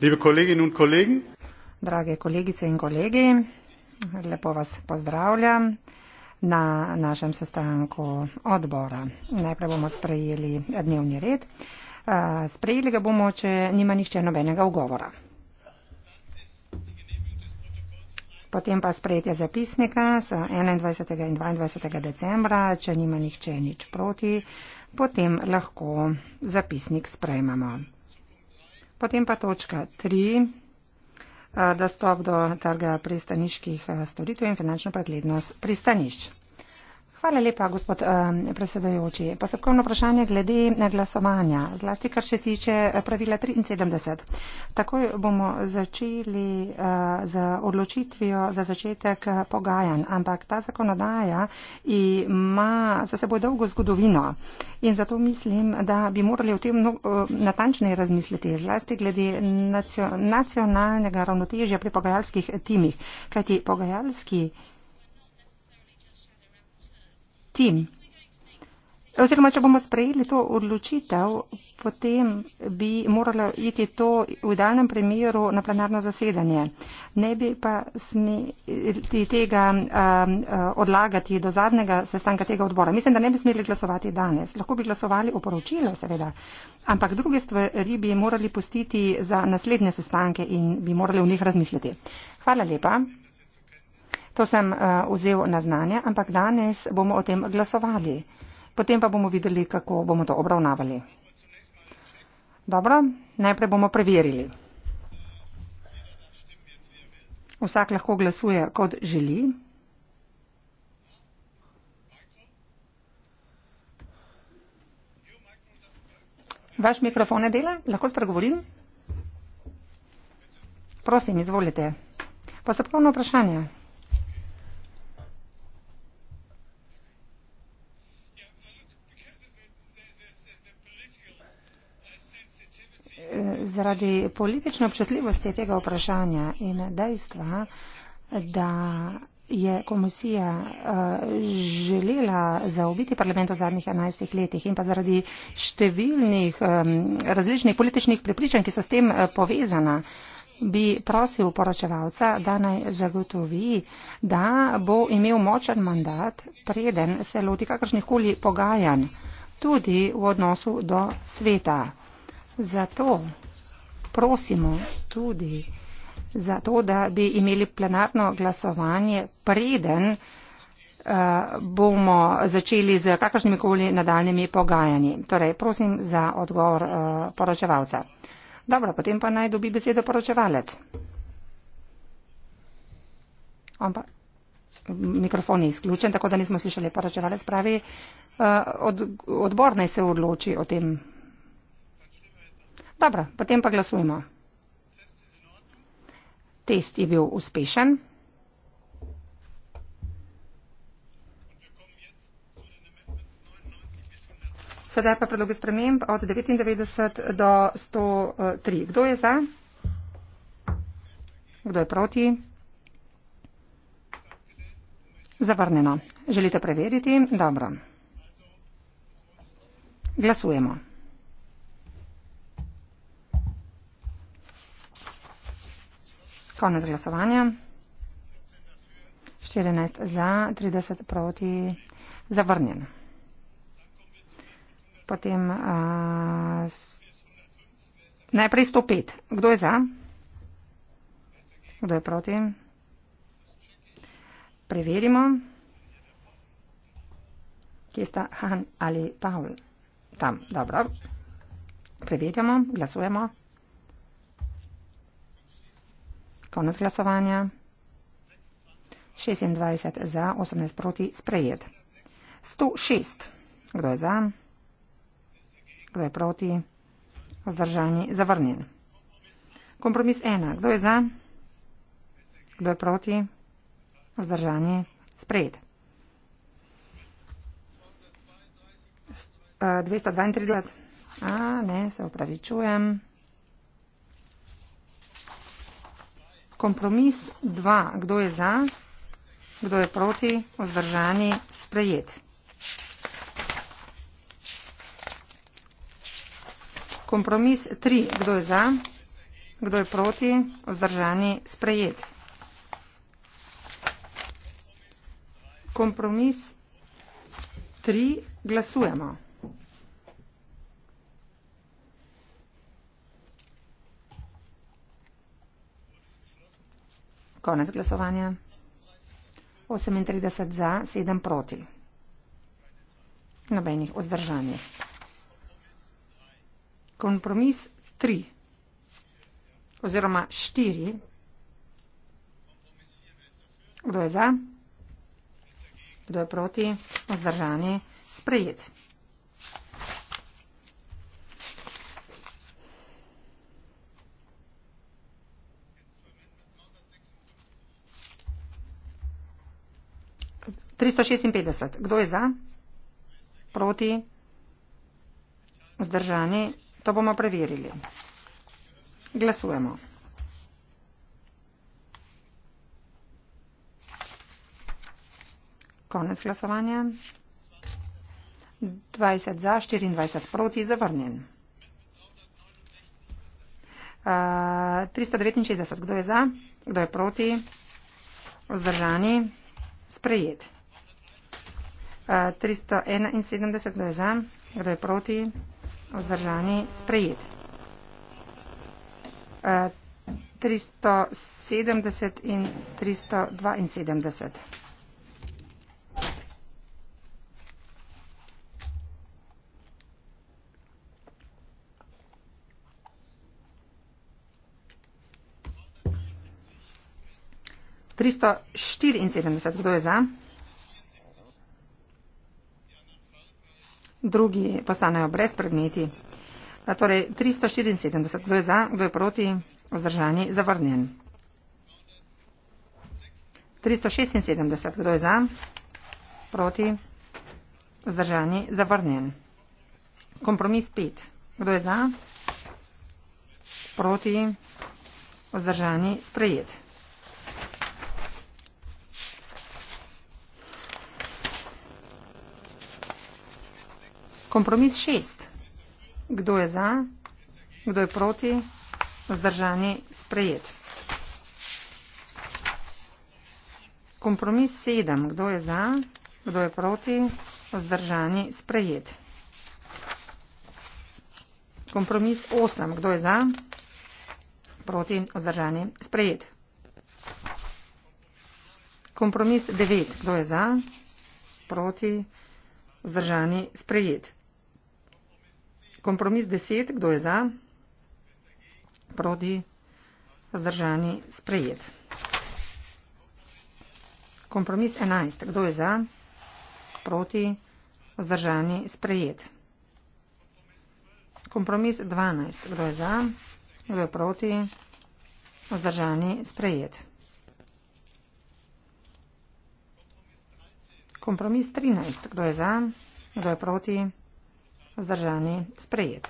Liebe Kolleginnen und Kollegen, Drage kolegice in kolegi, lepo vas pozdravljam na našem sestanku odbora. Najprej bomo sprejeli dnevni red. Eh, sprejeli ga bomo, če nima nihče nobenega ugovora. Potem pa sprejetje zapisnika z 21. in 22. decembra, če nima nihče nič proti, potem lahko zapisnik sprejmemo. Potem pa točka tri, eh, dostop do trga pristaniških eh, storitev in finančno preglednost pristanišč. Hvala lepa, gospod predsedajoči. Posebkovno vprašanje glede eh, glasovanja, zlasti kar se tiče eh, pravila 73. Takoj bomo začeli eh, z odločitvijo za začetek pogajanj, ampak ta zakonodaja ima za seboj dolgo zgodovino in zato mislim, da bi morali o tem natančneje razmisliti, zlasti glede nacionalnega ravnotežja pri pogajalskih timih, kajti pogajalski tim. Oziroma, če bomo sprejeli to odločitev, potem bi moralo iti to v daljnem primeru na plenarno zasedanje. Ne bi pa smeli tega um, uh, odlagati do zadnjega sestanka tega odbora. Mislim, da ne bi smeli glasovati danes. Lahko bi glasovali o poročilu, seveda. Ampak druge stvari bi morali pustiti za naslednje sestanke in bi morali v njih razmisliti. Hvala lepa. To sem uh, vzel na znanje, ampak danes bomo o tem glasovali. Potem pa bomo videli, kako bomo to obravnavali. Dobro, najprej bomo preverili. Vsak lahko glasuje, kot želi. Vaš mikrofon ne dela? Lahko spregovorim? Prosim, izvolite. Postopkovno vprašanje. zaradi politične občutljivosti tega vprašanja in dejstva, da je komisija eh, želela zaobiti parlament v zadnjih 11 letih in pa zaradi številnih različnih političnih prepričanj, ki so s tem eh, povezana, bi prosil poročevalca, da naj zagotovi, da bo imel močen mandat, preden se loti kakršnih koli pogajanj, tudi v odnosu do sveta. Zato prosimo tudi za to, da bi imeli plenarno glasovanje preden eh, bomo začeli z kakršnimi koli nadaljnimi pogajanji. Torej, prosim za odgovor eh, poročevalca. Dobro, potem pa naj dobi besedo poročevalec. Pa, mikrofon je izključen, tako da nismo slišali poročevalec pravi. Eh, od, odbor naj se odloči o tem Dobro, potem pa glasujmo. Test je bil uspešen. Sedaj pa predlogi sprememb od 99 do 103. Eh, Kdo je za? Kdo je proti? Zavrnjeno. Želite preveriti? Dobro. Glasujemo. Konec glasovanja. 14 za, 30 proti, zavrnjen. Potem a, eh, najprej 105. Kdo je za? Kdo je proti? Preverimo, kje sta Han ali Paul. Tam, dobro. Preverjamo, glasujemo. Konec glasovanja. 26 za, 18 proti, sprejet. 106. Kdo je za? Kdo je proti? Vzdržani, zavrnjen. Kompromis 1. Kdo je za? Kdo je proti? Vzdržani, sprejet. 232. Eh, A, ne, se upravičujem. kompromis dva kdo je za kdo je proti vzdržani sprejet kompromis tri kdo je za kdo je proti vzdržani sprejet kompromis tri glasujemo Konec glasovanja. 38 za, 7 proti. Nobenih vzdržanje. Kompromis 3 oziroma 4. Kdo je za? Kdo je proti? Vzdržanje. Sprejet. 356. Kdo je za? Proti? Vzdržani? To bomo preverili. Glasujemo. Konec glasovanja. 20 za, 24 proti, zavrnjen. Uh, 369, kdo je za, kdo je proti, vzdržani, sprejet. 371, kdo je za, kdo je proti, vzdržani, sprejet. 370 e, in 372. Tristo štiriinsedemdeset, kdo je za? drugi postanejo brez predmeti. Torej 374, kdo je za, kdo je proti, vzdržani, zavrnjen. 376, kdo je za, proti, vzdržani, zavrnjen. Kompromis 5, kdo je za, proti, vzdržani, sprejet. Kompromis šest. Kdo je za, kdo je proti, vzdržani sprejet. Kompromis sedem. Kdo je za, kdo je proti, vzdržani sprejet. Kompromis 8. Kdo je za? Proti vzdržani sprejet. Kompromis 9. Kdo je za? Proti vzdržani sprejet. Kompromis deset, kdo je za? Prodi, vzdržani, sprejet. Kompromis enajst, kdo je za? Proti, vzdržani, sprejet. Kompromis dvanajst, kdo je za? Kdo je proti, vzdržani, sprejet. Kompromis trinajst, kdo je za? Kdo je proti? Vzdržani, Vzdržani sprejet.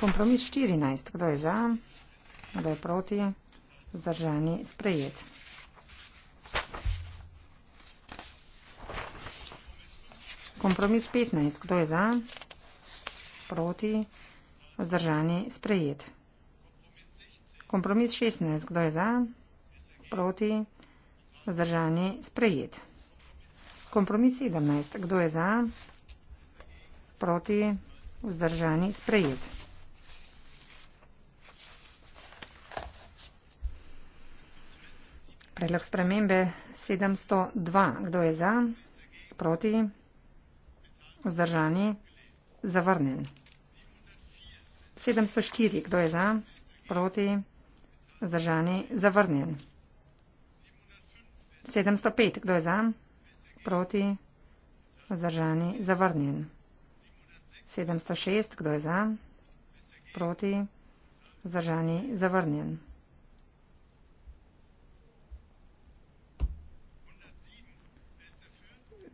Kompromis 14. Kdo je za? Kdo je proti? Vzdržani sprejet. Kompromis 15. Kdo je za? Proti? Vzdržani sprejet. Kompromis 16. Kdo je za? Proti? Vzdržani sprejet. Kompromis 17. Kdo je za? Proti? Vzdržani? Sprejet. Predlog spremembe 702. Kdo je za? Proti? Vzdržani? Zavrnen. 704. Kdo je za? Proti? Vzdržani? Zavrnen. 705. Kdo je za? Proti? proti, vzdržani, zavrnjen. 706, kdo je za, proti, vzdržani, zavrnjen.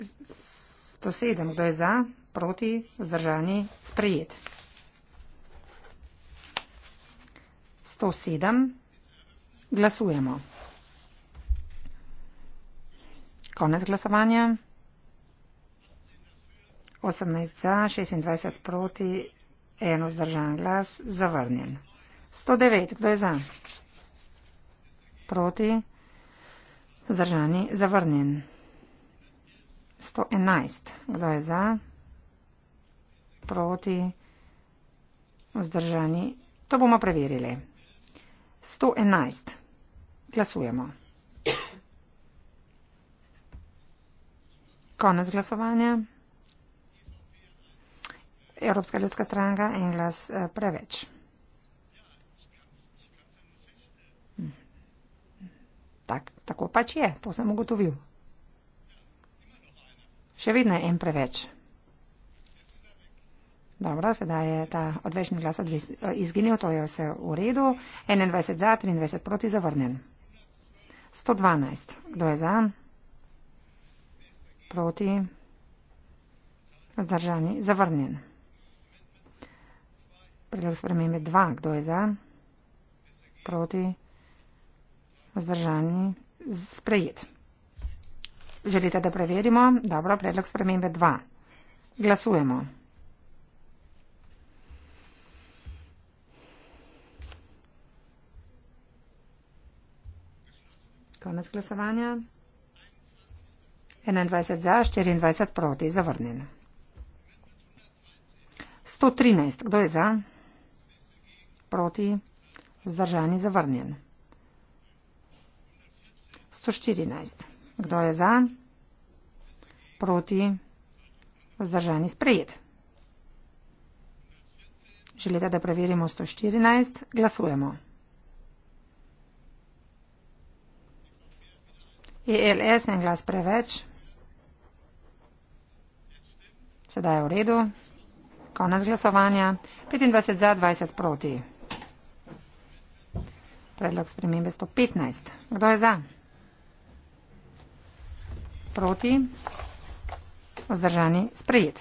107, kdo je za, proti, vzdržani, sprejet. 107, glasujemo. Konec glasovanja. 18 za, 26 proti, eno zdržan glas, zavrnjen. 109, kdo je za? Proti, zdržani, zavrnjen. 111, kdo je za? Proti, zdržani, to bomo preverili. 111, glasujemo. Konec glasovanja. Evropska ljudska stranka in glas eh, preveč. Tak, tako pač je, to sem ugotovil. Še vedno je en preveč. Dobro, sedaj je ta odvečni glas odvis, izginil, to je vse v redu. 21 za, 23 proti, zavrnjen. 112, kdo je za? proti. Vzdržani. Zavrnjen. Predlog spremembe 2. Kdo je za? Proti. Vzdržani. Sprejet. Želite, da preverimo? Dobro, predlog spremembe 2. Glasujemo. Konec glasovanja. 21 za, 24 proti, zavrnjen. 113, kdo je za? Proti, vzdržani, zavrnjen. 114, kdo je za? Proti, vzdržani, sprejet. Želite, da preverimo 114, glasujemo. ELS en glas preveč. Sedaj je v redu. Konec glasovanja. 25 za, 20 proti. Predlog spremembe 115. Kdo je za? Proti. Vzdržani. Sprejet.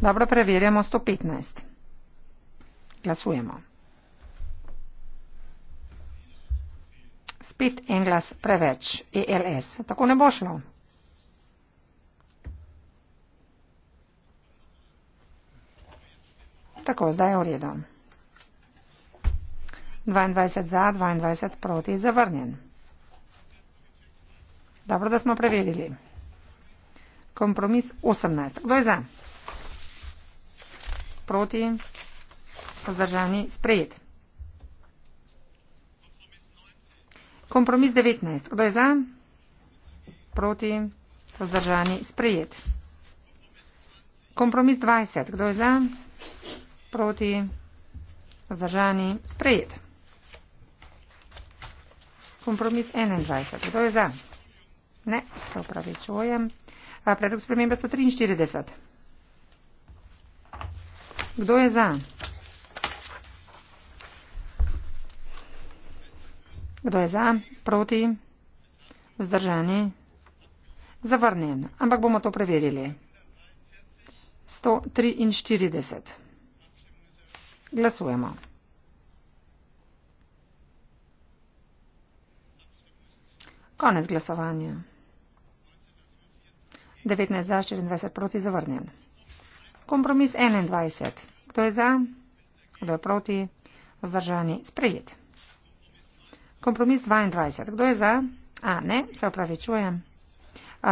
Dobro, preverjamo 115. Glasujemo. spet en glas preveč, ELS. Tako ne bo šlo. Tako, zdaj je v redu. 22 za, 22 proti, zavrnjen. Dobro, da smo preverili. Kompromis 18. Kdo je za? Proti, vzdržani, sprejet. Kompromis 19. Kdo je za? Proti? Vzdržani? Sprejet. Kompromis 20. Kdo je za? Proti? Vzdržani? Sprejet. Kompromis 21. Kdo je za? Ne, se upravičujem. Predlog spremembe 143. Kdo je za? Kdo je za, proti, vzdržani, zavrnjen. Ampak bomo to preverili. 143. Glasujemo. Konec glasovanja. 19 za, 24 proti, zavrnjen. Kompromis 21. Kdo je za, kdo je proti, vzdržani, sprejeti. Kompromis 22. Kdo je za? A, ne, se upravičujem.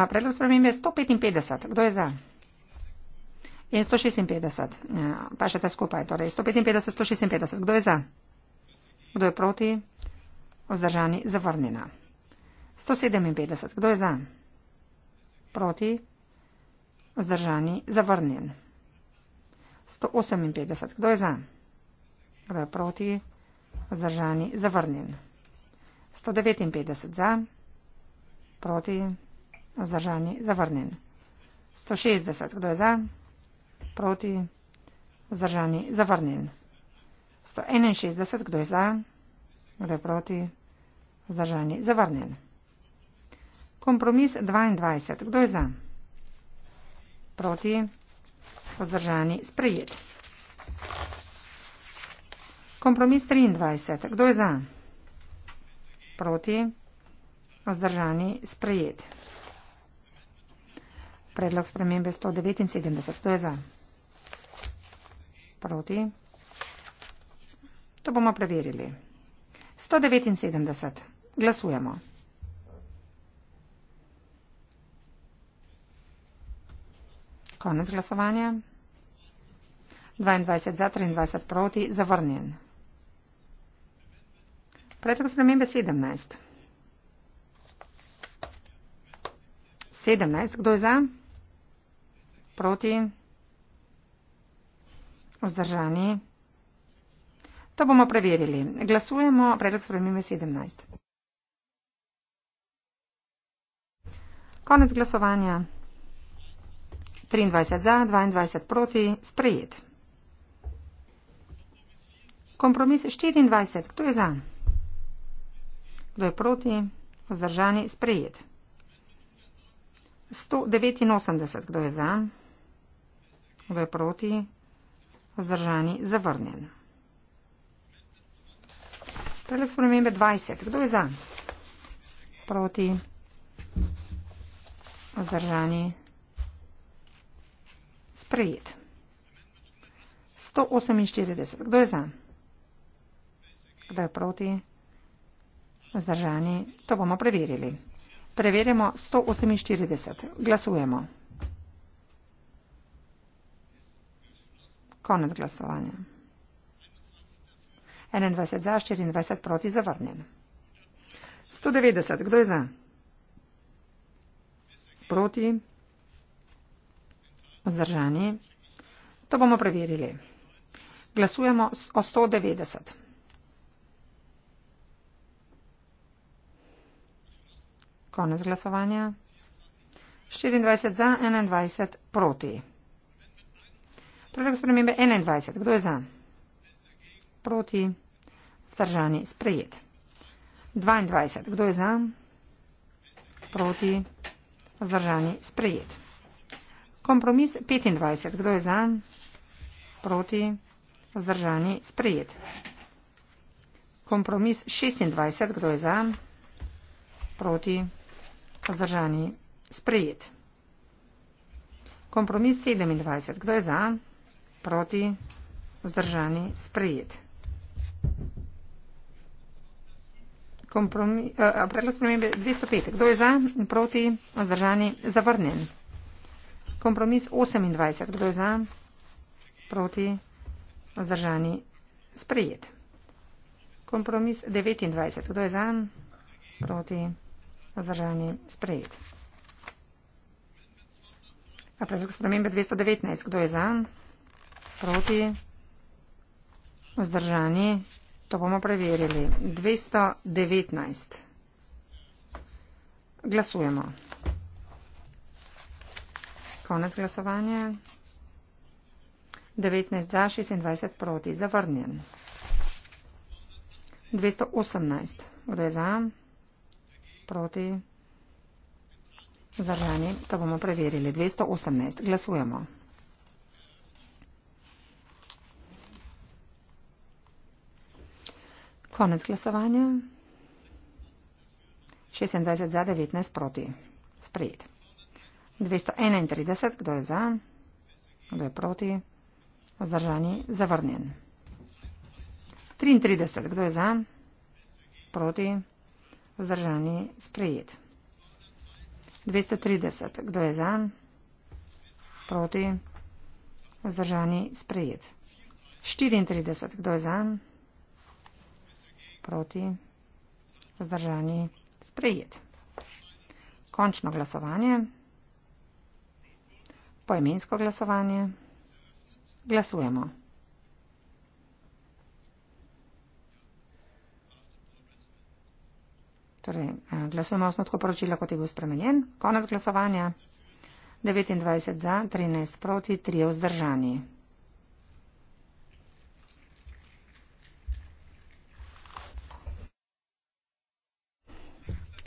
Predlog spremembe je 155. Kdo je za? In 156. Ja, pa še ta skupaj. Torej, 155, 156. Kdo je za? Kdo je proti? Vzdržani, zavrnjena. 157. Kdo je za? Proti? Vzdržani, zavrnjen. 158. Kdo je za? Kdo je proti? Vzdržani, zavrnjen. 159 za, proti, vzdržani, zavrnjen. 160, kdo je za, proti, vzdržani, zavrnjen. 161, kdo je za, kdo je proti, vzdržani, zavrnjen. Kompromis 22, kdo je za, proti, vzdržani, sprejet. Kompromis 23, kdo je za, proti, vzdržani, sprejet proti, vzdržani, sprejet. Predlog spremembe 179, to je za. Proti. To bomo preverili. 179, glasujemo. Konec glasovanja. 22 za, 23 proti, zavrnjen. Predlog spremembe 17. 17. Kdo je za? Proti? Vzdržani? To bomo preverili. Glasujemo predlog spremembe 17. Konec glasovanja. 23 za, 22 proti, sprejet. Kompromis 24. Kdo je za? Kdo je proti? Vzdržani sprejet. 189. Kdo je za? Kdo je proti? Vzdržani zavrnjen. Predlog spremembe 20. Kdo je za? Proti? Vzdržani sprejet. 148. Kdo je za? Kdo je proti? Vzdržani. To bomo preverili. Preverimo 148. Glasujemo. Konec glasovanja. 21 za, 24 proti zavrnjen. 190. Kdo je za? Proti. Vzdržani. To bomo preverili. Glasujemo o 190. Konec glasovanja. 24 za, 21 proti. Predlog spremembe 21. Kdo je za? Proti. Zdržani. Sprejet. 22. Kdo je za? Proti. Zdržani. Sprejet. Kompromis 25. Kdo je za? Proti. Zdržani. Sprejet. Kompromis 26. Kdo je za? Proti. Vzdržani. Sprejet. Kompromis 27. Eh, Kdo je za? Proti. Vzdržani. Sprejet. Kompromis, uh, predlog spremembe 205. Kdo je za? Proti. Vzdržani. Zavrnen. Kompromis 28. Kdo je za? Proti. Vzdržani. Sprejet. Kompromis 29. Kdo je za? Proti vzdržani sprejet. A predlog spremembe 219. Kdo je za? Proti? Vzdržani? To bomo preverili. 219. Glasujemo. Konec glasovanja. 19 za, 26 proti. Zavrnjen. 218. Kdo je za? Zavrnjen proti zraveni, da bomo preverili. 218. Glasujemo. Konec glasovanja. 26 za, 19 proti. Sprejet. 231. Kdo je za? Kdo je proti? Vzdržani. Zavrnjen. 33. Kdo je za? Proti? Vzdržani sprejet. 230. Kdo je za? Proti. Vzdržani sprejet. 34. Kdo je za? Proti. Vzdržani sprejet. Končno glasovanje. Poimensko glasovanje. Glasujemo. Torej, eh, glasujemo o osnotku poročila, kot je bil spremenjen. Konec glasovanja. 29 za, 13 proti, 3 vzdržani.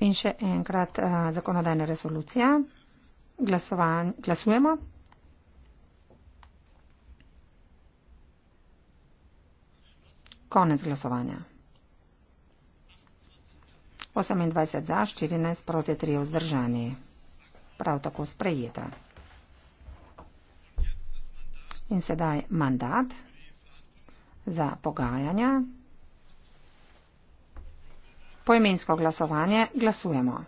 In še enkrat uh, zakonodajna resolucija. Glasovan, glasujemo. Konec glasovanja. 28 za, 14 proti 3 vzdržani. Prav tako sprejeta. In sedaj mandat za pogajanja. Poimensko glasovanje glasujemo.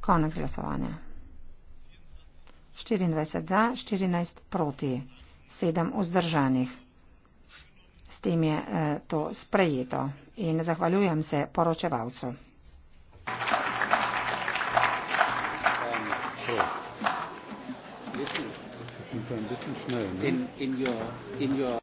Konec glasovanja. 24 za, 14 proti, 7 vzdržanih tem je eh, to sprejeto. In zahvaljujem se poročevalcu. In, in your, in your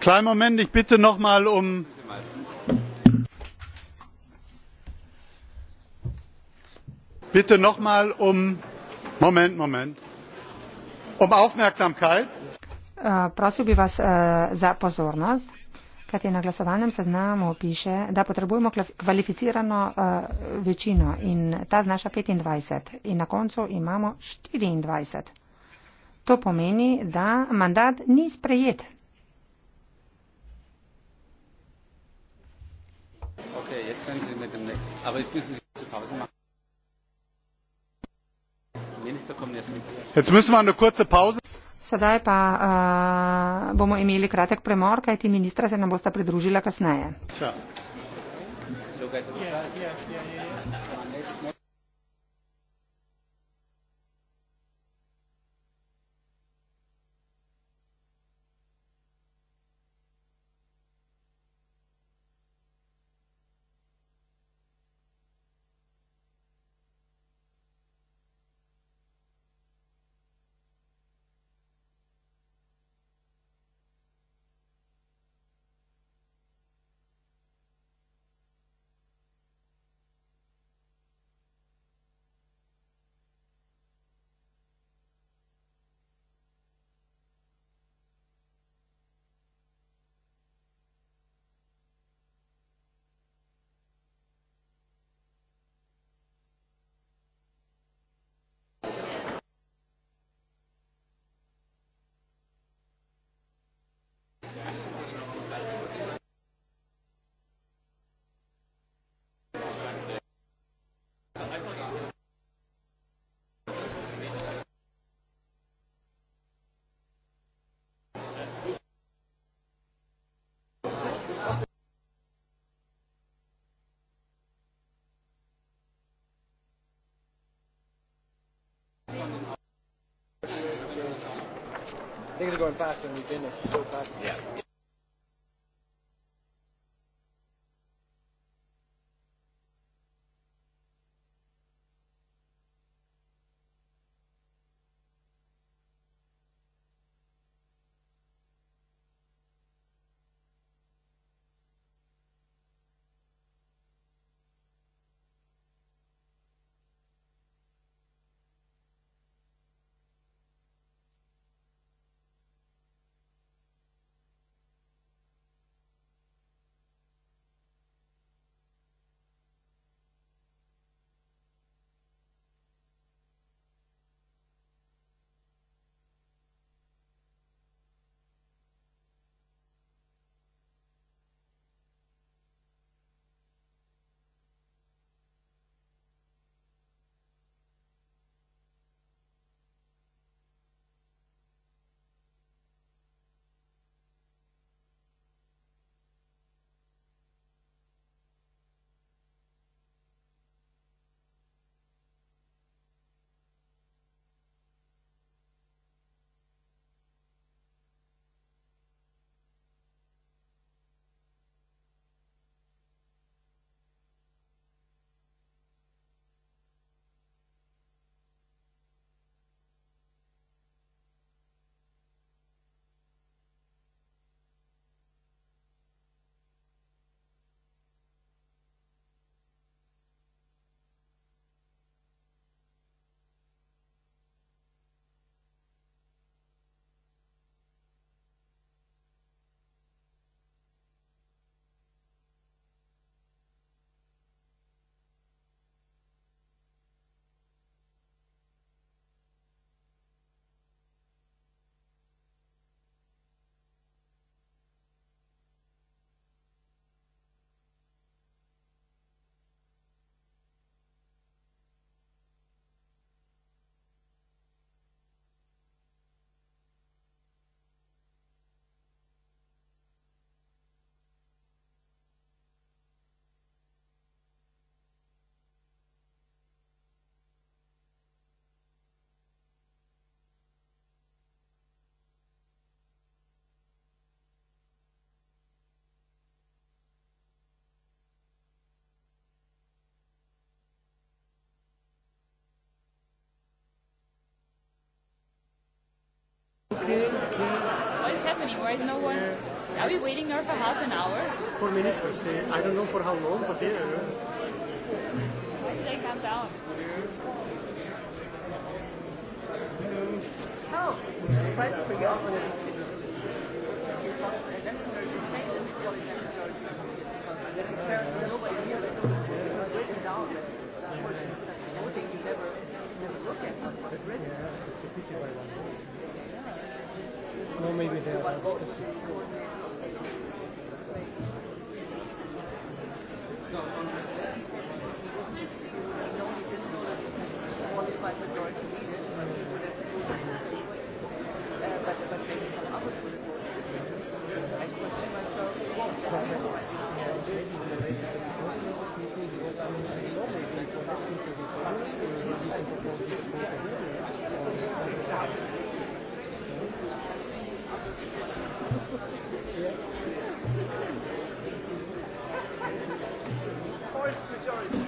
kleinen Moment, ich bitte noch mal um. Bitte noch mal um. Moment, Moment. Um Aufmerksamkeit. Äh, prosil bi vas äh, za pozornost, kajti na glasovalnem seznamu piše, da potrebujemo kvalificirano äh, večino in ta znaša 25 in na koncu imamo 24. To pomeni, da mandat ni sprejet. demnächst. Aber jetzt müssen Sie kurze Pause machen. Minister kommt jetzt mit. Jetzt müssen wir eine kurze Pause. Sedaj pa uh, bomo imeli kratek premor, kaj ti ministra se nam bosta pridružila kasneje. Ja, ja, ja, ja. Things are going faster than we've been. It's so fast. Yeah. be waiting there for half an hour. For ministers, see, I don't know for how long, but yeah. Uh, Why did I come down? Oh, it's quite pretty often. Well, no, maybe they are. Qualified majority. majority.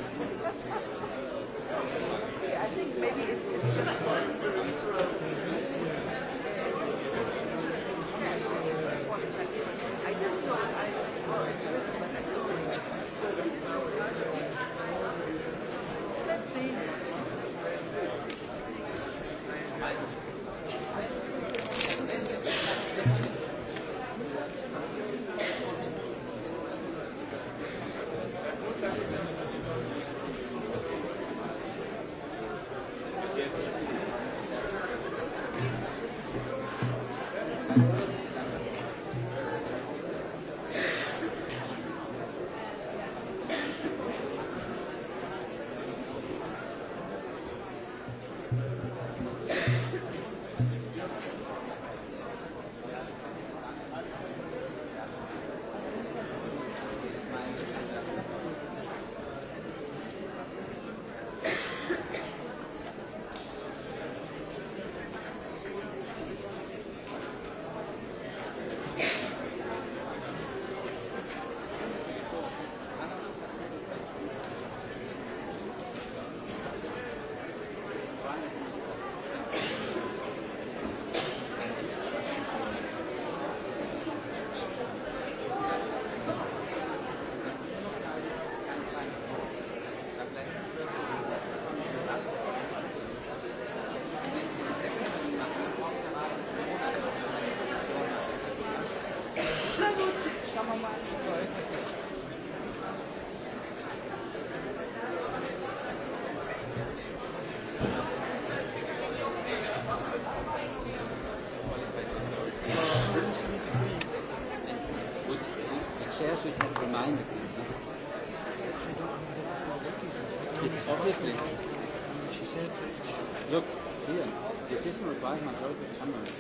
ich meine Leute, die haben das.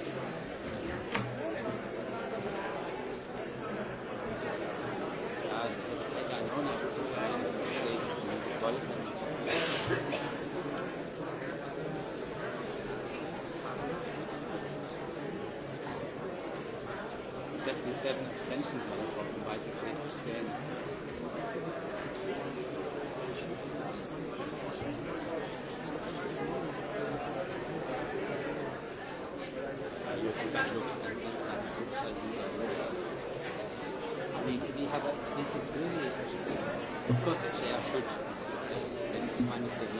Seventy-seven extensions. Would it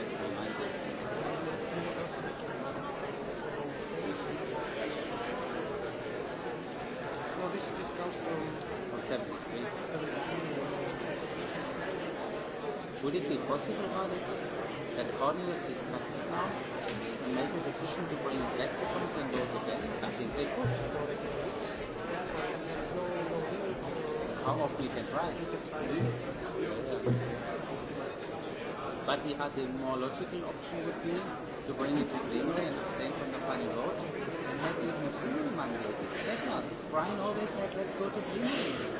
be possible, Father, that Cornelius discusses now and make a decision to bring back the point and go to bed? I think they could. How often you can try? Hm? Yeah, yeah but he has a more logical option with me to bring it to the internet and abstain from the funny vote and make it a free mandate. That's not. Brian always said, let's go to the internet.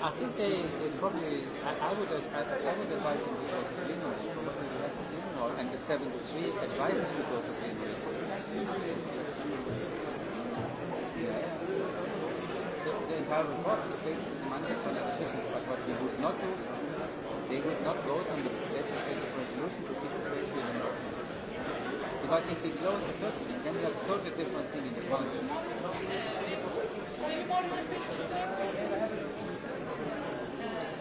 I think they, they probably, I, I would advise, I would advise them to go to Greenwood, Greenwood, and the 73 advises to go to Greenwood. The, the entire report is based on the money of the decisions, but what we would not do, they would not vote on the legislative resolution to keep the place in the But if we close the first thing, then we have a totally different thing in the council.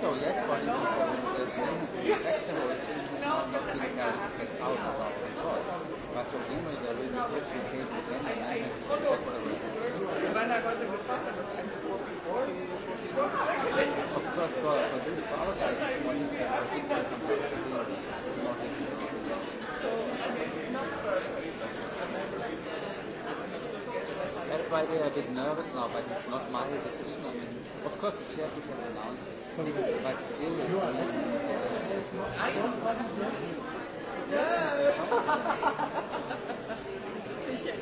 so, yes, but it's also respectable out of our thoughts. But for him, the religion came to him, and I had to say for the Of course, God forbid the power guy is one of the particular compatibility, not the people of the world. That's why they are a bit nervous now, but it's not my decision. I mean, Of course, the chair people announce it, but still. You are I don't understand. Yeah.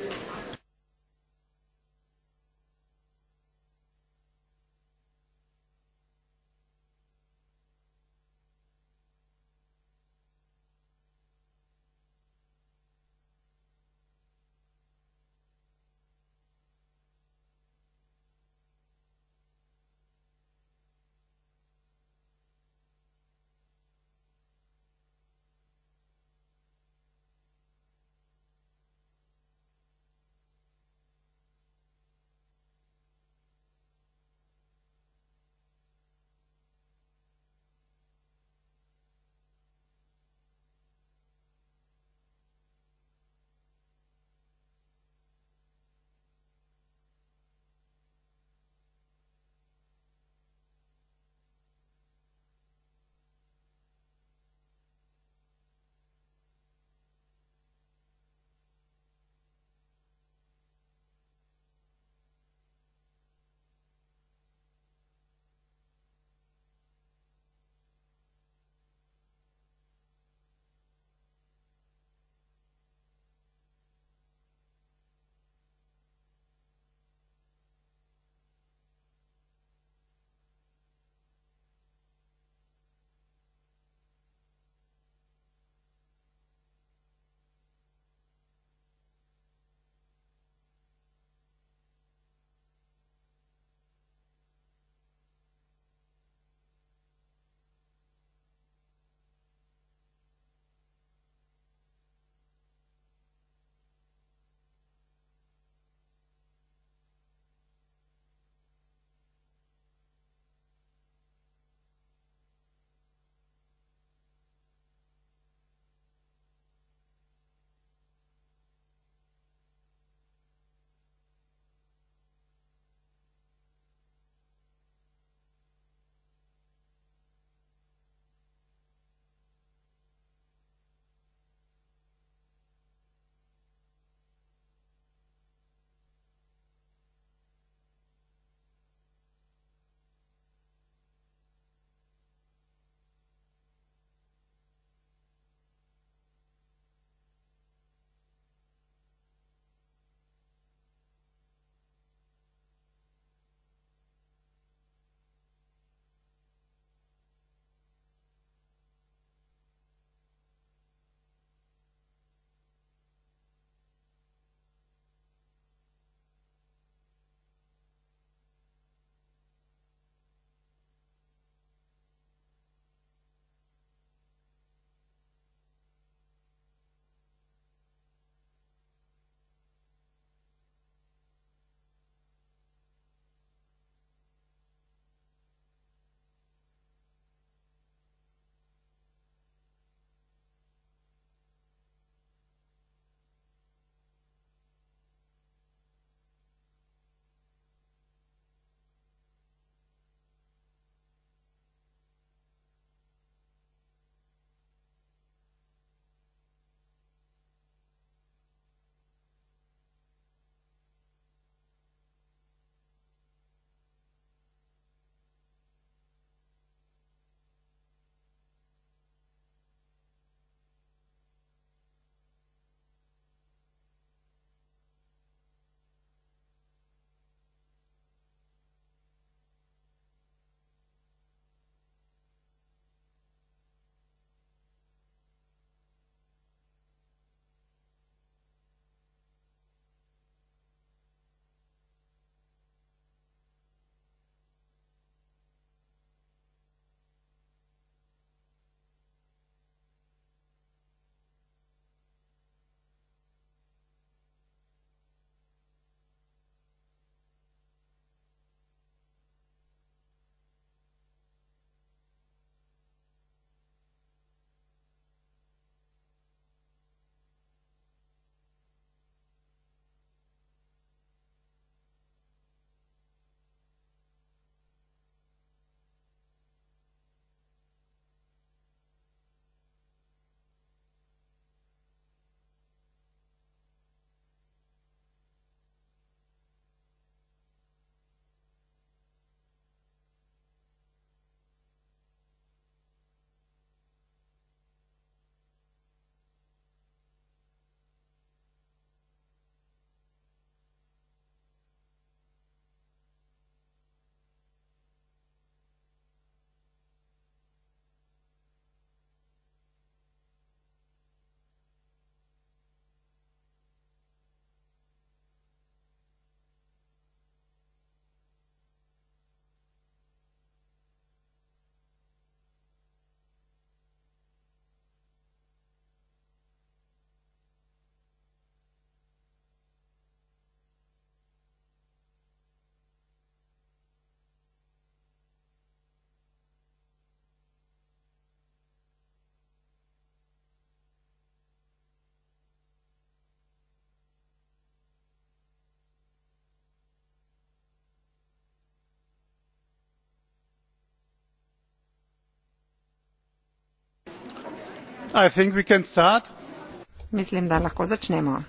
mislim da lahko začnemo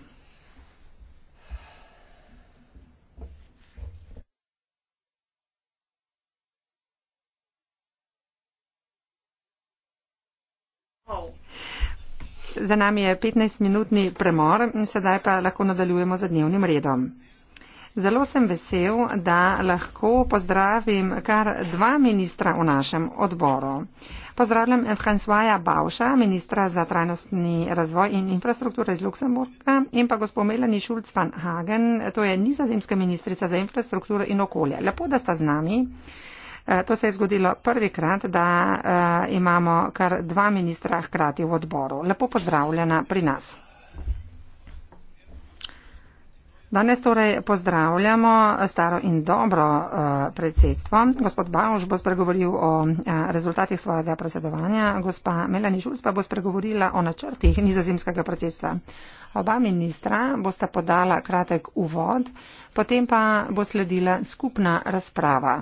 za nami je petnajst minutni premor sedaj pa lahko nadaljujemo z dnevnim redom. Zelo sem vesel, da lahko pozdravim kar dva ministra v našem odboru. Pozdravljam Francoisa Bauša, ministra za trajnostni razvoj in infrastrukturo iz Luksemburga in pa gospod Melani Šulc van Hagen, to je nizozemska ministrica za infrastrukturo in okolje. Lepo, da sta z nami. Eh, to se je zgodilo prvikrat, da eh, imamo kar dva ministra hkrati v odboru. Lepo pozdravljena pri nas. Danes torej pozdravljamo staro in dobro eh, predsedstvo. Gospod Bauš bo spregovoril o eh, rezultatih svojega predsedovanja, gospa Melani Žulc pa bo spregovorila o načrtih nizozemskega predsedstva. Oba ministra bosta podala kratek uvod, potem pa bo sledila skupna razprava.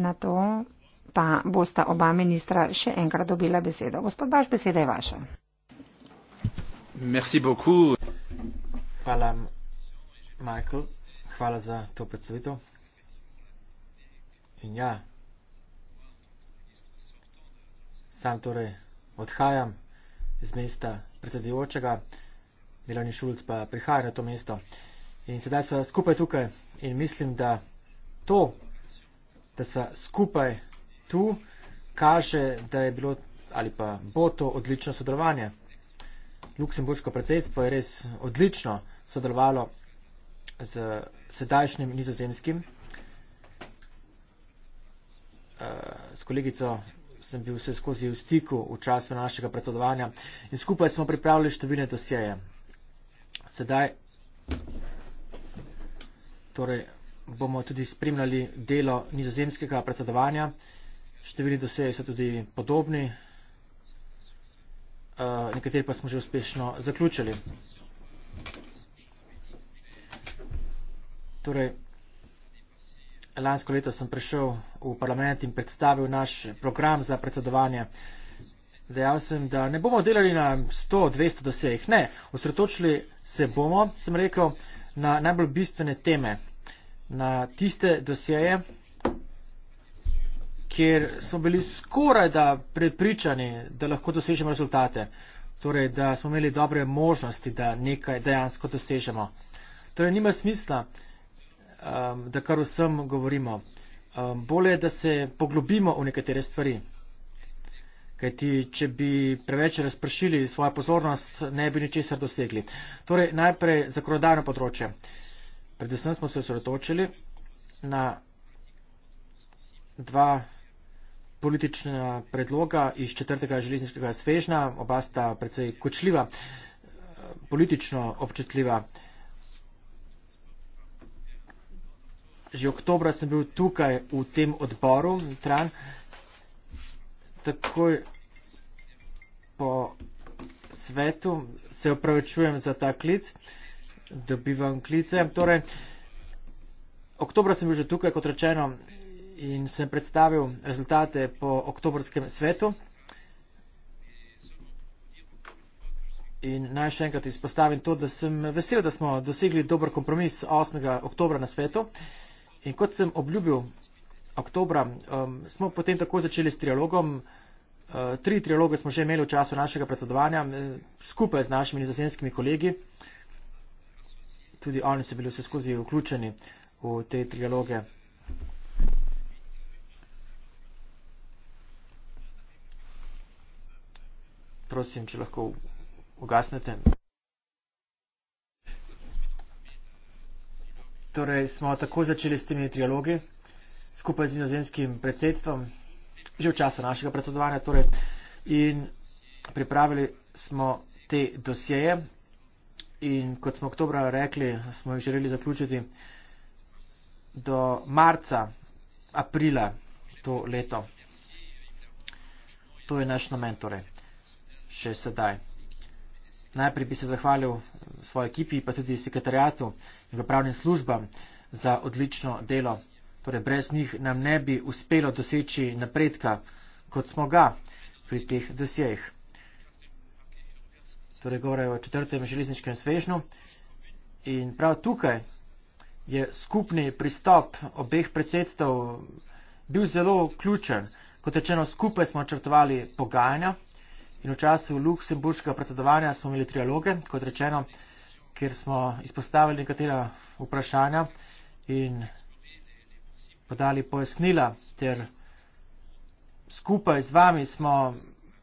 Na to pa bosta oba ministra še enkrat dobila besedo. Gospod Bauš, beseda je vaša. Merci beaucoup. Hvala. Michael, hvala za to predstavitev. In ja, sam torej odhajam iz mesta predsedujočega, Milani Šulc pa prihaja na to mesto. In sedaj smo skupaj tukaj in mislim, da to, da smo skupaj tu, kaže, da je bilo ali pa bo to odlično sodelovanje. Luksemburško predsedstvo je res odlično sodelovalo z sedajšnjim nizozemskim. Eh, s kolegico sem bil vse skozi v stiku v času našega predsedovanja in skupaj smo pripravili številne dosjeje. Sedaj torej, bomo tudi spremljali delo nizozemskega predsedovanja. Številni dosjeji so tudi podobni, eh, nekateri pa smo že uspešno zaključili. Torej, lansko leto sem prišel v parlament in predstavil naš program za predsedovanje. Dejal sem, da ne bomo delali na 100-200 dosejih. Ne, osredotočili se bomo, sem rekel, na najbolj bistvene teme, na tiste dosjeje, kjer smo bili skoraj da prepričani, da lahko dosežemo rezultate. Torej, da smo imeli dobre možnosti, da nekaj dejansko dosežemo. Torej, nima smisla, um, da kar vsem govorimo. Um, bolje je, da se poglobimo v nekatere stvari. Kajti, če bi preveč razpršili svojo pozornost, ne bi ničesar dosegli. Torej, najprej zakonodajno področje. Predvsem smo se osredotočili na dva politična predloga iz četrtega železniškega svežna, oba sta precej kočljiva, politično občutljiva. že oktobra sem bil tukaj v tem odboru, Tran, takoj po svetu, se upravičujem za ta klic, dobivam klice. Torej, oktobra sem bil že tukaj, kot rečeno, in sem predstavil rezultate po oktobrskem svetu. In naj še enkrat izpostavim to, da sem vesel, da smo dosegli dober kompromis 8. oktobra na svetu. Uh, In kot sem obljubil oktobra, um, smo potem tako začeli s trialogom. Uh, tri trialoge smo že imeli v času našega predsedovanja uh, skupaj z našimi nizozemskimi kolegi. Tudi oni so bili vse skozi vključeni v te trialoge. Prosim, če lahko ugasnete. Torej smo tako začeli s temi trialogi skupaj z nizozemskim predsedstvom, že v času našega predsedovanja. Torej, in pripravili smo te dosjeje in kot smo oktobra rekli, smo jih želeli zaključiti do marca, aprila to leto. To je naš namen, torej, še sedaj. Najprej bi se zahvalil svoji ekipi, pa tudi sekretarjatu in v pravnim službam za odlično delo. Torej, brez njih nam ne bi uspelo doseči napredka, kot smo ga pri teh dosjejih. Torej, govorijo o četrtem železniškem svežnju in prav tukaj je skupni pristop obeh predsedstv bil zelo ključen. Kot rečeno, skupaj smo načrtovali pogajanja in v času Luksemburškega predsedovanja smo imeli trialoge, kot rečeno, kjer smo izpostavili nekatera vprašanja in podali pojasnila, ter skupaj z vami smo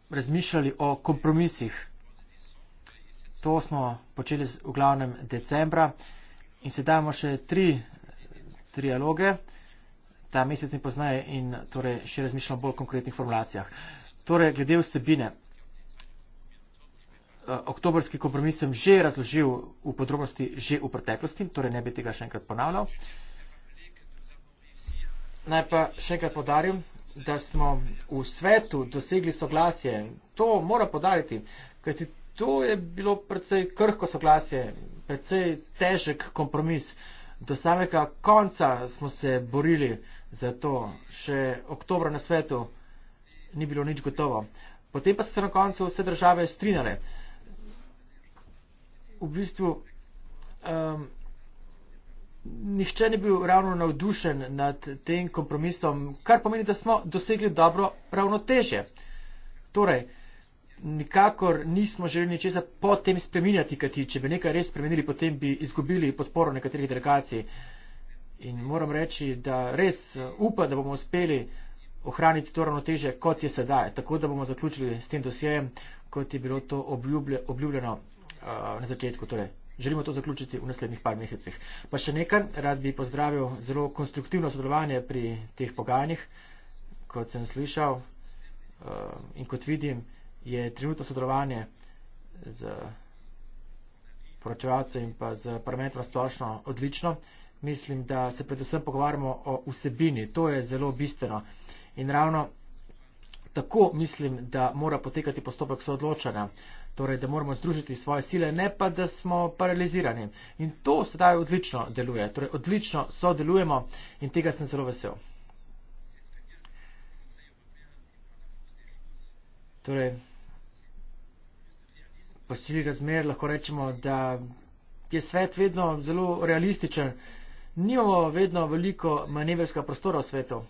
razmišljali o kompromisih. To smo počeli v glavnem decembra in sedaj imamo še tri trialoge, ta mesec ne poznaje in torej še razmišljamo o bolj konkretnih formulacijah. Torej, glede vsebine. Eh, oktobrski kompromis sem že razložil v podrobnosti že v preteklosti, torej ne bi tega še enkrat ponavljal. Naj pa še enkrat podarim, da smo v svetu dosegli soglasje. To mora podariti, kajti to je bilo predvsej krhko soglasje, predvsej težek kompromis. Do samega konca smo se borili za to. Še oktobra na svetu ni bilo nič gotovo. Potem pa so se na koncu vse države strinjale. Uh, v bistvu um, nihče ni bil ravno navdušen nad tem kompromisom, kar pomeni, da smo dosegli dobro ravnoteže. Torej, nikakor nismo želeli ničesar potem spreminjati, kajti če bi nekaj res spremenili, potem bi izgubili podporo nekaterih delegacij. In moram reči, da res uh, upam, da bomo uspeli ohraniti to ravnoteže, kot je sedaj, tako da bomo zaključili s tem dosjejem, kot je bilo to obljubljeno. Eh, na začetku. Torej, želimo to zaključiti v naslednjih par mesecih. Pa še nekaj, rad bi pozdravil zelo konstruktivno sodelovanje pri teh pogajanjih, kot sem slišal eh, in kot vidim, je trenutno sodelovanje z poročevalcem in pa z parlamentom splošno odlično. Mislim, da se predvsem pogovarjamo o vsebini, to je zelo bistveno. In ravno tako mislim, da mora potekati postopek soodločanja. Uh, torej da moramo združiti svoje sile, ne pa da smo paralizirani. In to sedaj odlično deluje, torej odlično sodelujemo in tega sem zelo vesel. Torej, po sili razmer lahko rečemo, da je svet vedno zelo realističen. Nimamo vedno veliko manevrskega prostora v svetu.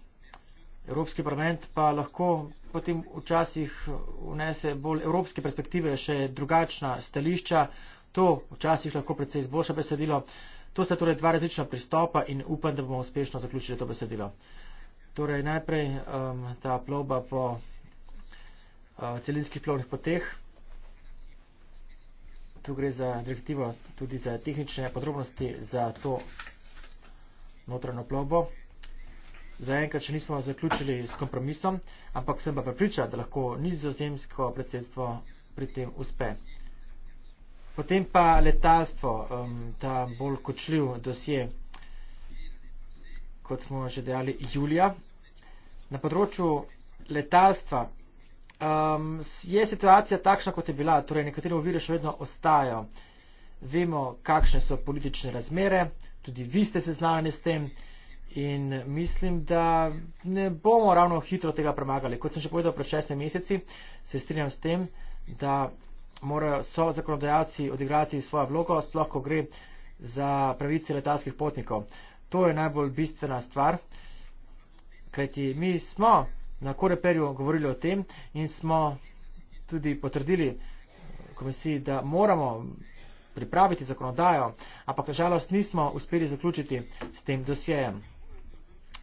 Evropski parlament pa lahko potem včasih vnese bolj evropske perspektive, še drugačna stališča. To včasih lahko predvsej izboljša besedilo. To sta torej dva različna pristopa in upam, da bomo uspešno zaključili to besedilo. Torej najprej um, ta ploba po uh, celinskih plovnih poteh. Tu gre za direktivo, tudi za tehnične podrobnosti za to notranjo plovbo zaenkrat še nismo zaključili s kompromisom, ampak sem pa pripričal, da lahko nizozemsko predsedstvo pri tem uspe. Potem pa letalstvo, um, ta bolj kočljiv dosje, kot smo že dejali, julija. Na področju letalstva um, je situacija takšna, kot je bila, torej nekatere ovire še vedno ostajajo. Vemo, kakšne so politične razmere, tudi vi ste seznanjeni s tem. In mislim, da ne bomo ravno hitro tega premagali. Kot sem že povedal pred šestimi meseci, se strinjam s tem, da morajo so zakonodajalci odigrati svojo vlogo, sploh ko gre za pravice letalskih potnikov. To je najbolj bistvena stvar, kajti mi smo na Koreperju govorili o tem in smo tudi potrdili komisiji, da moramo pripraviti zakonodajo, ampak žalost nismo uspeli zaključiti s tem dosjejem.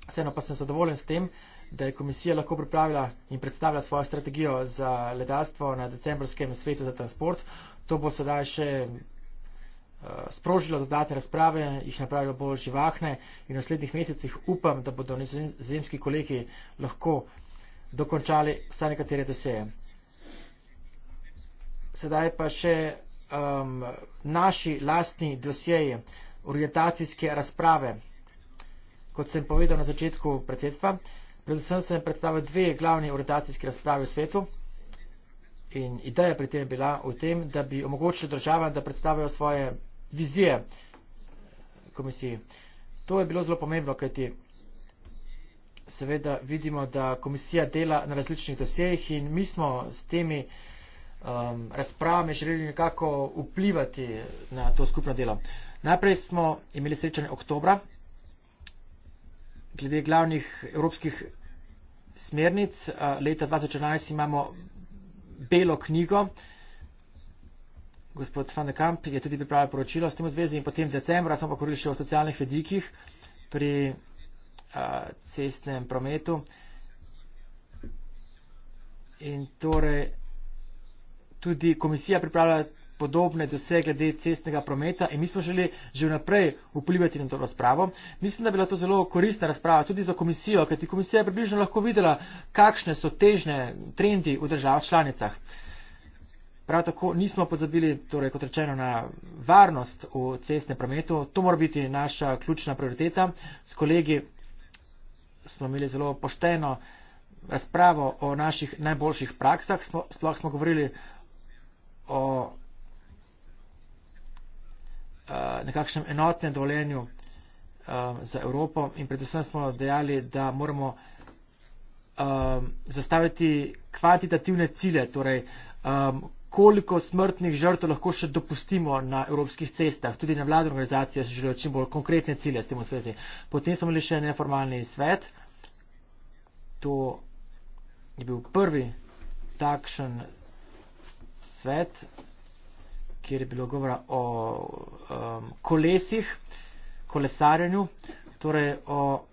Vseeno pa sem zadovoljen s tem, da je komisija lahko pripravila in predstavila svojo strategijo za ledarstvo na decembrskem svetu za transport. To bo sedaj še eh, sprožilo dodatne razprave, jih napravilo bolj živahne in v naslednjih mesecih upam, da bodo nizozemski kolegi lahko dokončali vsaj nekatere doseje. Sedaj pa še um, naši lastni doseji orientacijske razprave kot sem povedal na začetku predsedstva, predvsem sem predstavil dve glavni orientacijski razpravi v svetu. In ideja pri tem je bila v tem, da bi omogočili državam, da predstavijo svoje vizije komisiji. To je bilo zelo pomembno, kajti seveda vidimo, da komisija dela na različnih dosejih in mi smo s temi um, razpravami želeli nekako vplivati na to skupno delo. Najprej smo imeli srečanje oktobra glede glavnih evropskih smernic. Eh, leta 2014 imamo belo knjigo. Gospod Van de Kamp je tudi pripravil poročilo s tem v zvezi in potem decembra smo pa govorili še o socialnih vedikih pri eh, cestnem prometu. In torej tudi komisija pripravlja podobne dosege glede cestnega prometa in mi smo želeli že vnaprej vplivati na to razpravo. Mislim, da bi bila to zelo koristna razprava tudi za komisijo, ker ti komisija je približno lahko videla, kakšne so težne trendi v državah članicah. Prav tako nismo pozabili, torej kot rečeno, na varnost v cestnem prometu. To mora biti naša ključna prioriteta. S kolegi smo imeli zelo pošteno razpravo o naših najboljših praksah. Sploh smo govorili o Eh, nekakšnem enotnem dovoljenju eh, za Evropo in predvsem smo dejali, da moramo eh, zastaviti kvantitativne cilje, torej koliko smrtnih žrtv lahko še dopustimo na evropskih cestah. Tudi na vladne organizacije se želijo čim bolj konkretne cilje s tem v zvezi. Potem smo imeli še neformalni svet. To je bil prvi takšen svet, kjer je bilo govora o um, kolesih, kolesarjenju, torej o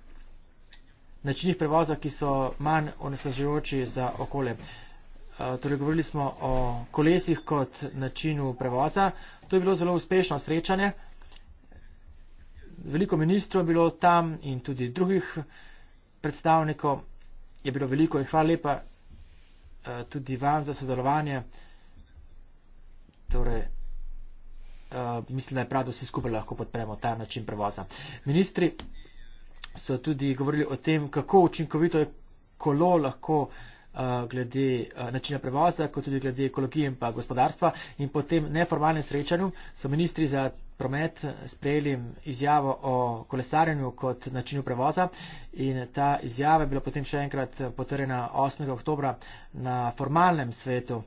načinih prevoza, ki so manj onesnaževoči za okolje. Uh, torej, govorili smo o kolesih kot načinu prevoza. To je bilo zelo uspešno srečanje. Veliko ministrov je bilo tam in tudi drugih predstavnikov je bilo veliko in hvala lepa uh, tudi vam za sodelovanje. Torej, Eh, mislim, da je prav, da vsi skupaj lahko podpremo ta način prevoza. Ministri so tudi govorili o tem, kako učinkovito je kolo lahko eh, glede eh, načina prevoza, kot tudi glede ekologije in pa gospodarstva. In po tem neformalnem srečanju so ministri za promet sprejeli izjavo o kolesarjenju kot načinu prevoza in ta izjava je bila potem še enkrat potrjena 8. oktobra na formalnem svetu.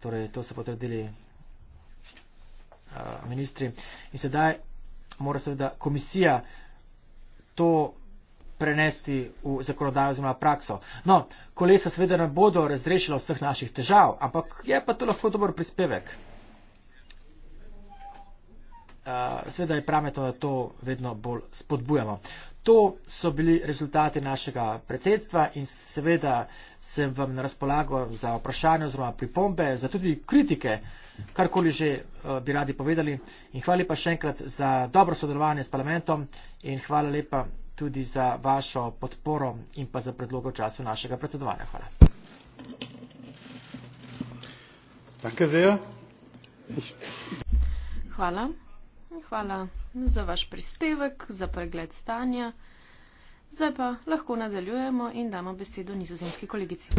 Torej, to so potrdili Eh, ministri. In sedaj mora seveda komisija to prenesti v zakonodajo oziroma prakso. No, kolesa seveda ne bodo razrešila vseh naših težav, ampak je pa to lahko dober prispevek. Uh, seveda je prametno, da to vedno bolj spodbujamo. To so bili rezultati našega predsedstva in seveda sem vam na razpolago za vprašanje oziroma pripombe, za tudi kritike. Uh, karkoli že eh, bi radi povedali. In hvala lepa še enkrat za dobro sodelovanje s parlamentom in hvala lepa tudi za vašo podporo in pa za predlogo v času našega predsedovanja. Hvala. Hvala. Hvala za vaš prispevek, za pregled stanja. Zdaj pa lahko nadaljujemo in damo besedo nizozemski kolegici. Uh,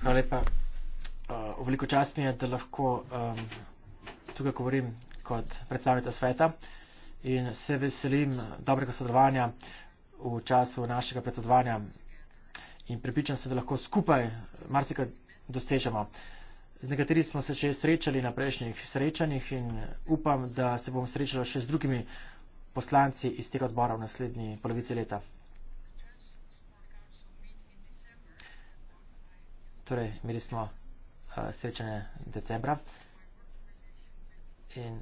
Hvala lepa. Uh, veliko čast mi je, da lahko um, tukaj govorim kot predstavnica sveta in se veselim dobrega sodelovanja v času našega predsedovanja in pripričam se, da lahko skupaj marsikaj dosežemo. Uh, Z nekateri smo se že srečali na prejšnjih srečanjih in eh, upam, da se bomo srečali še z drugimi poslanci iz tega odbora v naslednji polovici leta. Torej, imeli smo uh, srečanje decembra in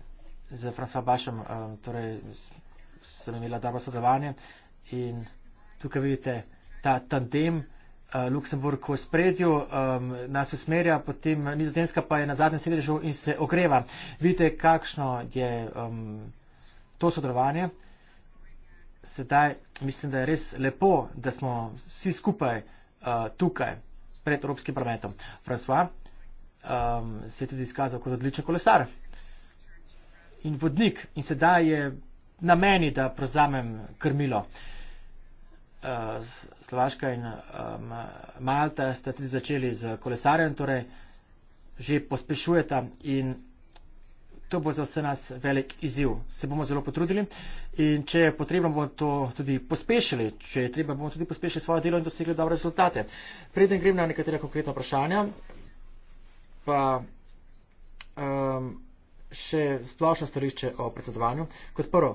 z François Bašem uh, eh, torej, sem imela dobro sodelovanje in tukaj vidite ta tandem. Eh, Luksemburg v spredju, um, nas usmerja, potem Nizozemska pa je na zadnjem sedežu in se ogreva. Vidite, kakšno je um, to sodelovanje. Sedaj mislim, da je res lepo, da smo vsi skupaj uh, tukaj pred Evropskim parlamentom. François um, se je tudi izkazal kot odličen kolesar in vodnik in sedaj je na meni, da prevzamem krmilo. Uh, uh, Slovaška in um, Malta sta tudi začeli z kolesarjem, torej že pospešujeta in to bo za vse nas velik izziv. Se bomo zelo potrudili in če je potrebno, bomo to tudi pospešili. Če je treba, bomo tudi pospešili svoje delo in dosegli dobre rezultate. Preden grem na nekatera konkretna vprašanja, pa um, še splošno stališče o predsedovanju. Kot prvo,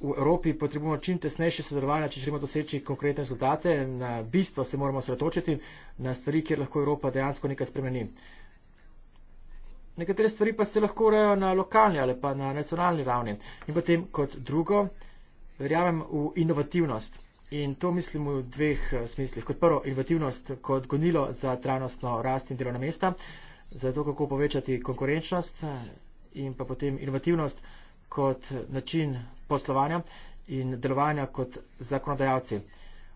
v Evropi potrebujemo čim tesnejše sodelovanje, če želimo doseči konkretne rezultate. Na bistvo se moramo osredotočiti na stvari, kjer lahko Evropa dejansko nekaj spremeni. Nekatere stvari pa se lahko urejo na lokalni ali pa na nacionalni ravni. In potem kot drugo, verjamem v inovativnost. In to mislim v dveh eh, smislih. Kot prvo, inovativnost kot gonilo za trajnostno rast in delovna mesta, za to, kako povečati konkurenčnost eh, in pa potem inovativnost kot način poslovanja in delovanja kot zakonodajalci.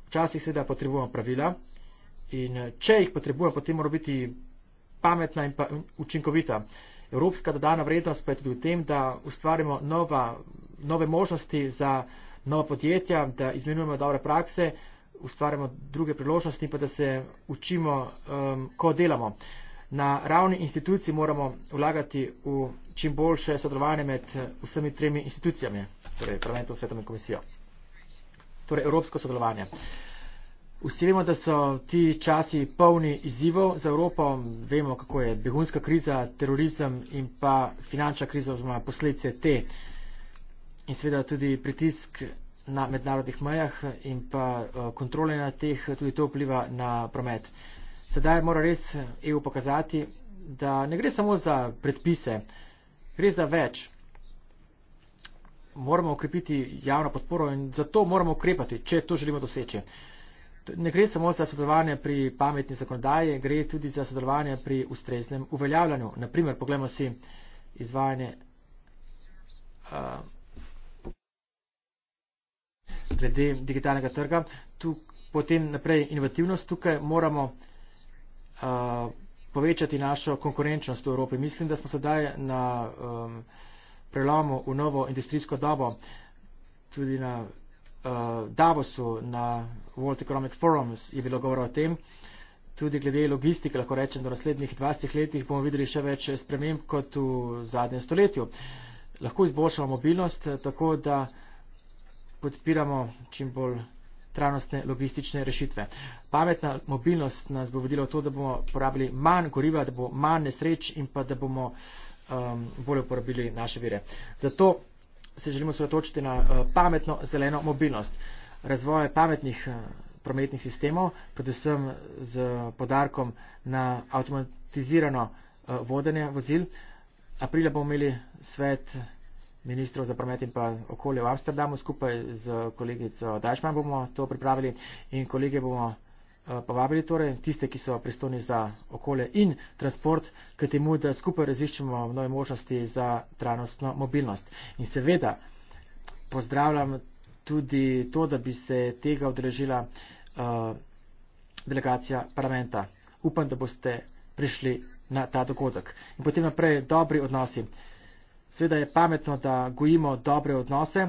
Včasih seveda potrebujemo pravila in če jih potrebujemo, potem mora biti pametna in pa učinkovita. Evropska dodana vrednost pa je tudi v tem, da ustvarimo nova, nove možnosti za nova podjetja, da izmenujemo dobre prakse, ustvarjamo druge priložnosti in pa da se učimo, um, ko delamo. Uh, Na ravni institucij moramo vlagati v čim boljše sodelovanje med eh, vsemi tremi institucijami, torej parlamentom, svetom in komisijo. Torej evropsko sodelovanje. Vsi vemo, da so ti časi polni izzivov za Evropo. Vemo, kako je begunska kriza, terorizem in pa finančna kriza oziroma posledice te. In seveda tudi pritisk na mednarodnih mejah in pa eh, kontrole na teh, tudi to vpliva na promet sedaj mora res EU pokazati, da ne gre samo za predpise, gre za več. Moramo ukrepiti javno podporo in zato moramo ukrepati, če to želimo doseči. Ne gre samo za sodelovanje pri pametni zakonodaji, gre tudi za sodelovanje pri ustreznem uveljavljanju. Naprimer, pogledamo si izvajanje uh, glede digitalnega trga. Tu, potem naprej inovativnost. Tukaj moramo uh, povečati našo konkurenčnost v Evropi. Mislim, da smo sedaj na um, prelomu v novo industrijsko dobo, tudi na uh, Davosu, na World Economic Forum je bilo govora o tem. Tudi glede logistike lahko rečem, da v naslednjih 20 letih bomo videli še več sprememb kot v zadnjem stoletju. Lahko izboljšamo mobilnost, tako da podpiramo čim bolj trajnostne logistične rešitve. Pametna mobilnost nas bo vodila v to, da bomo porabili manj goriva, da bo manj nesreč in pa da bomo um, bolje uporabili naše vire. Zato se želimo sredotočiti na uh, pametno zeleno mobilnost. Razvoje pametnih uh, prometnih sistemov, predvsem z podarkom na avtomatizirano uh, vodenje vozil. Aprila bomo imeli svet ministrov za promet in pa okolje v Amsterdamu. Skupaj z kolegico Dajšman bomo to pripravili in kolege bomo eh, povabili torej tiste, ki so pristojni za okolje in transport, k temu, da skupaj raziščemo nove možnosti za trajnostno mobilnost. In seveda pozdravljam tudi to, da bi se tega odrežila uh, eh, delegacija parlamenta. Upam, da boste prišli na ta dogodek. In potem naprej dobri odnosi. Uh, Seveda je pametno, da gojimo dobre odnose.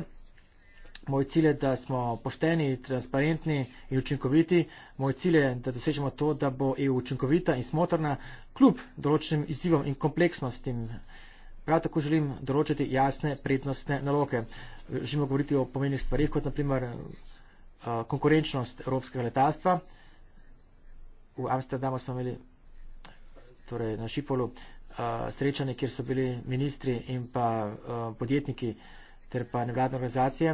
Moj cilj je, da smo pošteni, transparentni in učinkoviti. Moj cilj je, da dosežemo to, da bo EU učinkovita in smotrna kljub določenim izzivom in kompleksnostim. Prav tako želim določiti jasne prednostne naloge. Želimo govoriti o pomenih stvarih, kot naprimer eh, konkurenčnost evropskega letalstva. V Amsterdamu smo imeli, torej na Šipolu, Eh, srečanje, kjer so bili ministri in pa eh, podjetniki ter pa nevladne organizacije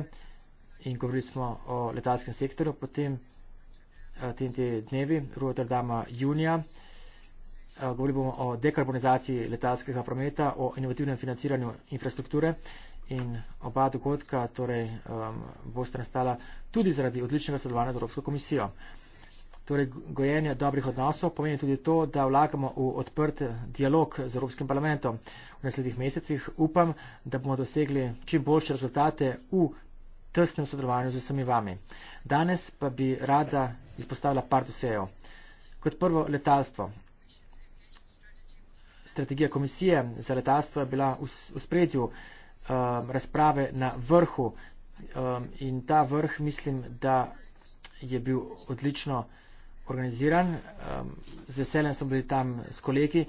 in govorili smo o letalskem sektorju. Potem eh, tem te dnevi, Rotterdama junija, govorili bomo o dekarbonizaciji letalskega prometa, o inovativnem financiranju infrastrukture in oba dogodka torej, bo stala tudi zaradi odličnega sodelovanja z Evropsko komisijo. Torej, gojenje dobrih odnosov pomeni tudi to, da vlagamo v odprt dialog z Evropskim parlamentom. V naslednjih mesecih upam, da bomo dosegli čim boljše rezultate v tesnem sodelovanju z vsemi vami. Danes pa bi rada izpostavila par dosejev. Kot prvo, letalstvo. Strategija komisije za letalstvo je bila v spredju um, razprave na vrhu um, in ta vrh mislim, da je bil odlično organiziran. Z veseljem smo bili tam s kolegi.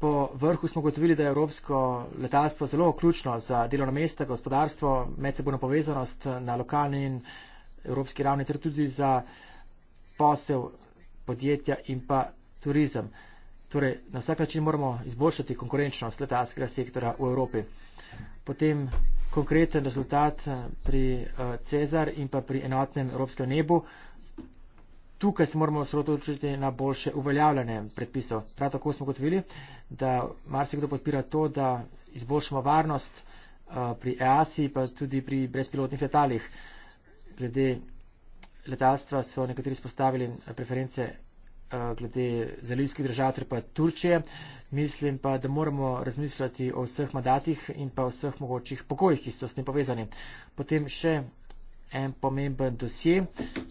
Po vrhu smo gotovili, da je evropsko letalstvo zelo ključno za delovno mesto, gospodarstvo, medsebojno povezanost na lokalni in evropski ravni, ter tudi za posel podjetja in pa turizem. Torej, na vsak način moramo izboljšati konkurenčnost letalskega sektora v Evropi. Potem konkreten rezultat eh, pri eh, Cezar in pa pri enotnem evropskem nebu. Tukaj se moramo osredotočiti na boljše uveljavljanje predpisov. Prav tako smo gotovili, da marsikdo podpira to, da izboljšamo varnost eh, pri EASI, pa tudi pri brezpilotnih letalih. Glede letalstva so nekateri spostavili preference eh, glede zalivskih držav, torej pa Turčije. Mislim pa, da moramo razmisliti o vseh mandatih in pa o vseh mogočih pokojih, ki so s tem povezani. Potem še en pomemben dosje,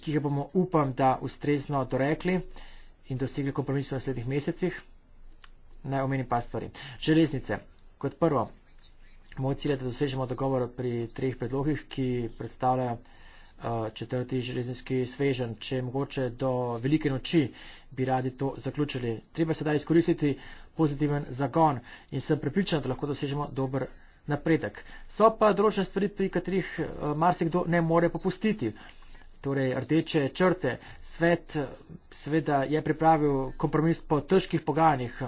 ki ga bomo upam, da ustrezno dorekli in dosegli kompromis v naslednjih mesecih. Naj omenim pa stvari. Železnice. Kot prvo, moj cilj je, da dosežemo dogovor pri treh predlogih, ki predstavljajo eh, četrti železniški svežen. Če mogoče do velike noči bi radi to zaključili. Treba sedaj izkoristiti pozitiven zagon in sem prepričan, da lahko dosežemo dober rezultat napredek. So pa drožne stvari, pri katerih eh, marsikdo ne more popustiti. Torej, rdeče črte, svet eh, seveda je pripravil kompromis po težkih pogajanjih.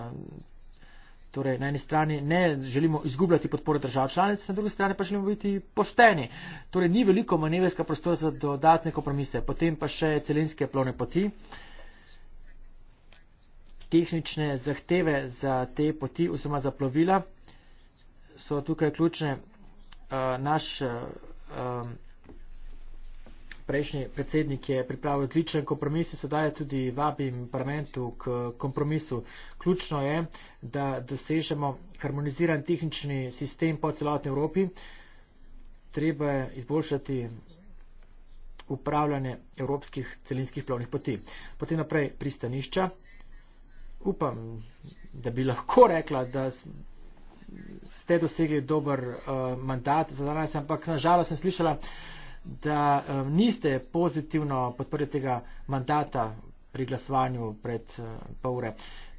Torej, na eni strani ne želimo izgubljati podpore držav članic, na drugi strani pa želimo biti pošteni. Torej, ni veliko manevrskega prostora za dodatne kompromise, potem pa še celinske plone poti. Tehnične zahteve za te poti oziroma za plovila so tukaj ključne. Eh, naš eh, prejšnji predsednik je pripravil odličen kompromis in sedaj tudi vabim parlamentu k eh, kompromisu. Ključno je, da dosežemo harmoniziran tehnični sistem po celotni Evropi. Treba je izboljšati upravljanje evropskih celinskih plovnih poti. Potem naprej pristanišča. Upam, da bi lahko rekla, da ste dosegli dober uh, mandat za danes, ampak nažalost sem slišala, da um, niste pozitivno podprli tega mandata pri glasovanju pred uh, pol ure.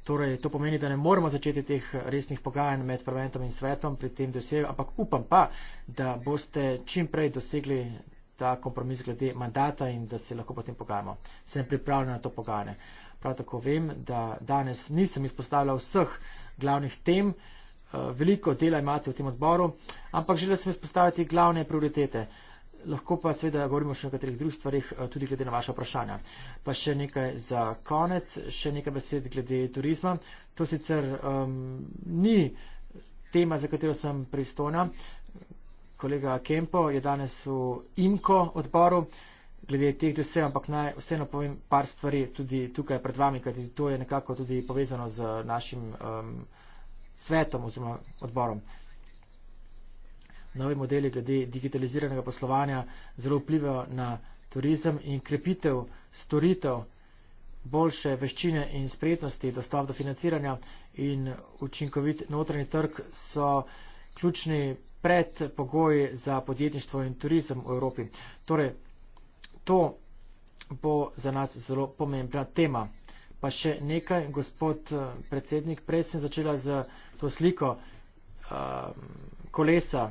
Torej, to pomeni, da ne moramo začeti teh resnih pogajanj med parlamentom in svetom pri tem dosegu, ampak upam pa, da boste čim prej dosegli ta kompromis glede mandata in da se lahko potem pogajamo. Sem pripravljena na to pogajanje. Prav tako vem, da danes nisem izpostavila vseh glavnih tem. Eh, veliko dela imate v tem odboru, ampak želeli smo izpostaviti glavne prioritete. Lahko pa seveda govorimo še o nekaterih drugih stvarih, eh, tudi glede na vaše vprašanja. Pa še nekaj za konec, še nekaj besed glede turizma. To sicer um, ni tema, za katero sem pristona. Kolega Kempo je danes v IMKO odboru glede teh dosej, ampak naj vseeno povem par stvari tudi tukaj pred vami, kajti to je nekako tudi povezano z našim. Um, svetom oziroma odborom. Novi modeli glede digitaliziranega poslovanja zelo vplivajo na turizem in krepitev storitev, boljše veščine in spretnosti, dostop do financiranja in učinkovit notranji trg so ključni predpogoji za podjetništvo in turizem v Evropi. Torej, to bo za nas zelo pomembna tema. Pa še nekaj, gospod eh, predsednik, prej sem začela z to sliko uh, kolesa,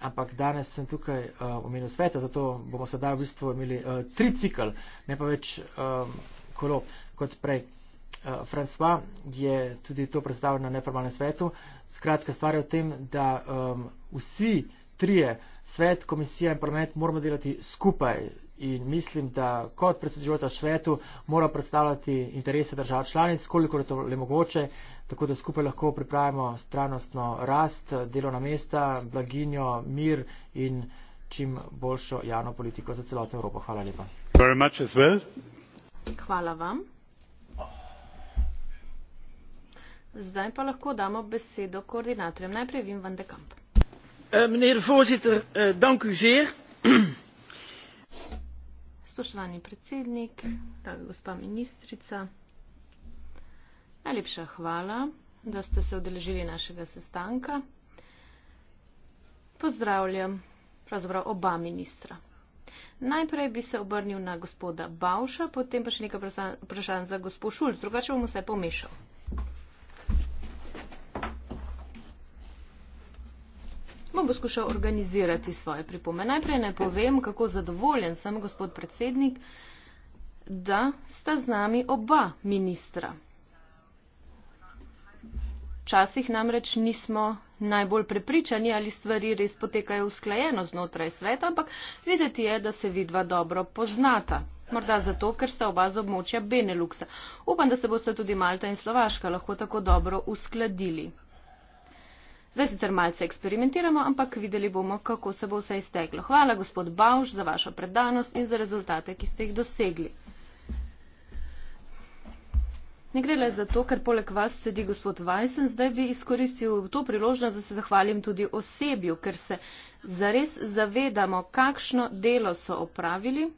ampak danes sem tukaj uh, v imenu sveta, zato bomo sedaj v bistvu imeli uh, eh, tricikl, ne pa več uh, kolo kot prej. Uh, François je tudi to predstavil na neformalnem svetu. Skratka, stvar je v tem, da um, vsi trije, svet, komisija in parlament, moramo delati skupaj. In mislim, da kot predsedujoča svetu mora predstavljati interese držav članic, koliko je to le mogoče, tako da skupaj lahko pripravimo stranostno rast, delovna mesta, blaginjo, mir in čim boljšo javno politiko za celotno Evropo. Hvala lepa. Well. Hvala vam. Zdaj pa lahko damo besedo koordinatorjem. Najprej vim Vandekamp. Eh, voorzitter eh, spoštovani predsednik draga gospa ministrica najlepša hvala da ste se udeležili našega sestanka. pozdravljam pravzaprav oba ministra. najprej bi se obrnil na gospoda bauša potem pa še nekaj vprašanj za gospo schulz drugače bom vse pomešal. bom poskušal organizirati svoje pripome. Najprej ne povem, kako zadovoljen sem, gospod predsednik, da sta z nami oba ministra. Včasih namreč nismo najbolj prepričani, ali stvari res potekajo usklajeno znotraj sveta, ampak videti je, da se vidva dobro poznata. Morda zato, ker sta oba z območja Beneluxa. Upam, da se boste tudi Malta in Slovaška lahko tako dobro uskladili. Zdaj sicer malce eksperimentiramo, ampak videli bomo, kako se bo vse izteklo. Hvala, gospod Bauš, za vašo predanost in za rezultate, ki ste jih dosegli. Ne gre le za to, ker poleg vas sedi gospod Vajsen, zdaj bi izkoristil to priložnost, da se zahvalim tudi osebju, ker se zares zavedamo, kakšno delo so opravili.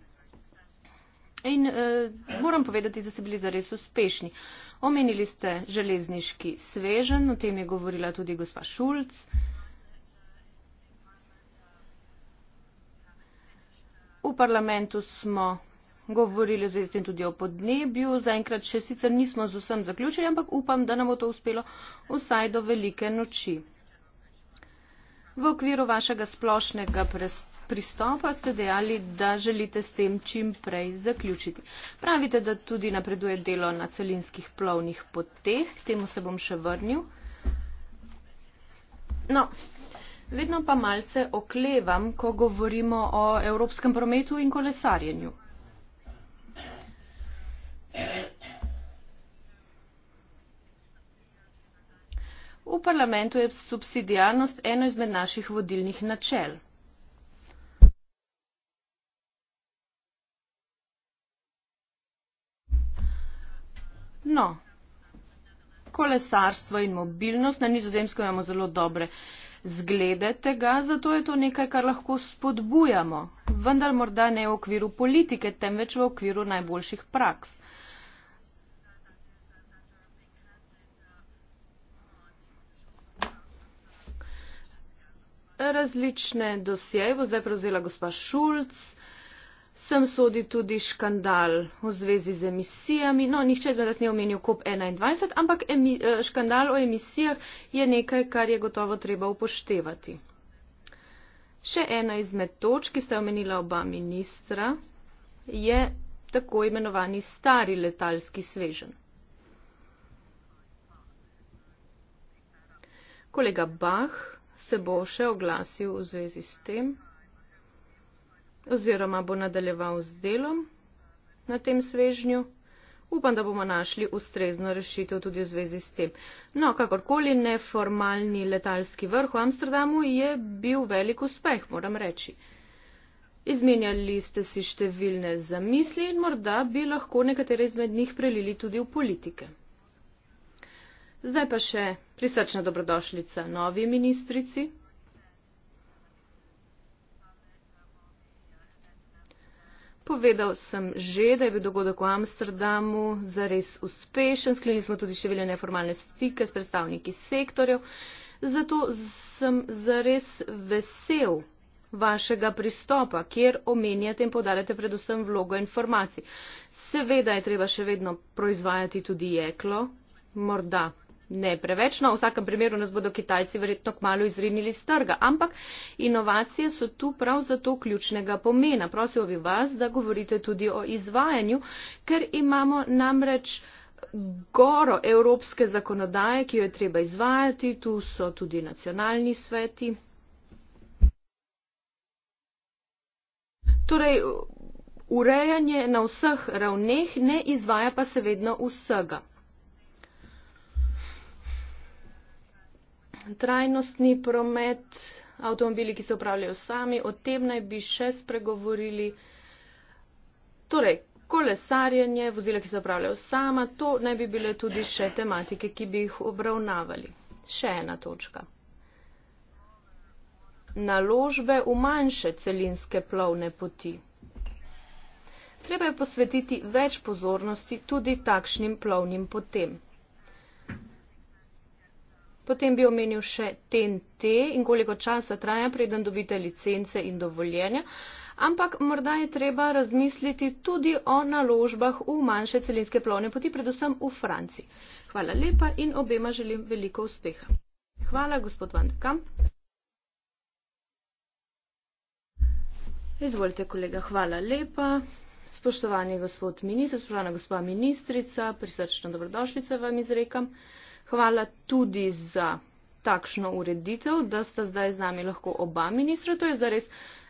In eh, moram povedati, da so bili zares uspešni omenili ste železniški sveženj o tem je govorila tudi gospa šulc v parlamentu smo govorili z tem tudi o podnebju zaenkrat še sicer nismo z vsem zaključili ampak upam da nam bo to uspelo vsaj do velike noči v okviru vašega splošnega prestopa pristopa ste dejali, da želite s tem čim prej zaključiti. Pravite, da tudi napreduje delo na celinskih plovnih poteh, k temu se bom še vrnil. No, vedno pa malce oklevam, ko govorimo o evropskem prometu in kolesarjenju. V parlamentu je subsidijarnost eno izmed naših vodilnih načel. No, kolesarstvo in mobilnost na nizozemskem imamo zelo dobre zglede tega, zato je to nekaj, kar lahko spodbujamo, vendar morda ne v okviru politike, temveč v okviru najboljših praks. Različne dosjeje bo zdaj prevzela gospa Šulc sem sodi tudi škandal v zvezi z emisijami. No, nihče izmed nas ni omenil COP21, ampak emi, eh, škandal o emisijah je nekaj, kar je gotovo treba upoštevati. Še ena izmed toč, ki sta omenila oba ministra, je tako imenovani stari letalski svežen. Kolega Bach se bo še oglasil v zvezi s tem oziroma bo nadaljeval z delom na tem svežnju. Upam, da bomo našli ustrezno rešitev tudi v zvezi s tem. No, kakorkoli neformalni letalski vrh v Amsterdamu je bil velik uspeh, moram reči. Izmenjali ste si številne zamisli in morda bi lahko nekatere izmed njih prelili tudi v politike. Zdaj pa še prisrčna dobrodošlica novi ministrici. Povedal sem že, da je bil dogodek v Amsterdamu zares uspešen. Sklenili smo tudi številne neformalne stike s predstavniki sektorjev. Zato sem zares vesel vašega pristopa, kjer omenjate in podarjate predvsem vlogo informacij. Seveda je treba še vedno proizvajati tudi jeklo, morda ne preveč, no v vsakem primeru nas bodo Kitajci verjetno kmalo izrinili z trga, ampak inovacije so tu prav zato ključnega pomena. Prosil bi vas, da govorite tudi o izvajanju, ker imamo namreč goro evropske zakonodaje, ki jo je treba izvajati, tu so tudi nacionalni sveti. Torej, urejanje na vseh ravneh ne izvaja pa se vedno vsega. trajnostni promet, avtomobili, ki se upravljajo sami, o tem naj bi še spregovorili. Torej, kolesarjenje, vozila, ki se upravljajo sama, to naj bi bile tudi še tematike, ki bi jih obravnavali. Še ena točka. Naložbe v manjše celinske plovne poti. Treba je posvetiti več pozornosti tudi takšnim plovnim potem. Potem bi omenil še TNT in koliko časa traja, preden dobite licence in dovoljenja. Ampak morda je treba razmisliti tudi o naložbah v manjše celinske plovne poti, predvsem v Franciji. Hvala lepa in obema želim veliko uspeha. Hvala, gospod Van de Kamp. Izvolite, kolega, hvala lepa. Spoštovani gospod minister, spoštovana gospa ministrica, prisrčno dobrodošljico vam izrekam. Hvala tudi za takšno ureditev, da sta zdaj z nami lahko oba ministra. To je zares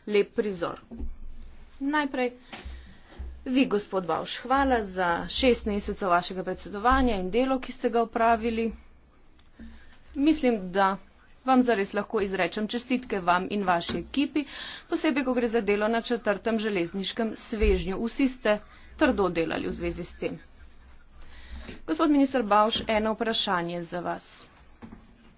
lep prizor. Najprej vi, gospod Bavš, hvala za šest mesecev vašega predsedovanja in delo, ki ste ga upravili. Mislim, da vam zares lahko izrečem čestitke vam in vaši ekipi, posebej, ko gre za delo na četrtem železniškem svežnju. Vsi ste trdo delali v zvezi s tem gospod minister bauš eno vprašanje za vas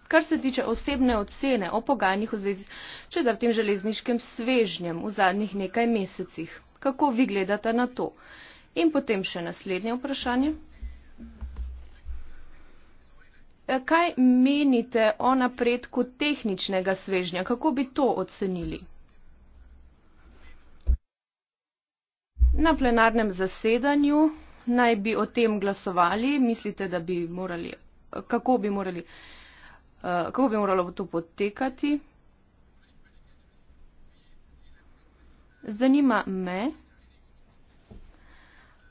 kar se tiče osebne ocene o pogajanjih v zvezi s četrtim železniškim svežnjem v zadnjih nekaj mesecih kako vi gledate na to in potem še naslednje vprašanje e, kaj menite o napredku tehničnega svežnja kako bi to ocenili Na plenarnem zasedanju naj bi o tem glasovali? Mislite, da bi morali, kako bi, morali, eh, kako bi moralo to potekati? Zanima me,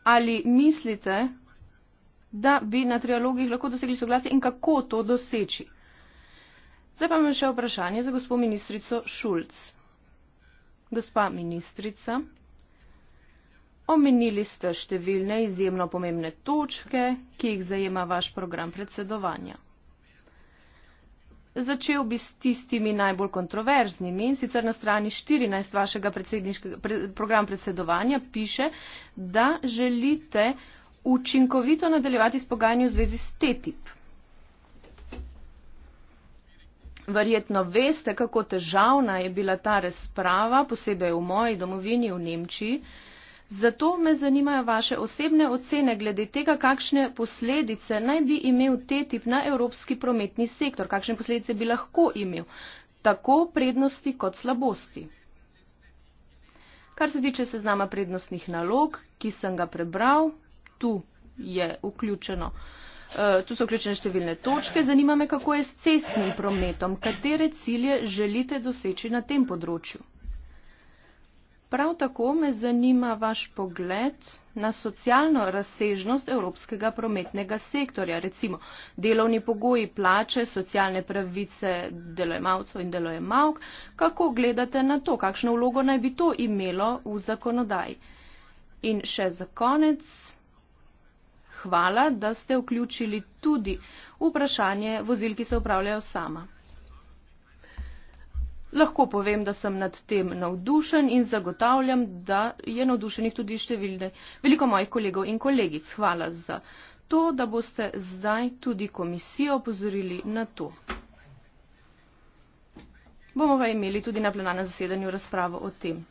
ali mislite, da bi na trialogih lahko dosegli soglasje in kako to doseči. Zdaj pa imam še vprašanje za gospod ministrico Šulc. Gospa ministrica, Omenili ste številne izjemno pomembne točke, ki jih zajema vaš program predsedovanja. Začel bi s tistimi najbolj kontroverznimi in sicer na strani 14 vašega programa predsedovanja piše, da želite učinkovito nadaljevati s pogajanjem v zvezi s TTIP. Verjetno veste, kako težavna je bila ta razprava, posebej v moji domovini v Nemčiji, Zato me zanimajo vaše osebne ocene glede tega, kakšne posledice naj bi imel TTIP na evropski prometni sektor, kakšne posledice bi lahko imel, tako prednosti kot slabosti. Kar se tiče seznama prednostnih nalog, ki sem ga prebral, tu, je vključeno, e, tu so vključene številne točke, zanima me, kako je s cestnim prometom, katere cilje želite doseči na tem področju. Prav tako me zanima vaš pogled na socialno razsežnost evropskega prometnega sektorja, recimo delovni pogoji, plače, socialne pravice delojemalcev in delojemalk. Kako gledate na to, kakšno vlogo naj bi to imelo v zakonodaji? In še za konec, hvala, da ste vključili tudi vprašanje vozil, ki se upravljajo sama. Lahko povem, da sem nad tem navdušen in zagotavljam, da je navdušenih tudi številne, veliko mojih kolegov in kolegic. Hvala za to, da boste zdaj tudi komisijo opozorili na to. Bomo pa imeli tudi na plenarnem zasedanju razpravo o tem.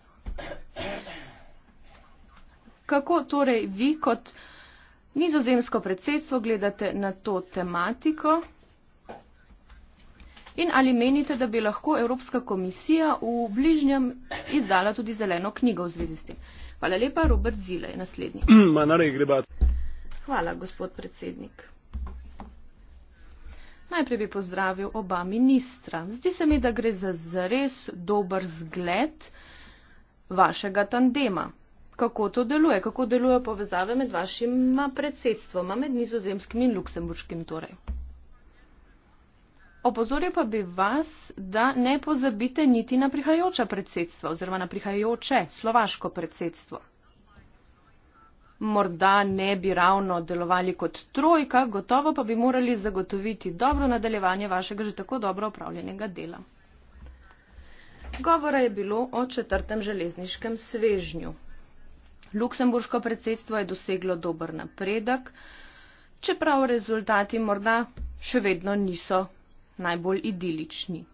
Kako torej vi kot nizozemsko predsedstvo gledate na to tematiko? In ali menite, da bi lahko Evropska komisija v bližnjem izdala tudi zeleno knjigo v zvezi s tem? Hvala lepa, Robert Zile je naslednji. Hvala, gospod predsednik. Najprej bi pozdravil oba ministra. Zdi se mi, da gre za zares dober zgled vašega tandema. Kako to deluje? Kako delujejo povezave med vašima predsedstvoma, med nizozemskim in luksemburškim torej? Opozoril pa bi vas, da ne pozabite niti na prihajajoča predsedstva oziroma na prihajajoče slovaško predsedstvo. Morda ne bi ravno delovali kot trojka, gotovo pa bi morali zagotoviti dobro nadaljevanje vašega že tako dobro opravljenega dela. Govora je bilo o četrtem železniškem svežnju. Luksemburško predsedstvo je doseglo dober napredek, čeprav rezultati morda še vedno niso najbolj idilični.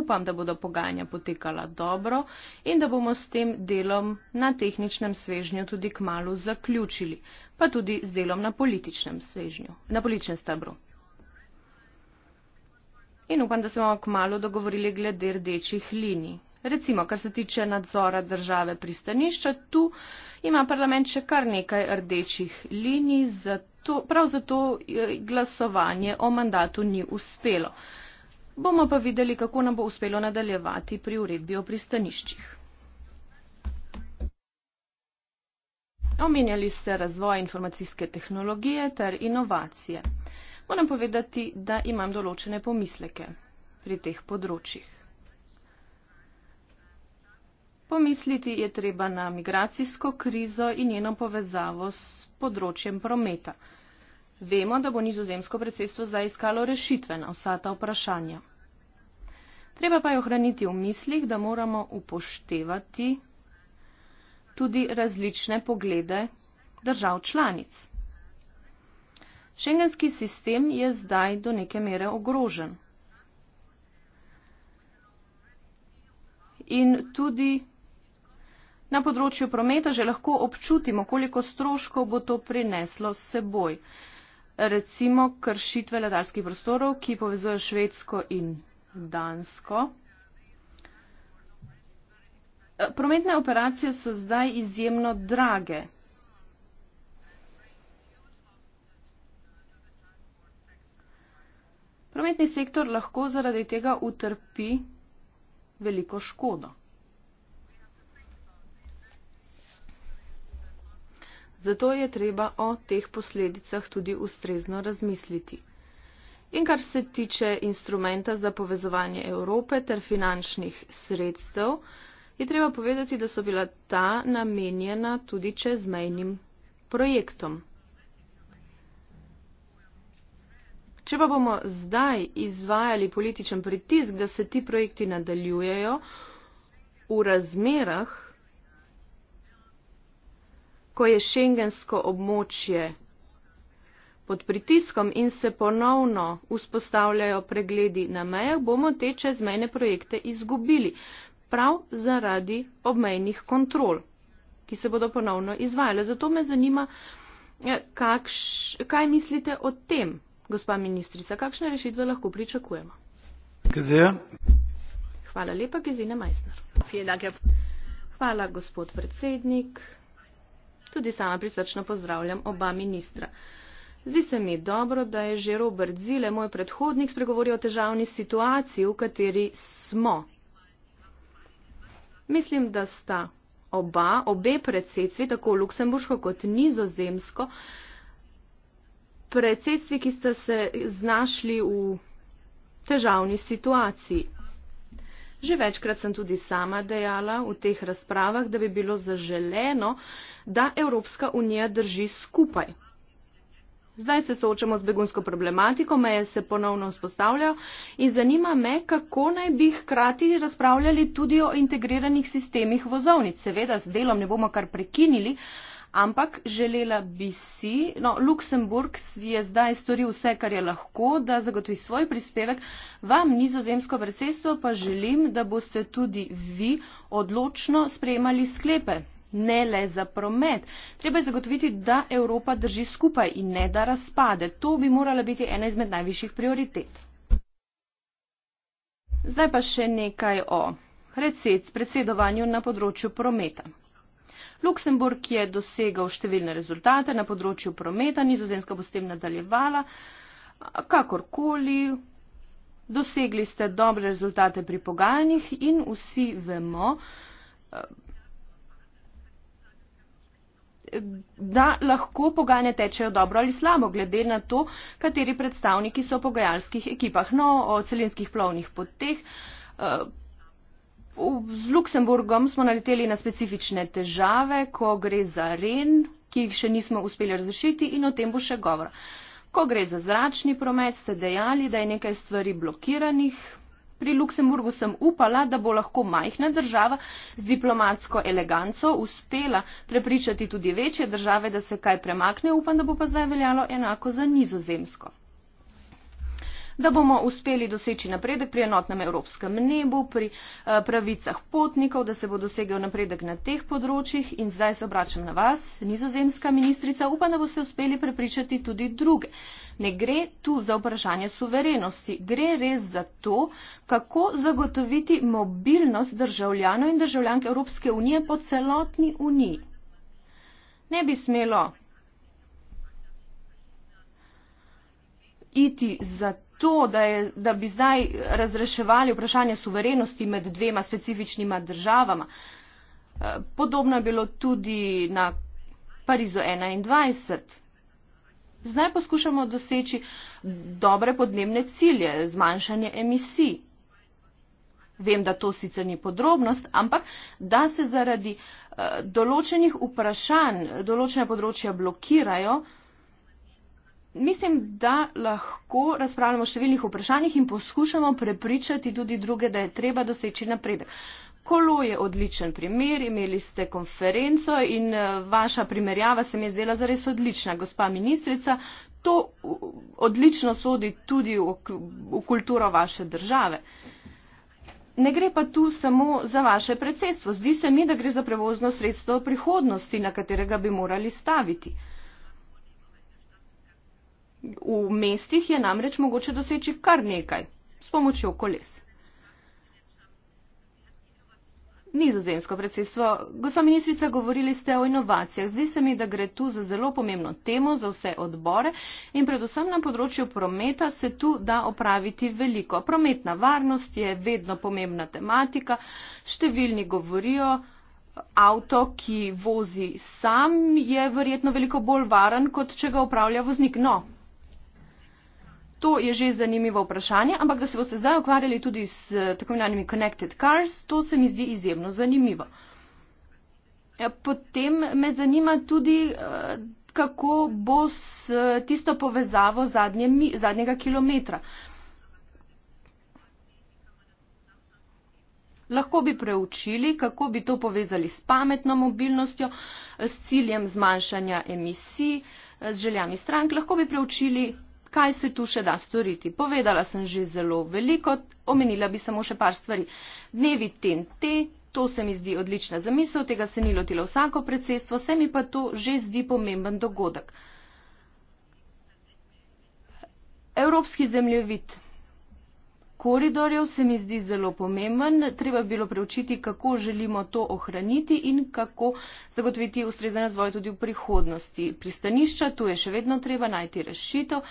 Upam, da bodo pogajanja potekala dobro in da bomo s tem delom na tehničnem svežnju tudi k malu zaključili, pa tudi z delom na političnem svežnju, na političnem stebru. In upam, da se bomo k malu dogovorili glede rdečih linij. Recimo, kar se tiče nadzora države pristanišča, tu ima parlament še kar nekaj rdečih linij, zato, prav zato eh, glasovanje o mandatu ni uspelo. Bomo pa videli, kako nam bo uspelo nadaljevati pri uredbi o pristaniščih. Omenjali ste razvoj informacijske tehnologije ter inovacije. Moram povedati, da imam določene pomisleke pri teh področjih. Pomisliti je treba na migracijsko krizo in njeno povezavo s področjem prometa. Vemo, da bo nizozemsko predsedstvo zdaj iskalo rešitve na vsa ta vprašanja. Treba pa je ohraniti v mislih, da moramo upoštevati tudi različne poglede držav članic. Šengenski sistem je zdaj do neke mere ogrožen. In tudi na področju prometa že lahko občutimo, koliko stroškov bo to prineslo s seboj. Recimo kršitve ladarskih prostorov, ki povezujejo Švedsko in Dansko. E, prometne operacije so zdaj izjemno drage. Prometni sektor lahko zaradi tega utrpi veliko škodo. Zato je treba o teh posledicah tudi ustrezno razmisliti. In kar se tiče instrumenta za povezovanje Evrope ter finančnih sredstev, je treba povedati, da so bila ta namenjena tudi čezmejnim projektom. Če pa bomo zdaj izvajali političen pritisk, da se ti projekti nadaljujejo v razmerah, ko je šengensko območje pod pritiskom in se ponovno vzpostavljajo pregledi na mejah, bomo te čezmejne projekte izgubili. Prav zaradi obmejnih kontrol, ki se bodo ponovno izvajale. Zato me zanima, eh, kakš, kaj mislite o tem, gospa ministrica, kakšne rešitve lahko pričakujemo. Gezea. Hvala lepa, Gezina Majsner. Hvala, gospod predsednik. Tudi sama prisrčno pozdravljam oba ministra. Zdi se mi dobro, da je že Robert Zile, moj predhodnik, spregovoril o težavni situaciji, v kateri smo. Mislim, da sta oba, obe predsedstvi, tako Luksemburško kot Nizozemsko, predsedstvi, ki sta se znašli v težavni situaciji. Že večkrat sem tudi sama dejala v teh razpravah, da bi bilo zaželeno, da Evropska unija drži skupaj. Zdaj se soočamo z begunsko problematiko, meje se ponovno vzpostavljajo in zanima me, kako naj bi hkrati razpravljali tudi o integriranih sistemih vozovnic. Seveda s delom ne bomo kar prekinili, ampak želela bi si, no, Luksemburg je zdaj storil vse, kar je lahko, da zagotovi svoj prispevek. Vam nizozemsko predsedstvo pa želim, da boste tudi vi odločno spremali sklepe ne le za promet. Treba je zagotoviti, da Evropa drži skupaj in ne da razpade. To bi morala biti ena izmed najvišjih prioritet. Zdaj pa še nekaj o predsed, predsedovanju na področju prometa. Luksemburg je dosegal številne rezultate na področju prometa, nizozemska bo s tem nadaljevala, kakorkoli. Dosegli ste dobre rezultate pri pogajanjih in vsi vemo, da lahko pogajanja tečejo dobro ali slabo, glede na to, kateri predstavniki so v pogajalskih ekipah. No, o celinskih plovnih poteh. Eh, z Luksemburgom smo naleteli na specifične težave, ko gre za ren, ki jih še nismo uspeli razrešiti in o tem bo še govor. Ko gre za zračni promet, ste dejali, da je nekaj stvari blokiranih, Pri Luksemburgu sem upala, da bo lahko majhna država z diplomatsko eleganco uspela prepričati tudi večje države, da se kaj premakne, upam, da bo pa zdaj veljalo enako za nizozemsko da bomo uspeli doseči napredek pri enotnem evropskem nebu, pri eh, pravicah potnikov, da se bo dosegel napredek na teh področjih. In zdaj se obračam na vas, nizozemska ministrica, upam, da bo se uspeli prepričati tudi druge. Ne gre tu za vprašanje suverenosti, gre res za to, kako zagotoviti mobilnost državljanov in državljank Evropske unije po celotni uniji. Ne bi smelo iti za to, da, je, da bi zdaj razreševali vprašanje suverenosti med dvema specifičnima državama. Eh, podobno je bilo tudi na Parizu 21. Zdaj poskušamo doseči dobre podnebne cilje, zmanjšanje emisij. Vem, da to sicer ni podrobnost, ampak da se zaradi eh, določenih vprašanj določene področja blokirajo, Mislim, da lahko razpravljamo o številnih vprašanjih in poskušamo prepričati tudi druge, da je treba doseči napredek. Kolo je odličen primer, imeli ste konferenco in eh, vaša primerjava se mi je zdela zares odlična, gospa ministrica. To odlično sodi tudi v kulturo vaše države. Ne gre pa tu samo za vaše predsedstvo. Zdi se mi, da gre za prevozno sredstvo prihodnosti, na katerega bi morali staviti. V mestih je namreč mogoče doseči kar nekaj s pomočjo koles. Nizozemsko predsedstvo. Gospa ministrica, govorili ste o inovacijah. Zdi se mi, da gre tu za zelo pomembno temo za vse odbore in predvsem na področju prometa se tu da opraviti veliko. Prometna varnost je vedno pomembna tematika. Številni govorijo, avto, ki vozi sam, je verjetno veliko bolj varen, kot če ga upravlja voznik. No, To je že zanimivo vprašanje, ampak da se boste zdaj ukvarjali tudi s eh, tako imenovanimi connected cars, to se mi zdi izjemno zanimivo. Ja, potem me zanima tudi, eh, kako bo s eh, tisto povezavo zadnje, zadnjega kilometra. Lahko bi preučili, kako bi to povezali s pametno mobilnostjo, s ciljem zmanjšanja emisij, z željami strank. Lahko bi preučili, kaj se tu še da storiti. Povedala sem že zelo veliko, omenila bi samo še par stvari. Dnevi TNT, to se mi zdi odlična zamisel, tega se ni lotilo vsako predsedstvo, se mi pa to že zdi pomemben dogodek. Evropski zemljevid koridorjev se mi zdi zelo pomemben. Treba bi bilo preučiti, kako želimo to ohraniti in kako zagotoviti ustrezen razvoj tudi v prihodnosti. Pristanišča, tu je še vedno treba najti rešitev. Uh,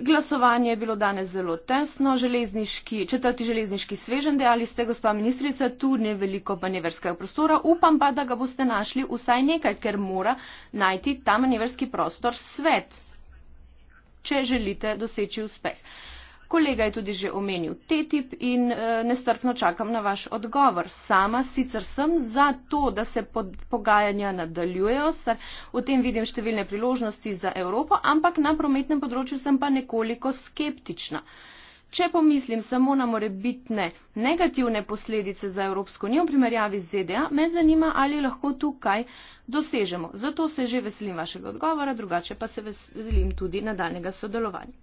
Glasovanje je bilo danes zelo tesno, železniški, četrti železniški svežen dejali ste, gospa ministrica, tu ni veliko manjeverskega prostora, upam pa, da ga boste našli vsaj nekaj, ker mora najti ta manjeverski prostor svet, če želite doseči uspeh. Kolega je tudi že omenil TTIP in e, nestrpno čakam na vaš odgovor. Sama sicer sem za to, da se pod, pogajanja nadaljujejo, ser v tem vidim številne priložnosti za Evropo, ampak na prometnem področju sem pa nekoliko skeptična. Če pomislim samo na morebitne negativne posledice za Evropsko unijo v primerjavi z ZDA, me zanima, ali lahko tukaj dosežemo. Zato se že veselim vašega odgovora, drugače pa se veselim tudi nadaljnega sodelovanja.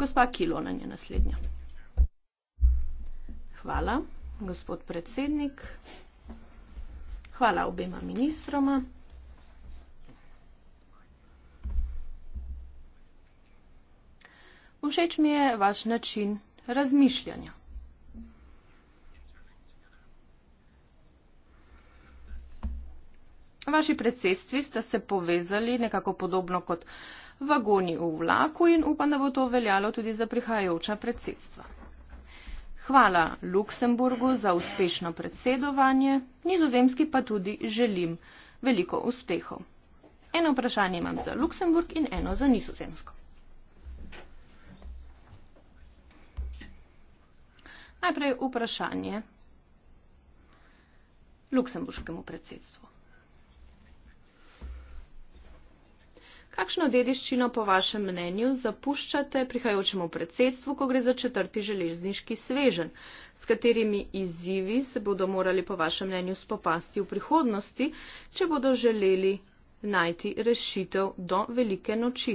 Gospa Kilonen je naslednja. Hvala, gospod predsednik. Hvala obema ministroma. Všeč mi je vaš način razmišljanja. Vaši predsedstvi sta se povezali nekako podobno kot vagoni v vlaku in upam, da bo to veljalo tudi za prihajajoča predsedstva. Hvala Luksemburgu za uspešno predsedovanje, nizozemski pa tudi želim veliko uspehov. Eno vprašanje imam za Luksemburg in eno za nizozemsko. Najprej vprašanje luksemburškemu predsedstvu. Kakšno dediščino po vašem mnenju zapuščate prihajajočemu predsedstvu, ko gre za četrti železniški svežen? S katerimi izzivi se bodo morali po vašem mnenju spopasti v prihodnosti, če bodo želeli najti rešitev do velike noči?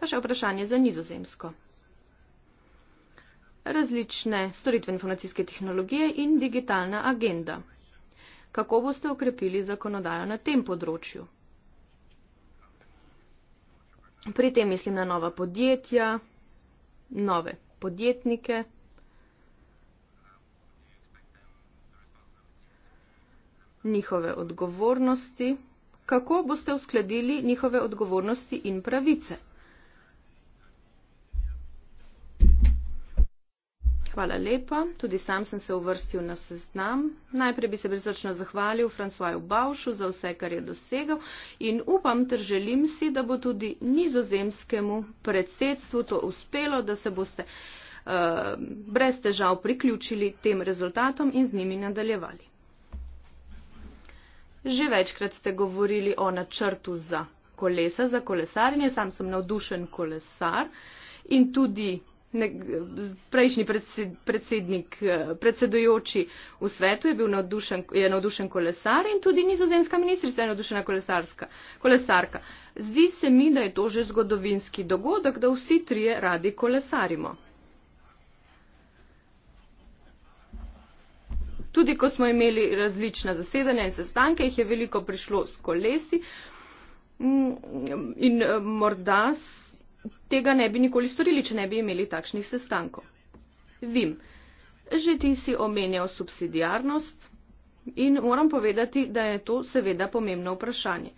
Pa še vprašanje za nizozemsko. Različne storitve informacijske tehnologije in digitalna agenda. Kako boste okrepili zakonodajo na tem področju? Pri tem mislim na nova podjetja, nove podjetnike. Njihove odgovornosti, kako boste uskladili njihove odgovornosti in pravice. Hvala lepa. Tudi sam sem se uvrstil na seznam. Najprej bi se brezračno zahvalil Francoju Baušu za vse, kar je dosegel in upam ter želim si, da bo tudi nizozemskemu predsedstvu to uspelo, da se boste uh, brez težav priključili tem rezultatom in z njimi nadaljevali. Že večkrat ste govorili o načrtu za kolesa, za kolesarjenje. Sam sem navdušen kolesar in tudi ne, prejšnji predsed, predsednik, eh, predsedujoči v svetu je bil navdušen, je navdušen kolesar in tudi nizozemska ministrica je navdušena kolesarka. Zdi se mi, da je to že zgodovinski dogodek, da vsi trije radi kolesarimo. Tudi ko smo imeli različna zasedanja in sestanke, jih je veliko prišlo s kolesi mm, in eh, morda s tega ne bi nikoli storili, če ne bi imeli takšnih sestankov. Vim, že ti si omenjal subsidijarnost in moram povedati, da je to seveda pomembno vprašanje.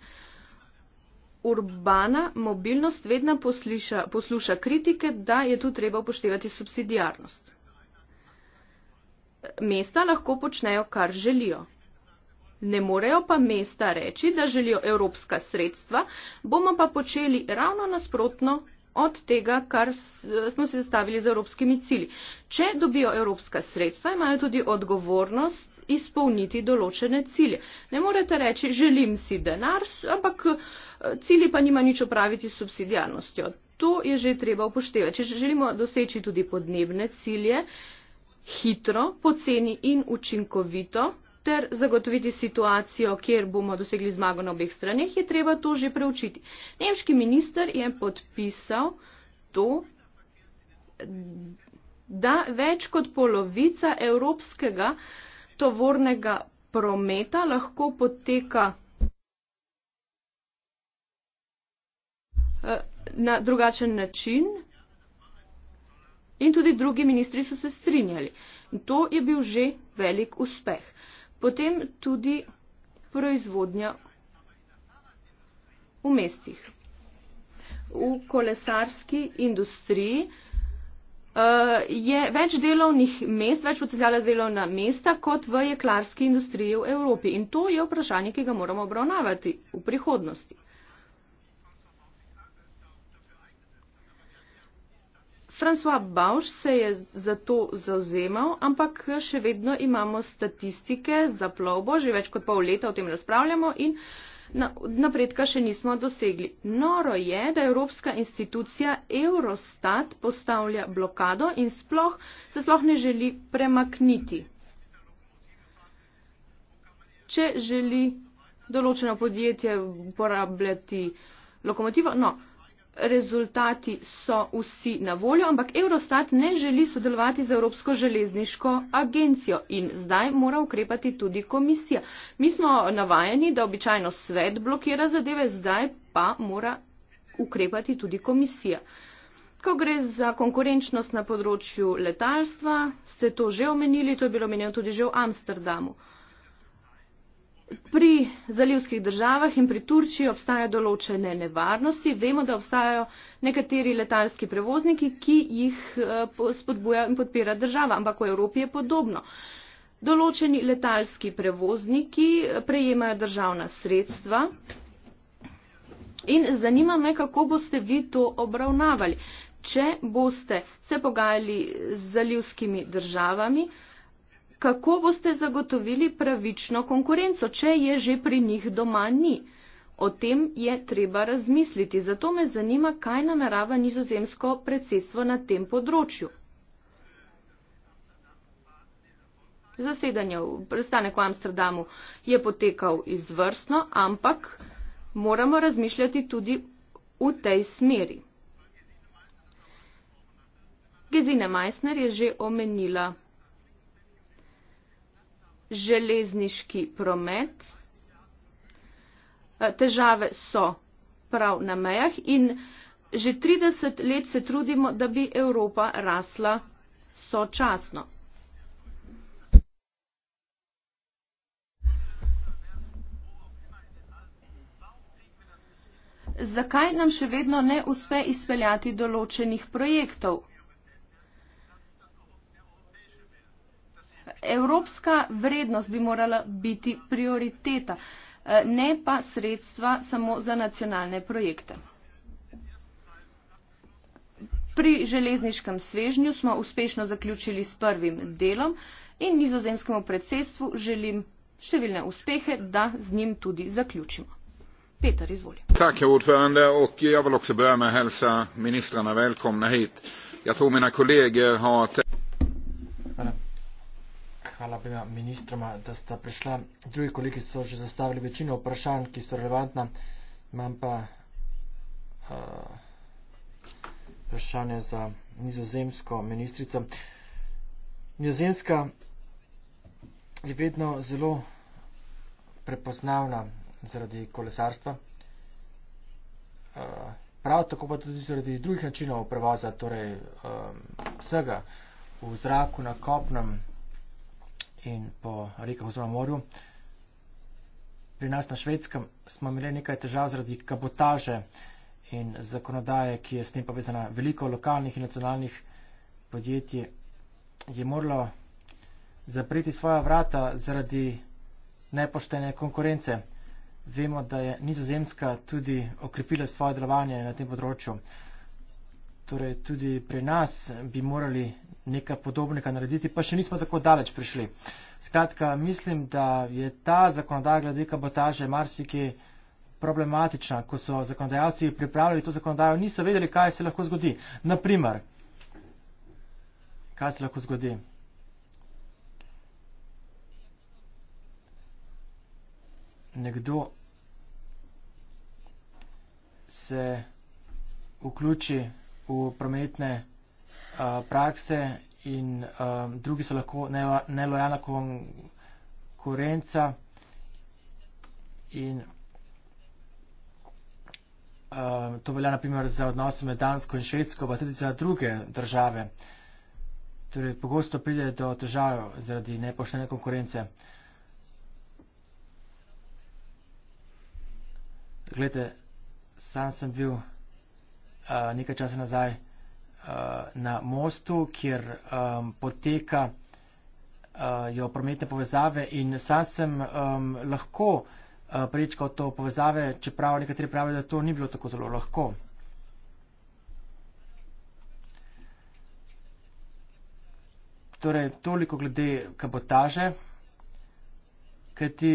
Urbana mobilnost vedno posliša, posluša kritike, da je tu treba upoštevati subsidijarnost. Mesta lahko počnejo, kar želijo. Ne morejo pa mesta reči, da želijo evropska sredstva, bomo pa počeli ravno nasprotno, od tega, kar smo si zastavili z evropskimi cilji. Če dobijo evropska sredstva, imajo tudi odgovornost izpolniti določene cilje. Ne morete reči, želim si denar, ampak eh, cilji pa nima nič opraviti s subsidijarnostjo. To je že treba upoštevati. Če želimo doseči tudi podnebne cilje, hitro, poceni in učinkovito, ter zagotoviti situacijo, kjer bomo dosegli zmago na obeh straneh, je treba to že preučiti. Nemški minister je podpisal to, da več kot polovica evropskega tovornega prometa lahko poteka eh, na drugačen način in tudi drugi ministri so se strinjali. In to je bil že velik uspeh potem tudi proizvodnja v mestih. V kolesarski industriji eh, je več delovnih mest, več potencijala delovna mesta kot v jeklarski industriji v Evropi. In to je vprašanje, ki ga moramo obravnavati v prihodnosti. François Bauš se je za to zauzemal, ampak še vedno imamo statistike za plovbo, že več kot pol leta o tem razpravljamo in napredka še nismo dosegli. Noro je, da Evropska institucija Eurostat postavlja blokado in sploh, se sploh ne želi premakniti. Če želi določeno podjetje uporabljati lokomotivo, no, rezultati so vsi na voljo, ampak Eurostat ne želi sodelovati z Evropsko železniško agencijo in zdaj mora ukrepati tudi komisija. Mi smo navajeni, da običajno svet blokira zadeve, zdaj pa mora ukrepati tudi komisija. Ko gre za konkurenčnost na področju letalstva, ste to že omenili, to je bilo omenjeno tudi že v Amsterdamu pri zalivskih državah in pri Turčiji obstajajo določene nevarnosti. Vemo, da obstajajo nekateri letalski prevozniki, ki jih eh, spodbuja in podpira država, ampak v Evropi je podobno. Določeni letalski prevozniki eh, prejemajo državna sredstva. In zanima me, kako boste vi to obravnavali. Če boste se pogajali z zalivskimi državami, kako boste zagotovili pravično konkurenco, če je že pri njih doma ni. O tem je treba razmisliti. Zato me zanima, kaj namerava nizozemsko predsedstvo na tem področju. Zasedanje v prestanek v Amsterdamu je potekal izvrstno, ampak moramo razmišljati tudi v tej smeri. Gezine Meissner je že omenila železniški promet. Eh, težave so prav na mejah in že 30 let se trudimo, da bi Evropa rasla sočasno. Zakaj nam še vedno ne uspe izpeljati določenih projektov? evropska vrednost bi morala biti prioriteta, eh, ne pa sredstva samo za nacionalne projekte. Pri železniškem svežnju smo uspešno zaključili s prvim delom in nizozemskemu predsedstvu želim številne uspehe, da z njim tudi zaključimo. Peter, izvoli. Tak, je odvrende, ok, ja veliko se bojame, helsa ministra na velkom, na hit. Ja to mi na kolege, ha, te hvala obima ministroma, da sta prišla. Drugi kolegi so že zastavili večino vprašanj, ki so relevantna. Imam pa uh, vprašanje za nizozemsko ministrico. Nizozemska je vedno zelo prepoznavna zaradi kolesarstva. Uh, prav tako pa tudi zaradi drugih načinov prevoza, torej um, vsega v zraku, na kopnem, in po rekah oziroma morju. Pri nas na švedskem smo imeli nekaj težav zaradi kabotaže in zakonodaje, ki je s tem povezana. Veliko lokalnih in nacionalnih podjetij je moralo zapreti svoja vrata zaradi nepoštene konkurence. Vemo, da je nizozemska tudi okrepila svoje delovanje na tem področju. Torej, tudi pri nas bi morali nekaj podobnega narediti, pa še nismo tako daleč prišli. Skratka, mislim, da je ta zakonodaja glede kabotaže marsikaj problematična. Ko so zakonodajalci pripravljali to zakonodajo, niso vedeli, kaj se lahko zgodi. Naprimer, kaj se lahko zgodi. Nekdo se vključi v prometne uh, prakse in uh, drugi so lahko nelojalna konkurenca in uh, to velja naprimer za odnose med Dansko in Švedsko, pa tudi za druge države. Torej, pogosto pride do težav zaradi nepoštene konkurence. Glede, sam sem bil. Eh, nekaj časa nazaj eh, na mostu, kjer um, potekajo eh, uh, prometne povezave in sam sem um, lahko uh, prečkal to povezave, čeprav nekateri pravijo, da to ni bilo tako zelo lahko. Torej, toliko glede kabotaže, kajti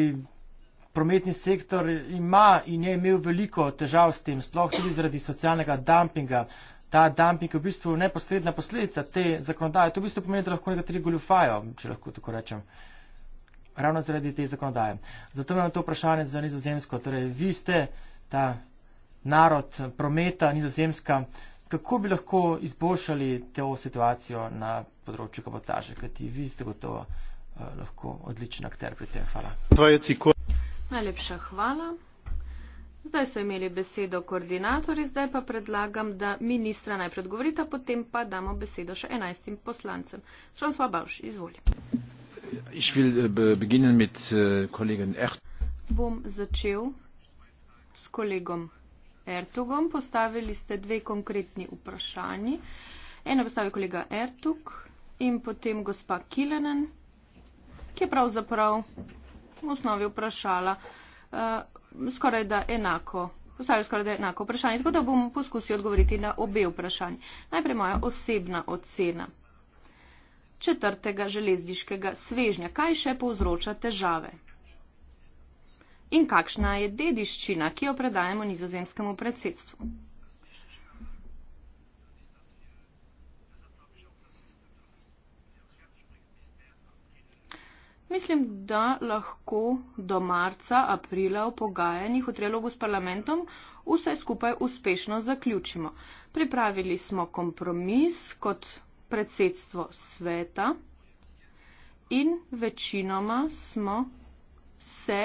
prometni sektor ima in je imel veliko težav s tem, sploh tudi zaradi socialnega dumpinga. Ta dumping je v bistvu neposredna posledica te zakonodaje. To v bistvu pomeni, da lahko nekateri goljufajo, če lahko tako rečem. Ravno zaradi te zakonodaje. Zato imam to vprašanje za nizozemsko. Torej, vi ste ta narod prometa nizozemska. Kako bi lahko izboljšali to situacijo na področju kabotaže, kajti vi ste gotovo uh, lahko odličen akter pri tem. Hvala. Najlepša hvala. Zdaj so imeli besedo koordinatori, zdaj pa predlagam, da ministra najprej odgovorita, potem pa damo besedo še enajstim poslancem. Šansva Bavš, izvoli. Ich will äh, beginnen mit äh, Kollegen Ert. Bom začel s kolegom Ertugom. Postavili ste dve konkretni vprašanji. Eno postavi kolega Ertug in potem gospa Kilenen, ki je pravzaprav v osnovi vprašala uh, skoraj da enako. Postavljajo skoraj da enako vprašanje, tako da bom poskusil odgovoriti na obe vprašanje. Najprej moja osebna ocena četrtega železniškega svežnja. Kaj še povzroča težave? In kakšna je dediščina, ki jo predajemo nizozemskemu predsedstvu? Mislim, da lahko do marca, aprila v pogajanjih v trilogu s parlamentom vse skupaj uspešno zaključimo. Pripravili smo kompromis kot predsedstvo sveta in večinoma smo se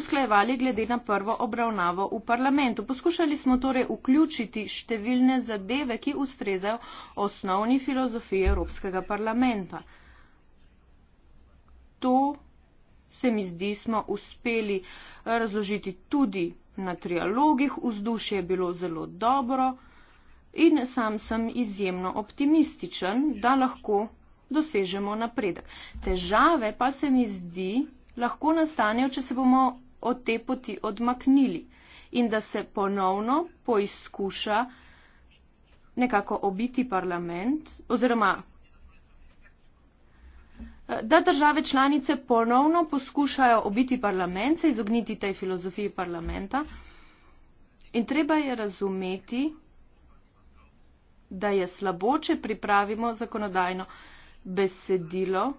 usklajevali glede na prvo obravnavo v parlamentu. Poskušali smo torej vključiti številne zadeve, ki ustrezajo osnovni filozofiji Evropskega parlamenta to se mi zdi, smo uspeli eh, razložiti tudi na trialogih. Vzdušje je bilo zelo dobro in sam sem izjemno optimističen, da lahko dosežemo napredek. Težave pa se mi zdi, lahko nastanejo, če se bomo od te poti odmaknili in da se ponovno poizkuša nekako obiti parlament oziroma da države članice ponovno poskušajo obiti parlament, se izogniti tej filozofiji parlamenta. In treba je razumeti, da je slabo, če pripravimo zakonodajno besedilo,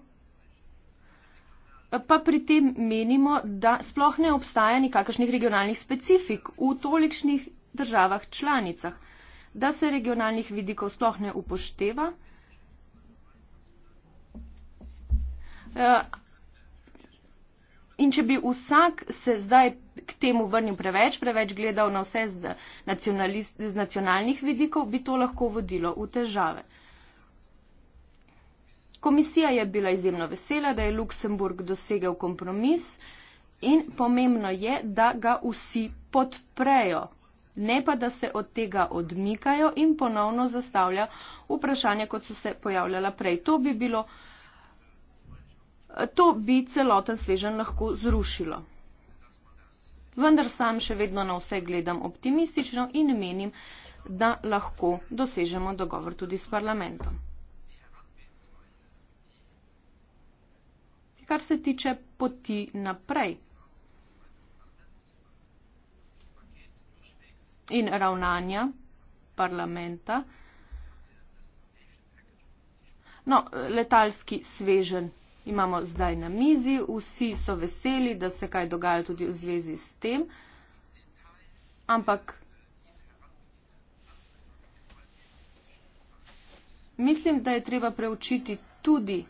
pa pri tem menimo, da sploh ne obstaja nikakršnih regionalnih specifik v tolikšnih državah članicah, da se regionalnih vidikov sploh ne upošteva Eh, in če bi vsak se zdaj k temu vrnil preveč, preveč gledal na vse z, z nacionalnih vidikov, bi to lahko vodilo v težave. Komisija je bila izjemno vesela, da je Luksemburg dosegel kompromis in pomembno je, da ga vsi podprejo, ne pa da se od tega odmikajo in ponovno zastavlja vprašanje, kot so se pojavljala prej. To bi bilo uh, To bi celoten svežen lahko zrušilo. Vendar sam še vedno na vse gledam optimistično in menim, da lahko dosežemo dogovor tudi s parlamentom. Kar se tiče poti naprej in ravnanja parlamenta, no, letalski svežen imamo zdaj na mizi, vsi so veseli, da se kaj dogaja tudi v zvezi s tem, ampak mislim, da je treba preučiti tudi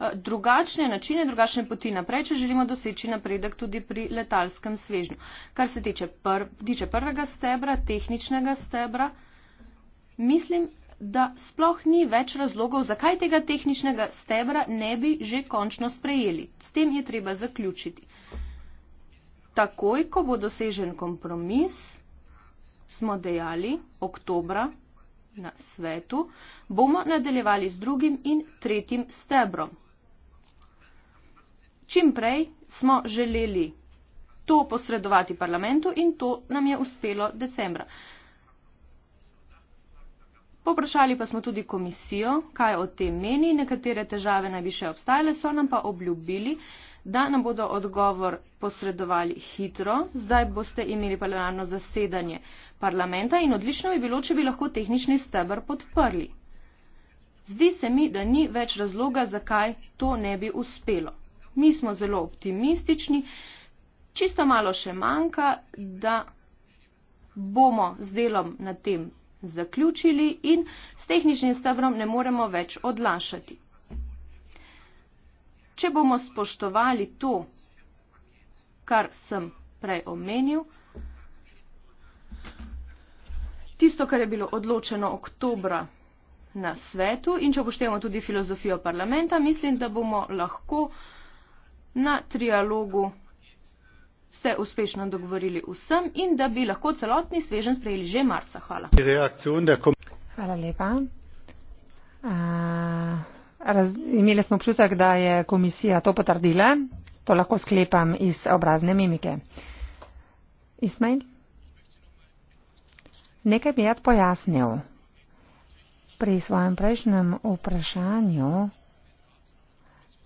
eh, drugačne načine, drugačne poti naprej, če želimo doseči napredek tudi pri letalskem svežnju. Kar se tiče, prv, tiče prvega stebra, tehničnega stebra, mislim, da sploh ni več razlogov, zakaj tega tehničnega stebra ne bi že končno sprejeli. S tem je treba zaključiti. Takoj, ko bo dosežen kompromis, smo dejali oktobra na svetu, bomo nadaljevali z drugim in tretjim stebrom. Čim prej smo želeli to posredovati parlamentu in to nam je uspelo decembra. Poprašali pa smo tudi komisijo, kaj o tem meni, nekatere težave naj bi še obstajale, so nam pa obljubili, da nam bodo odgovor posredovali hitro. Zdaj boste imeli plenarno zasedanje parlamenta in odlično bi bilo, če bi lahko tehnični stebr podprli. Zdi se mi, da ni več razloga, zakaj to ne bi uspelo. Mi smo zelo optimistični, čisto malo še manjka, da bomo z delom na tem zaključili in s tehničnim stebrom ne moremo več odlašati. Če bomo spoštovali to, kar sem prej omenil, tisto, kar je bilo odločeno oktobra na svetu in če upoštevamo tudi filozofijo parlamenta, mislim, da bomo lahko na trialogu se uspešno dogovorili vsem in da bi lahko celotni svežen sprejeli že marca. Hvala. Hvala lepa. Uh, raz, imeli smo občutek, da je komisija to potrdila. To lahko sklepam iz obrazne mimike. Ismail? Nekaj bi jaz pojasnil. Pri svojem prejšnjem vprašanju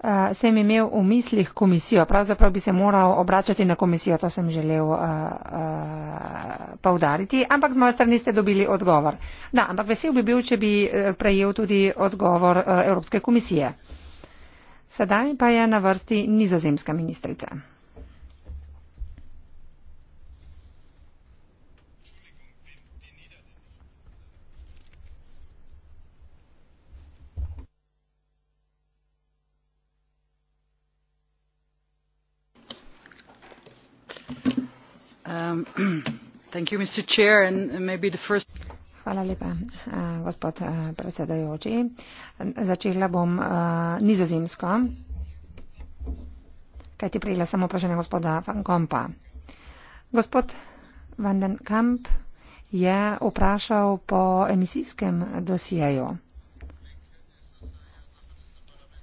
Eh, sem imel v mislih komisijo. Pravzaprav bi se moral obračati na komisijo, to sem želel uh, eh, uh, eh, povdariti, ampak z moje strani ste dobili odgovor. Da, ampak vesel bi bil, če bi prejel tudi odgovor uh, Evropske komisije. Sedaj pa je na vrsti nizozemska ministrica. začela bom uh, nizozemsko kajti prejela sem vprašanje gospoda van Kompa. Gospod van den Kamp je vprašal po emisijskem dosjeju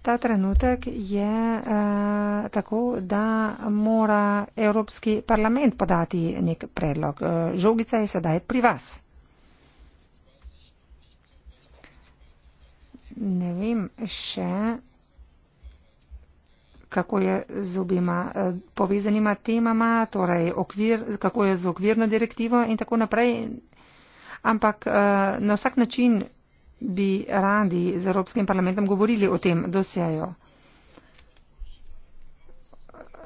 ta trenutek je uh, tako, da mora Evropski parlament podati nek predlog. Uh, žogica je sedaj pri vas. Ne vem še, kako je z obima eh, povezanima temama, torej okvir, kako je z okvirno direktivo in tako naprej. Ampak na vsak način bi radi z Evropskim parlamentom govorili o tem dosjeju.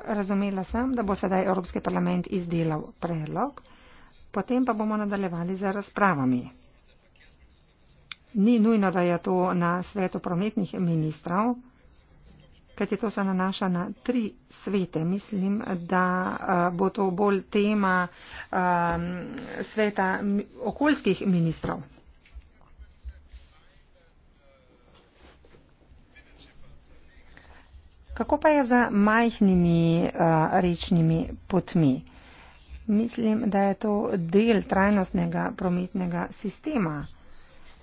Razumela sem, da bo sedaj Evropski parlament izdelal predlog, potem pa bomo nadaljevali z razpravami. Ni nujno, da je to na svetu prometnih ministrov, kajti to se nanaša na tri svete. Mislim, da eh, bo to bolj tema um, sveta okoljskih ministrov. Kako pa je za majhnimi uh, rečnimi potmi? Mislim, da je to del trajnostnega prometnega sistema.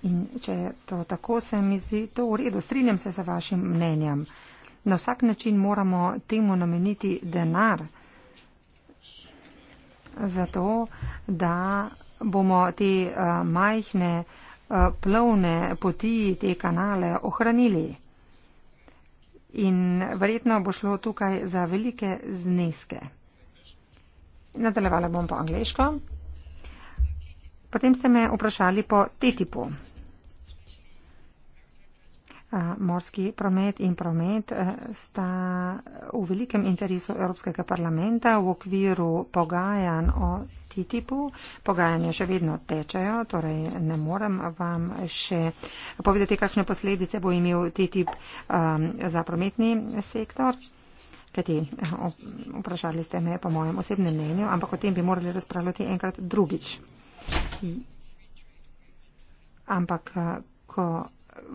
In če je to tako, se mi zdi to v redu. Strinjam se z vašim mnenjem. Na vsak način moramo temu nameniti denar, zato da bomo te uh, majhne uh, plovne poti, te kanale ohranili in verjetno bo šlo tukaj za velike zneske. Nadaljevala bom po angliško. Potem ste me vprašali po TTIP-u morski promet in promet e, sta v velikem interesu Evropskega parlamenta v okviru pogajanj o TTIP-u. Pogajanja še vedno tečejo, torej ne morem vam še povedati, kakšne posledice bo imel TTIP e, za prometni sektor. Kajti, e, vprašali ste me po mojem osebnem mnenju, ampak o tem bi morali razpravljati enkrat drugič. Ampak visoko,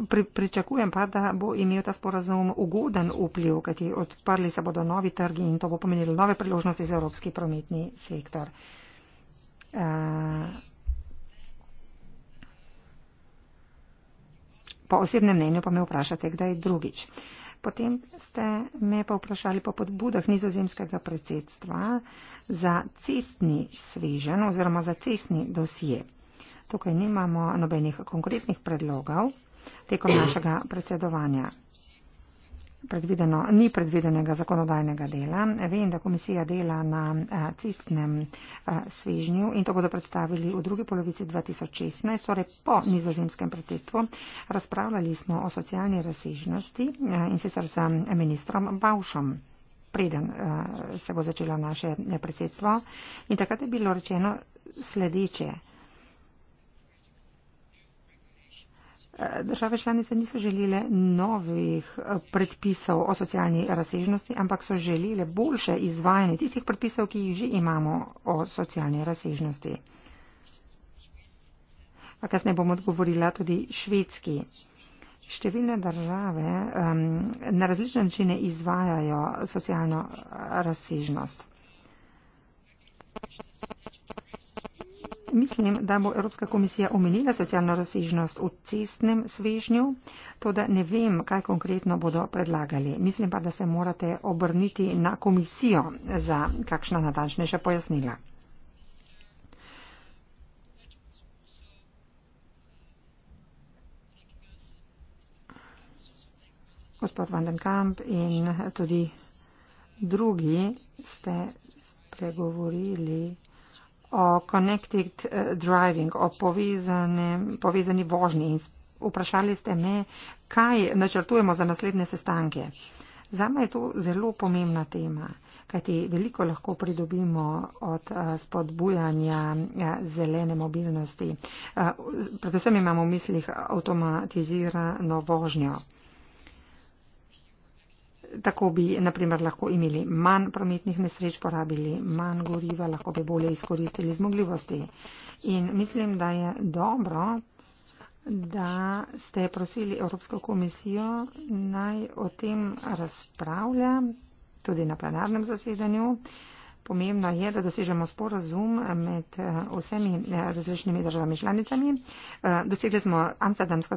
pri, pričakujem pa, da bo imel ta sporazum ugoden vpliv, kajti odprli se bodo novi trgi in to bo pomenilo nove priložnosti za evropski prometni sektor. Uh, po osebnem mnenju pa me vprašate, kdaj drugič. Potem ste me pa vprašali po podbudah nizozemskega predsedstva za cestni svežen oziroma za cestni dosje. Tukaj nimamo nobenih konkretnih predlogov tekom našega predsedovanja. Predvideno, ni predvidenega zakonodajnega dela. Vem, da komisija dela na eh, cistnem eh, svežnju in to bodo predstavili v drugi polovici 2016, torej po nizozemskem predsedstvu. Razpravljali smo o socialni razsežnosti eh, in sicer z ministrom Bavšom preden se bo začelo naše predsedstvo. In takrat je bilo rečeno sledeče. Države članice niso želele novih eh, predpisov o socialni razsežnosti, ampak so želele boljše izvajanje tistih predpisov, ki jih že imamo o socialni razsežnosti. Kasneje bom odgovorila tudi švedski. Številne države um, na različne načine izvajajo socialno eh, razsežnost. Mislim, da bo Evropska komisija omenila socialno razsežnost v cestnem svežnju, to da ne vem, kaj konkretno bodo predlagali. Mislim pa, da se morate obrniti na komisijo za kakšna natančnejša pojasnila. Gospod Van den Kamp in tudi drugi ste spregovorili o connected eh, driving, o povezane, povezani vožnji. Vprašali ste me, kaj načrtujemo za naslednje sestanke. Zame je to zelo pomembna tema, kajti veliko lahko pridobimo od eh, spodbujanja eh, zelene mobilnosti. Predvsem imamo v mislih avtomatizirano vožnjo. Tako bi naprimer lahko imeli manj prometnih nesreč, porabili manj goriva, lahko bi bolje izkoristili zmogljivosti. In mislim, da je dobro, da ste prosili Evropsko komisijo naj o tem razpravlja tudi na plenarnem zasedanju. Uh, Pomembno je, da dosežemo sporozum med eh, vsemi eh, različnimi državami članicami. Eh, dosegli smo Amsterdamsko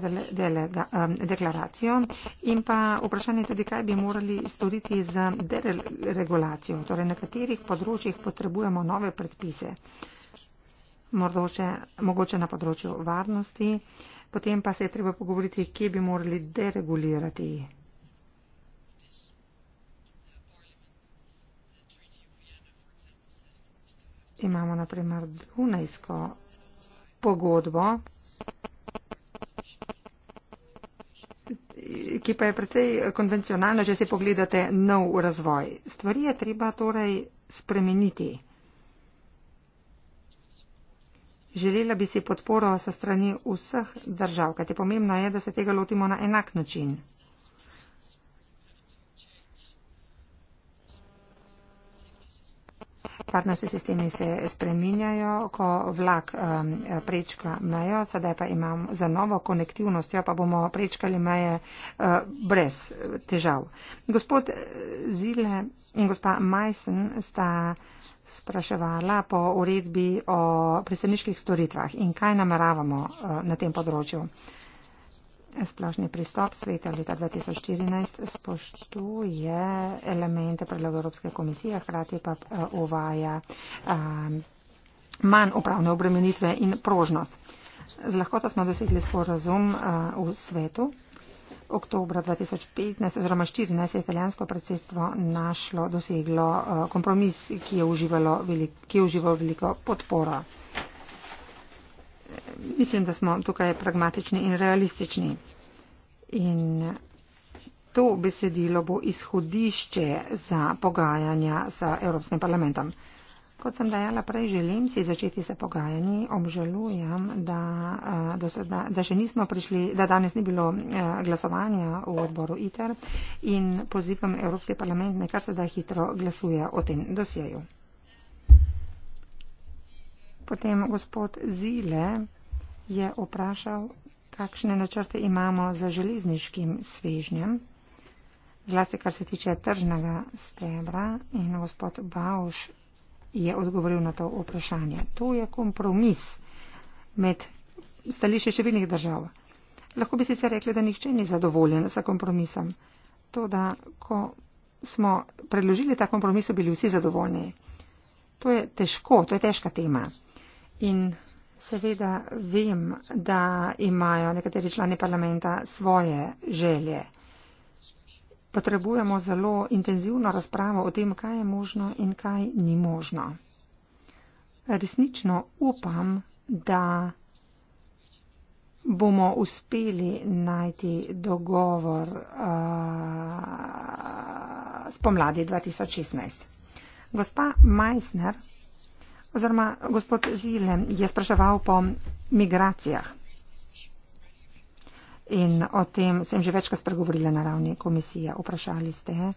deklaracijo in pa vprašanje tudi, kaj bi morali storiti z deregulacijo. Torej, na katerih področjih potrebujemo nove predpise. Mordoče, mogoče na področju varnosti, potem pa se je treba pogovoriti, kje bi morali deregulirati imamo naprimer Dunajsko pogodbo, ki pa je precej konvencionalna, če si pogledate nov razvoj. Stvari je treba torej spremeniti. Želela bi si podporo sa strani vseh držav, kajti pomembno je, da se tega lotimo na enak način. Varnostni sistemi se spreminjajo, ko vlak um, prečka mejo, sedaj pa imamo za novo konektivnost, pa bomo prečkali meje uh, brez težav. Gospod eh, Zile in gospa Majsen sta spraševala po uredbi o pristaniških storitvah in kaj nameravamo uh, na tem področju. Uh, Splošni pristop sveta leta 2014 spoštuje elemente predloga Evropske komisije, hkrati pa eh, uvaja eh, manj upravne obremenitve in prožnost. Z lahkoto smo dosegli sporazum eh, v svetu. Oktober 2015 oziroma 2014 je italijansko predsedstvo našlo, doseglo kompromis, ki je, veliko, ki je uživalo veliko podporo mislim, da smo tukaj pragmatični in realistični. In to besedilo bo izhodišče za pogajanja z Evropskim parlamentom. Kot sem dejala prej, želim si začeti se pogajanji, obžalujem, da, eh, da, da, da še nismo prišli, da danes ni bilo eh, glasovanja v odboru ITER in pozivam Evropski parlament, nekar se da hitro glasuje o tem dosjeju. Potem gospod Zile je vprašal, kakšne načrte imamo za železniškim svežnjem, zlasti kar se tiče tržnega stebra in gospod Bauš je odgovoril na to vprašanje. To je kompromis med stališče številnih držav. Lahko bi sicer rekli, da nihče ni zadovoljen sa kompromisom. To, da ko smo predložili ta kompromis, so bili vsi zadovoljni. To je težko, to je težka tema. In seveda vem, da imajo nekateri člani parlamenta svoje želje. Potrebujemo zelo intenzivno razpravo o tem, kaj je možno in kaj ni možno. Resnično upam, da bomo uspeli najti dogovor uh, spomladi 2016. Gospa Meissner oziroma gospod Zile je spraševal po migracijah. In o tem sem že večkrat spregovorila na ravni komisije. Vprašali ste,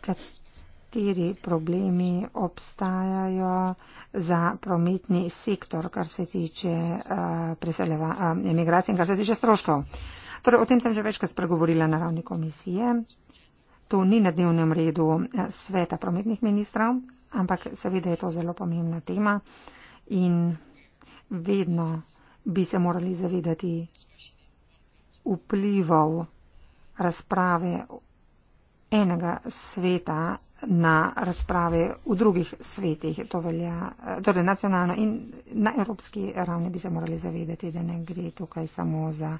kateri problemi obstajajo za prometni sektor, kar se tiče uh, eh, emigracije eh, uh, in kar se tiče stroškov. Torej, o tem sem že večkrat spregovorila na ravni komisije. To ni na dnevnem redu eh, sveta prometnih ministrov, ampak seveda je to zelo pomembna tema in vedno bi se morali zavedati vplivov razprave enega sveta na razprave v drugih svetih. To velja torej nacionalno in na evropski ravni bi se morali zavedati, da ne gre tukaj samo za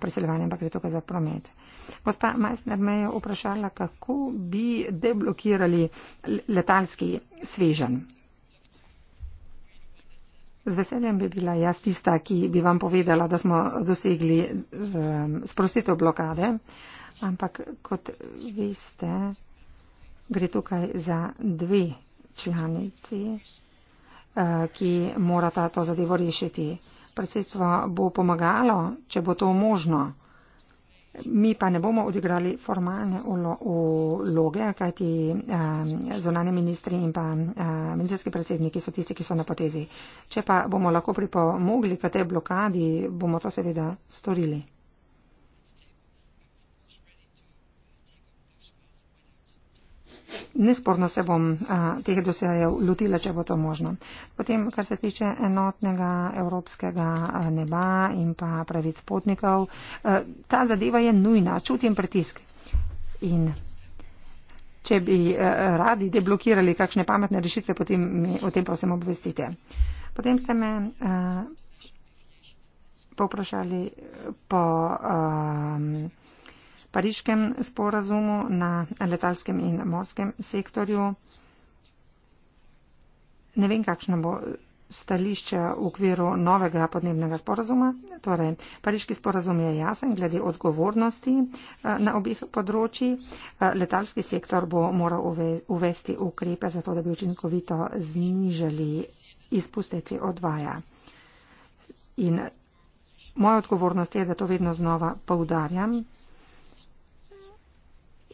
preseljevanje, ampak gre tukaj za promet. Gospa Majsner me je vprašala, kako bi deblokirali letalski svežen. Z veseljem bi bila jaz tista, ki bi vam povedala, da smo dosegli um, sprostitev blokade, ampak kot veste, gre tukaj za dve članici. Eh, ki morata to zadevo rešiti. Predsedstvo bo pomagalo, če bo to možno. Mi pa ne bomo odigrali formalne vloge, kajti eh, zonanje ministri in pa eh, ministerski predsedniki so tisti, ki so na potezi. Če pa bomo lahko pripomogli k tej blokadi, bomo to seveda storili. nesporno se bom a, teh dosejev lotila, če bo to možno. Potem, kar se tiče enotnega evropskega neba in pa pravic potnikov, a, ta zadeva je nujna, čutim pritisk. In če bi a, radi deblokirali kakšne pametne rešitve, potem mi o tem prosim obvestite. Potem ste me a, poprašali po. A, pariškem sporazumu na letalskem in morskem sektorju. Ne vem, kakšno bo stališče v okviru novega podnebnega sporazuma. Torej, pariški sporazum je jasen glede odgovornosti eh, na obih področji. Eh, letalski sektor bo moral uvesti ukrepe za to, da bi učinkovito znižali izpuste CO2. In moja odgovornost je, da to vedno znova poudarjam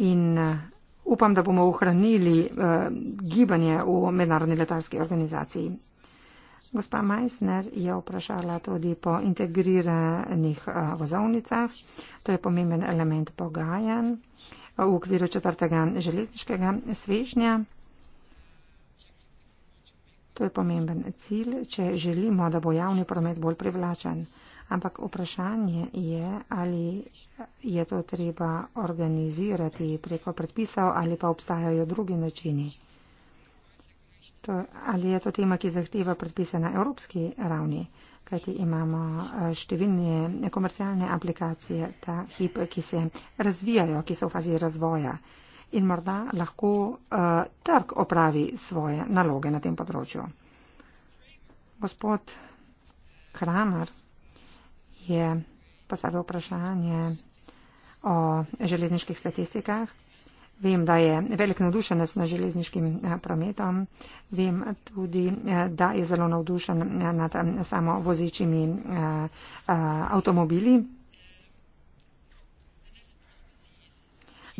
in eh, upam, da bomo ohranili uh, gibanje v mednarodni letalski organizaciji. Gospa Meissner je vprašala tudi po integriranih uh, vozovnicah. To je pomemben element pogajanj v okviru četrtega železniškega svežnja. To je pomemben cilj, če želimo, da bo javni promet bolj privlačen. Ampak vprašanje je, ali je to treba organizirati preko predpisov ali pa obstajajo drugi načini. To, ali je to tema, ki zahteva predpise na evropski ravni, kajti imamo eh, številne komercialne aplikacije, ta hip, ki se razvijajo, ki so v fazi razvoja in morda lahko uh, trg opravi svoje naloge na tem področju. Gospod Kramer je postavil vprašanje o železniških statistikah. Vem, da je velik navdušenec nad železniškim eh, prometom. Vem tudi, eh, da je zelo navdušen eh, nad samo vozičimi avtomobili.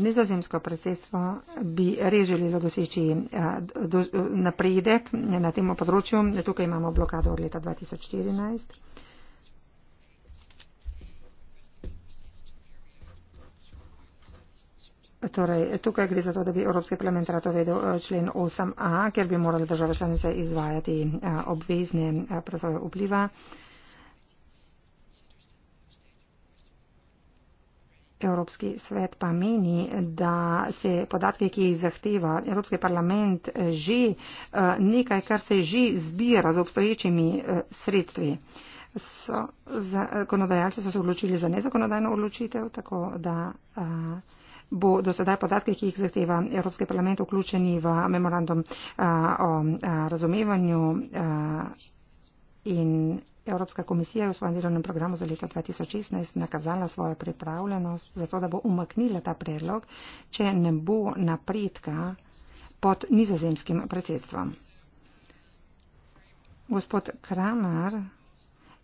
Nizozemsko predsedstvo bi res želelo doseči napredek na tem področju. Tukaj imamo blokado od leta 2014. Torej, tukaj gre za to, da bi Evropski parlament rad uvedel eh, člen 8a, ker bi morali države članice izvajati eh, obvezne eh, presoje vpliva. Evropski svet pa meni, da se podatke, ki jih zahteva Evropski parlament, že nekaj, kar se že zbira z obstoječimi sredstvi. So, zakonodajalci so se odločili za nezakonodajno odločitev, tako da. A, bo do sedaj podatke, ki jih zahteva Evropski parlament, vključeni v memorandum a, o a, razumevanju a, in Evropska komisija je v svojem delovnem programu za leto 2016 nakazala svojo pripravljenost za to, da bo umaknila ta predlog, če ne bo napredka pod nizozemskim predsedstvom. Gospod Kramar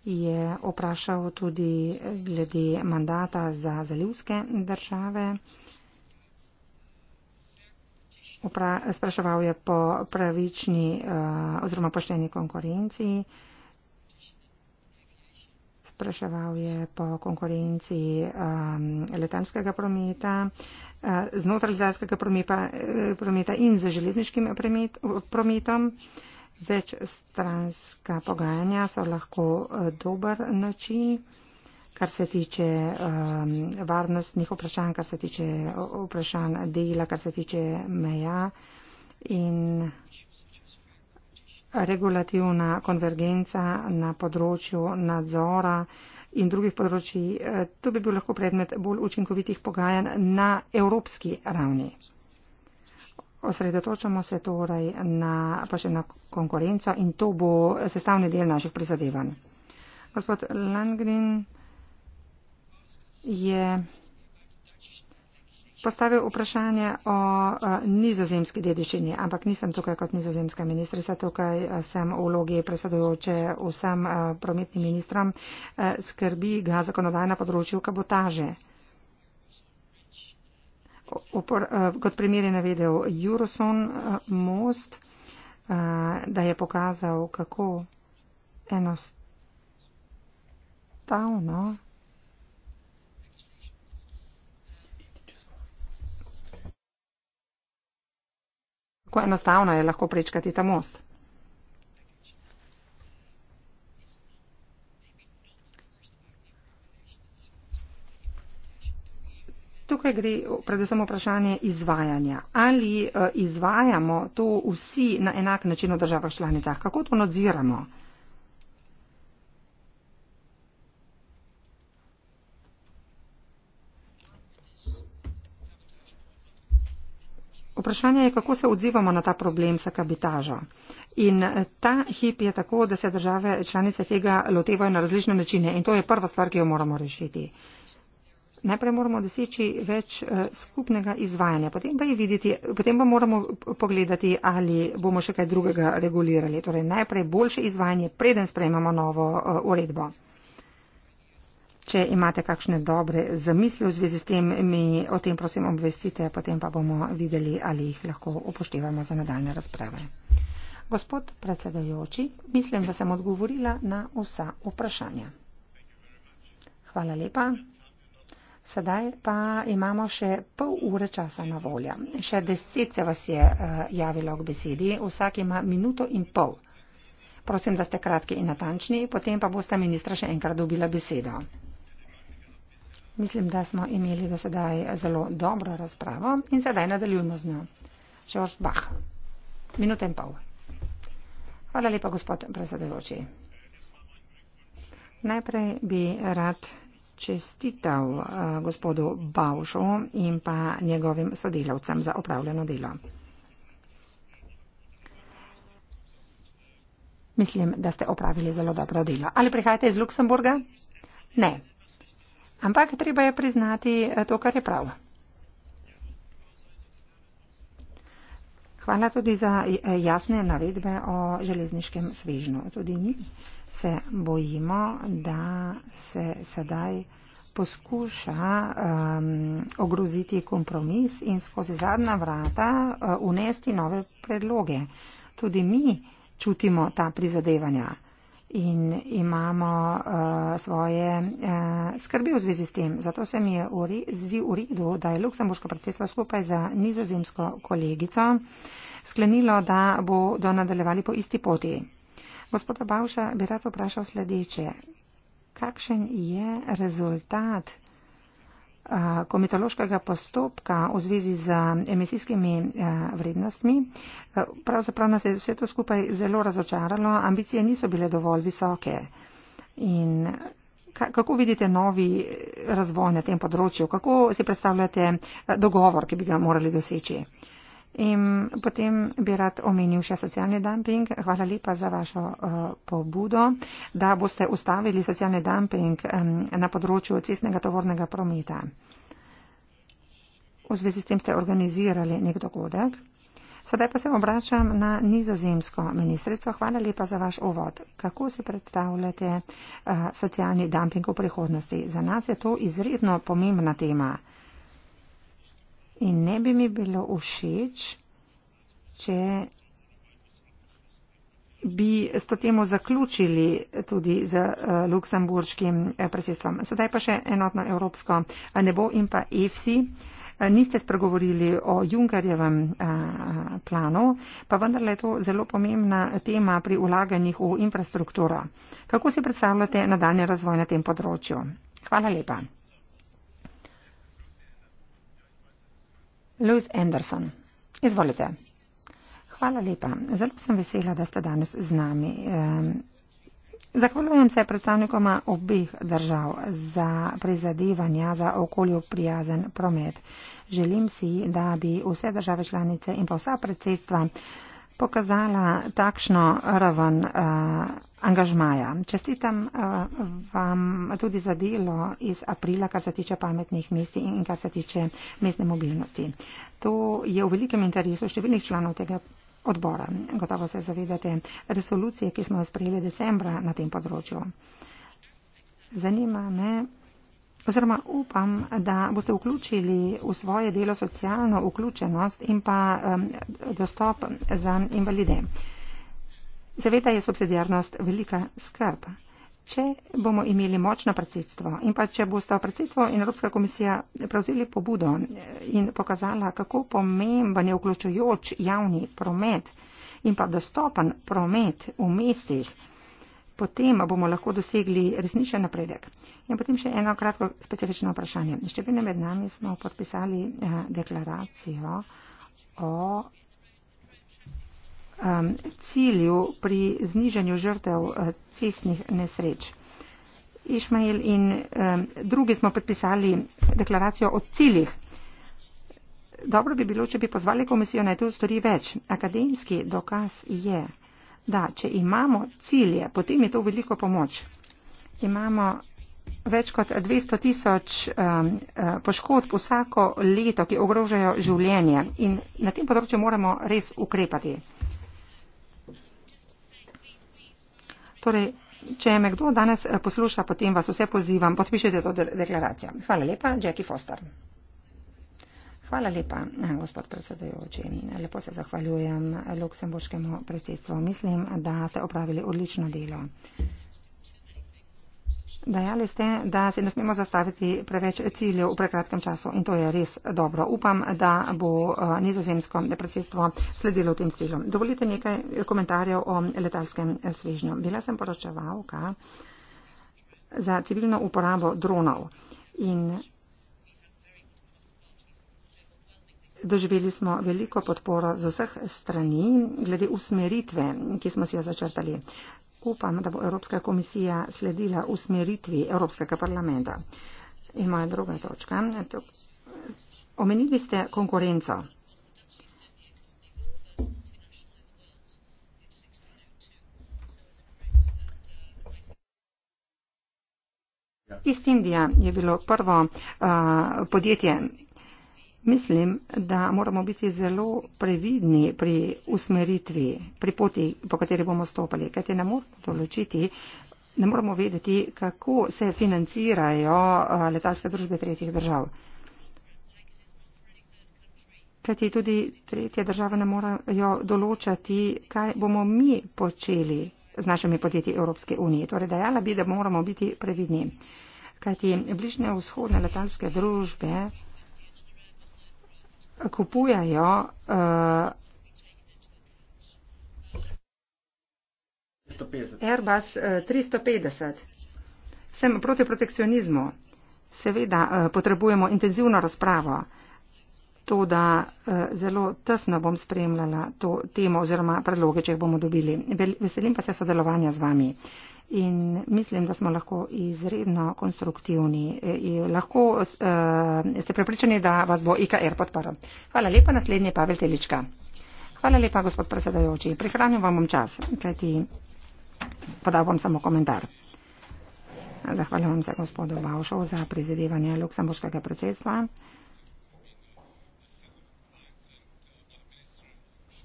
je vprašal tudi glede mandata za zalivske države spraševal je po pravični eh, oziroma pošteni konkurenci. Spraševal je po konkurenci um, letalskega prometa, uh, znotraj letalskega prometa, prometa in z železniškim premet, prometom. Večstranska pogajanja so lahko uh, dober način kar se tiče um, varnostnih vprašanj, kar se tiče vprašanj dela, kar se tiče meja in regulativna konvergenca na področju nadzora in drugih področji. Eh, to bi bil lahko predmet bolj učinkovitih pogajanj na evropski ravni. Osredotočamo se torej na, pa še na konkurenco in to bo sestavni del naših prizadevanj. Gospod Langrin, je postavil vprašanje o eh, nizozemski dedičini, ampak nisem tukaj kot nizozemska ministrica, tukaj eh, sem v vlogi predsedujoče vsem eh, prometnim ministrom, skrbi ga zakonodajna področju kabotaže. Upor, kot primer je navedel Juroson most, da je pokazal, kako enostavno kako enostavno je lahko prečkati ta most. Tukaj gre predvsem vprašanje izvajanja. Ali eh, izvajamo to vsi na enak način v državah članicah? Kako to nadziramo? vprašanje je, kako se odzivamo na ta problem s kabitažo. In eh, ta hip je tako, da se države članice tega lotevajo na različne načine in to je prva stvar, ki jo moramo rešiti. Najprej moramo doseči več eh, skupnega izvajanja, potem pa, videti, potem pa moramo pogledati, ali bomo še kaj drugega regulirali. Torej najprej boljše izvajanje, preden sprejmemo novo eh, uredbo. Če imate kakšne dobre zamisli v zvezi s tem, mi o tem prosim obvestite, potem pa bomo videli, ali jih lahko upoštevamo za nadaljne razprave. Gospod predsedajoči, mislim, da sem odgovorila na vsa vprašanja. Hvala lepa. Sedaj pa imamo še pol ure časa na voljo. Še deset se vas je eh, javilo k besedi, vsak ima minuto in pol. Prosim, da ste kratki in natančni, potem pa boste ministra še enkrat dobila besedo. Mislim, da smo imeli do sedaj zelo dobro razpravo in sedaj nadaljujemo z njo. Žorž Bach, minuta in pol. Hvala lepa, gospod predsedujoči. Najprej bi rad čestital eh, gospodu Bavšu in pa njegovim sodelavcem za opravljeno delo. Mislim, da ste opravili zelo dobro delo. Ali prihajate iz Luksemburga? Ne. Ampak treba je priznati eh, to, kar je prav. Hvala tudi za eh, jasne navedbe o železniškem svežnju. Tudi mi se bojimo, da se sedaj poskuša um, ogroziti kompromis in skozi zadnja vrata uh, unesti nove predloge. Tudi mi čutimo ta prizadevanja in imamo uh, svoje uh, skrbi v zvezi s tem. Zato se mi je zdi v redu, da je Luksemburško predsedstvo skupaj za nizozemsko kolegico sklenilo, da bodo nadaljevali po isti poti. Gospoda Bavša bi rad vprašal sledeče. Kakšen je rezultat komitološkega postopka v zvezi z eh, emisijskimi eh, vrednostmi. Eh, pravzaprav nas je vse to skupaj zelo razočaralo, ambicije niso bile dovolj visoke. In kako vidite novi razvoj na tem področju? Kako si predstavljate dogovor, ki bi ga morali doseči? Uh, In potem bi rad omenil še socialni dumping. Hvala lepa za vašo eh, pobudo, da boste ustavili socialni dumping na področju cestnega tovornega prometa. V zvezi s tem ste organizirali nek dogodek. Sedaj pa se obračam na nizozemsko ministrstvo. Hvala lepa za vaš uvod. Kako si predstavljate eh, socialni dumping v prihodnosti? Za nas je to izredno pomembna tema. In ne bi mi bilo všeč, če bi s to temo zaključili tudi z eh, luksemburškim eh, predsedstvom. Sedaj pa še enotno evropsko eh, nebo in pa EFSI. Niste spregovorili o Junkerjevem planu, pa vendarle je to zelo pomembna tema pri ulaganjih v infrastrukturo. Kako si predstavljate nadaljne razvoj na tem področju? Hvala lepa. Louis Anderson. Izvolite. Hvala lepa. Zelo sem vesela, da ste danes z nami. Zahvaljujem se predstavnikoma obih držav za prizadevanja za okolju prijazen promet. Želim si, da bi vse države članice in pa vsa predsedstva pokazala takšno raven uh, angažmaja. Čestitam uh, vam tudi za delo iz aprila, kar se tiče pametnih mest in kar se tiče mestne mobilnosti. To je v velikem interesu številnih članov tega odbora. Gotovo se zavedate resolucije, ki smo jo sprejeli decembra na tem področju. Zanima me, oziroma upam, da boste vključili v svoje delo socialno vključenost in pa um, dostop za invalide. Seveda je subsidiarnost velika skrb. Če bomo imeli močno predsedstvo in pa če boste v predsedstvo in Evropska komisija prevzeli pobudo eh, in pokazala, kako pomemben je vključujoč javni promet in pa dostopen promet v mestih, potem bomo lahko dosegli resničen napredek. In potem še eno kratko specifično vprašanje. Ščepine med nami smo podpisali eh, deklaracijo o cilju pri zniženju žrtev eh, cestnih nesreč. Išmail in drugi smo podpisali deklaracijo o ciljih. Dobro bi bilo, če bi pozvali komisijo, naj to stori več. Akademski dokaz je, da če imamo cilje, potem je to veliko pomoč. Imamo več kot 200 tisoč um, uh, poškodb vsako leto, ki ogrožajo življenje in na tem področju moramo res ukrepati. Torej, če me kdo danes eh, posluša, potem vas vse pozivam, podpišite to deklaracijo. Hvala lepa, Jackie Foster. Hvala lepa, gospod predsedujoči. Lepo se zahvaljujem Luksemburškemu predsedstvu. Mislim, da ste opravili odlično delo. Dajali ste, da se ne smemo zastaviti preveč ciljev v prekratkem času in to je res dobro. Upam, da bo eh, nizozemsko predsedstvo sledilo tem ciljem. Dovolite nekaj komentarjev o letalskem svežnju. Bila sem poročevalka za civilno uporabo dronov in doživeli smo veliko podporo z vseh strani glede usmeritve, ki smo si jo začrtali. Upam, da bo Evropska komisija sledila usmeritvi Evropskega parlamenta. In moja druga točka. Omenili ste konkurenco. East India je bilo prvo uh, podjetje, Mislim, da moramo biti zelo previdni pri usmeritvi, pri poti, po kateri bomo stopali, kajti ne moramo določiti, ne moramo vedeti, kako se financirajo eh, letalske družbe tretjih držav. Kajti tudi tretje države ne morajo določati, kaj bomo mi počeli z našimi podjetji Evropske unije. Torej, dejala bi, da moramo biti previdni. Kajti bližnje vzhodne letalske družbe kupujajo uh, Airbus 350. Eh, Sem proti protekcionizmu. Seveda uh, potrebujemo intenzivno razpravo. To, da eh, zelo tesno bom spremljala to temo oziroma predloge, če jih bomo dobili. Veselim pa se sodelovanja z vami in mislim, da smo lahko izredno konstruktivni. E, lahko uh, ste prepričani, da vas bo IKR podprl. Hvala lepa, naslednji Pavel Telička. Hvala lepa, gospod predsedajoči. Prihranil vam bom čas, kajti podal bom samo komentar. Zahvaljujem se gospodu Bavšu za prizadevanje Luksemburškega predsedstva.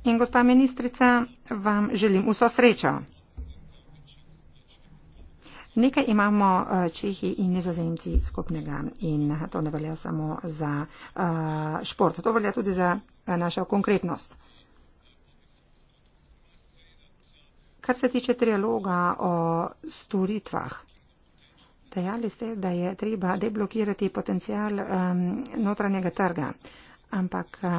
In gospa ministrica, vam želim vso srečo. Nekaj imamo eh, Čehi in Nizozemci skupnega in eh, to ne velja samo za uh, šport, to velja tudi za uh, našo konkretnost. Kar se tiče trialoga o storitvah, dejali ste, da je treba deblokirati potencial um, notranjega trga, ampak uh,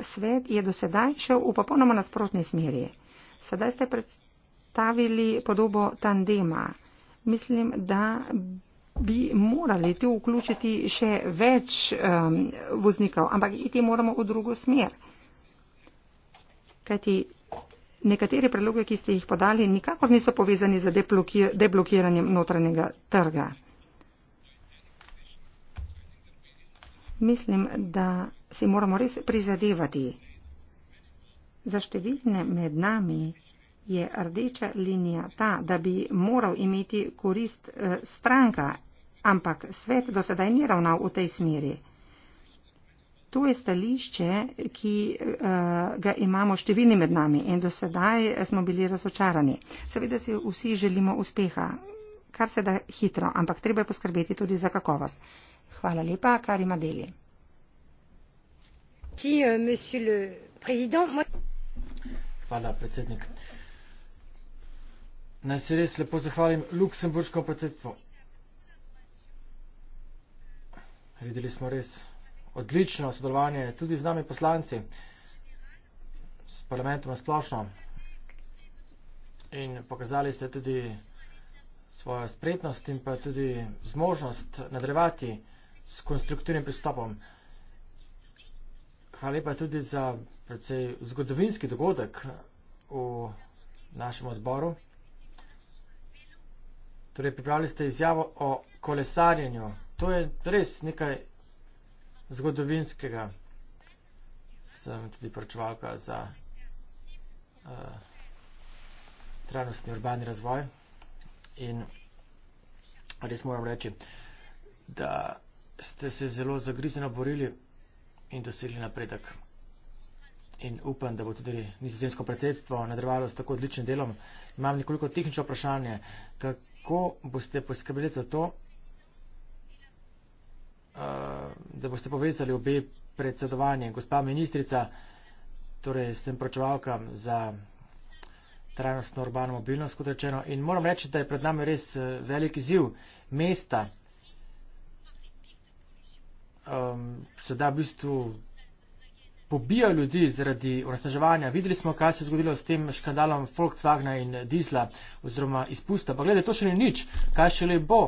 svet je do sedaj šel v popolnoma nasprotni smeri. Sedaj ste predstavili podobo tandema mislim, da bi morali tu vključiti še več um, voznikov, ampak iti moramo v drugo smer. Kajti nekateri predloge, ki ste jih podali, nikakor niso povezani z deblokiranjem notranjega trga. Mislim, da si moramo res prizadevati za številne med nami, je rdeča linija ta, da bi moral imeti korist eh, stranka, ampak svet do sedaj ni ravnal v tej smeri. To je stališče, ki eh, ga imamo številni med nami in do sedaj smo bili razočarani. Seveda si vsi želimo uspeha, kar se da hitro, ampak treba je poskrbeti tudi za kakovost. Hvala lepa, kar ima deli. Euh, Hvala, predsednik. Naj se res lepo zahvalim Luksemburškom predsedstvu. Videli smo res odlično sodelovanje tudi z nami poslanci, s parlamentom splošno. In pokazali ste tudi svojo spretnost in pa tudi zmožnost nadrevati s konstruktivnim pristopom. Hvala lepa tudi za predvsej zgodovinski dogodek v našem odboru. Torej, pripravili ste izjavo o kolesarjenju. To je res nekaj zgodovinskega. Sem tudi poročevalka za uh, trajnostni urbani razvoj. In res moram reči, da ste se zelo zagrizeno borili in dosegli napredek. In upam, da bo tudi nizozemsko predsedstvo nadaljevalo s tako odličnim delom. Imam nekoliko tehnično vprašanje. Kako kako boste poskrbeli za to, eh, da boste povezali obe predsedovanje. Gospa ministrica, torej sem pročevalka za trajnostno urbano mobilnost, kot rečeno, in moram reči, da je pred nami res eh, velik ziv mesta. Um, sedaj v bistvu pobija ljudi zaradi uresnaževanja. Videli smo, kaj se je zgodilo s tem škandalom Volkswagna in dizla oziroma izpusta. Pa gledaj, to še ni nič, kaj še le bo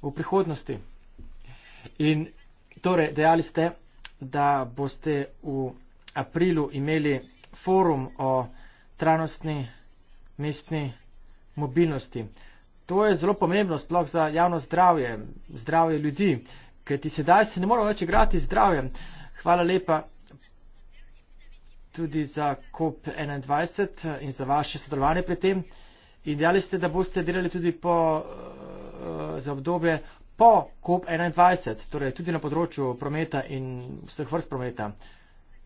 v prihodnosti. In torej, dejali ste, da boste v aprilu imeli forum o trajnostni mestni mobilnosti. To je zelo pomembno, sploh za javno zdravje, zdravje ljudi, ker ti sedaj se ne moramo več igrati z zdravjem. Hvala lepa, tudi za COP21 eh, in za vaše sodelovanje pri tem. In dejali ste, da boste delali tudi po, eh, za obdobje po COP21, torej tudi na področju prometa in vseh vrst prometa.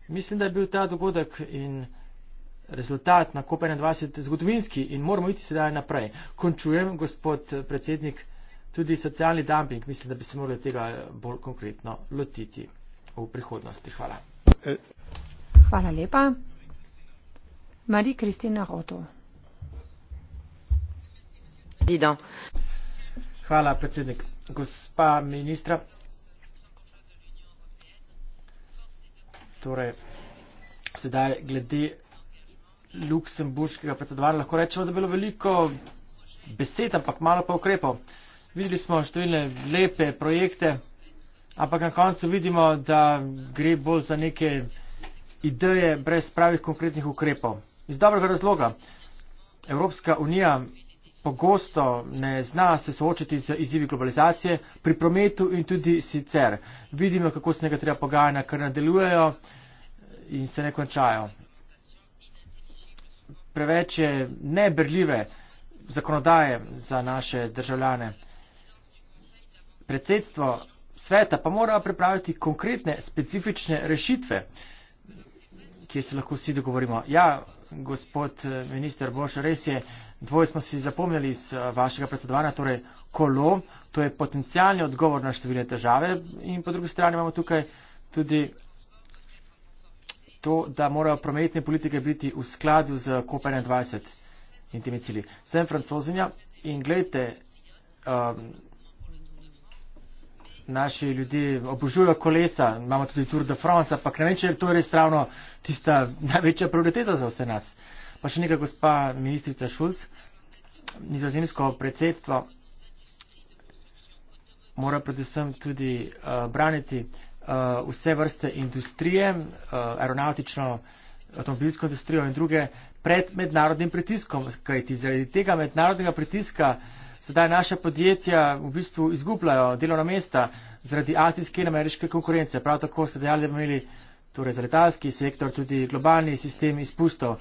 Mislim, da je bil ta dogodek in rezultat na COP21 zgodovinski in moramo iti sedaj naprej. Končujem, gospod predsednik, tudi socialni dumping. Mislim, da bi se morali tega bolj konkretno lotiti v prihodnosti. Hvala. E Hvala lepa. Marie-Christina Roto. Hvala, predsednik. Gospa ministra, torej, sedaj glede luksemburškega predsedovanja lahko rečemo, da je bilo veliko besed, ampak malo pa ukrepov. Videli smo številne lepe projekte, ampak na koncu vidimo, da gre bolj za neke ideje brez pravih konkretnih ukrepov. Iz dobrega razloga. Evropska unija pogosto ne zna se soočiti z izzivi globalizacije pri prometu in tudi sicer. Vidimo, kako se nekatera pogajanja kar nadaljujejo in se ne končajo. Preveč je neberljive zakonodaje za naše državljane. Predsedstvo sveta pa mora pripraviti konkretne specifične rešitve kje se lahko vsi dogovorimo. Ja, gospod eh, minister Boš, res je, dvoje smo si zapomnili iz eh, vašega predsedovanja, torej kolo, to je potencijalni odgovor na številne težave in po drugi strani imamo tukaj tudi to, da morajo prometne politike biti v skladu z COP21 in temi cilji. Sem francozinja in gledajte, um, ehm, naši ljudje obožujejo kolesa, imamo tudi Tour de France, ampak ne vem, če je to res ravno tista največja prioriteta za vse nas. Pa še nekaj, gospa ministrica Šulc, nizozemsko predsedstvo mora predvsem tudi uh, braniti uh, vse vrste industrije, uh, aeronautično, avtomobilsko industrijo in druge pred mednarodnim pritiskom, kajti zaradi tega mednarodnega pritiska uh, sedaj naša podjetja v bistvu izgubljajo delovna mesta zaradi azijske in ameriške konkurence. Prav tako ste dejali, da bomo imeli torej za letalski sektor tudi globalni sistem izpustov.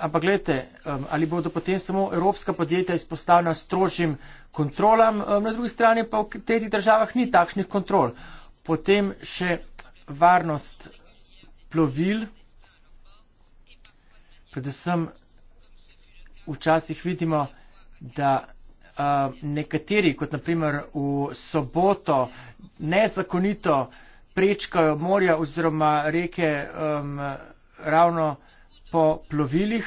Ampak gledajte, um, ali bodo potem samo evropska podjetja izpostavljena strožjim kontrolam, um, na drugi strani pa v teh državah ni takšnih kontrol. Potem še varnost plovil. Predvsem včasih vidimo, da uh, nekateri, kot naprimer v soboto, nezakonito prečkajo morja oziroma reke um, ravno po plovilih,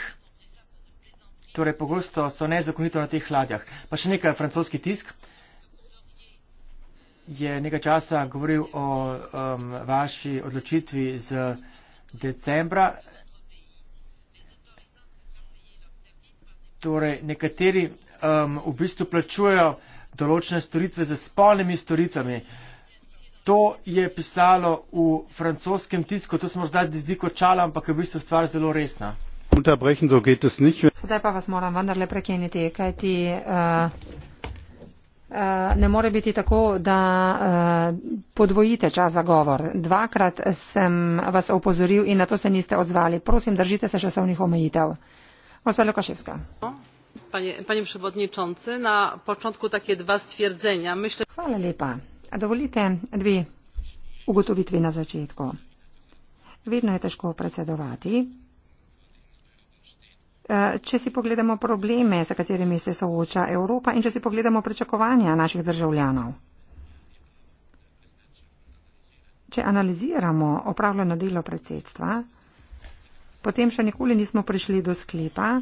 torej pogosto so nezakonito na teh ladjah. Pa še nekaj francoski tisk je nekaj časa govoril o um, vaši odločitvi z decembra torej nekateri um, v bistvu plačujejo določene storitve za spolnimi storitvami. To je pisalo v francoskem tisku, to se morda zdi kot čala, ampak je v bistvu stvar zelo resna. Sedaj pa vas moram vendarle prekeniti, kajti uh, uh, ne more biti tako, da uh, podvojite čas za govor. Dvakrat sem vas opozoril in na to se niste odzvali. Prosim, držite se časovnih omejitev panie przewodniczący na początku takie dwa stwierdzenia dovolite dve ugotovitvi na začetku vedno je težko predsedovati e, če si pogledamo probleme za katerimi se sooča evropa in če si pogledamo pričakovanja naših državljanov če analiziramo opravljeno delo predsedstva potem še nikoli nismo prišli do sklepa,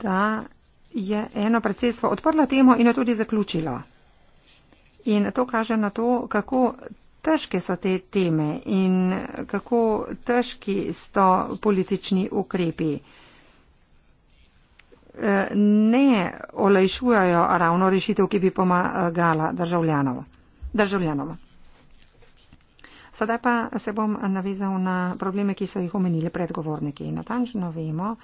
da je eno predsedstvo odprlo temo in jo tudi zaključilo. In to kaže na to, kako težke so te teme in kako težki so politični ukrepi. E, ne olajšujajo ravno rešitev, ki bi pomagala državljanom. Sedaj pa se bom navezal na probleme, ki so jih omenili predgovorniki. Natančno vemo,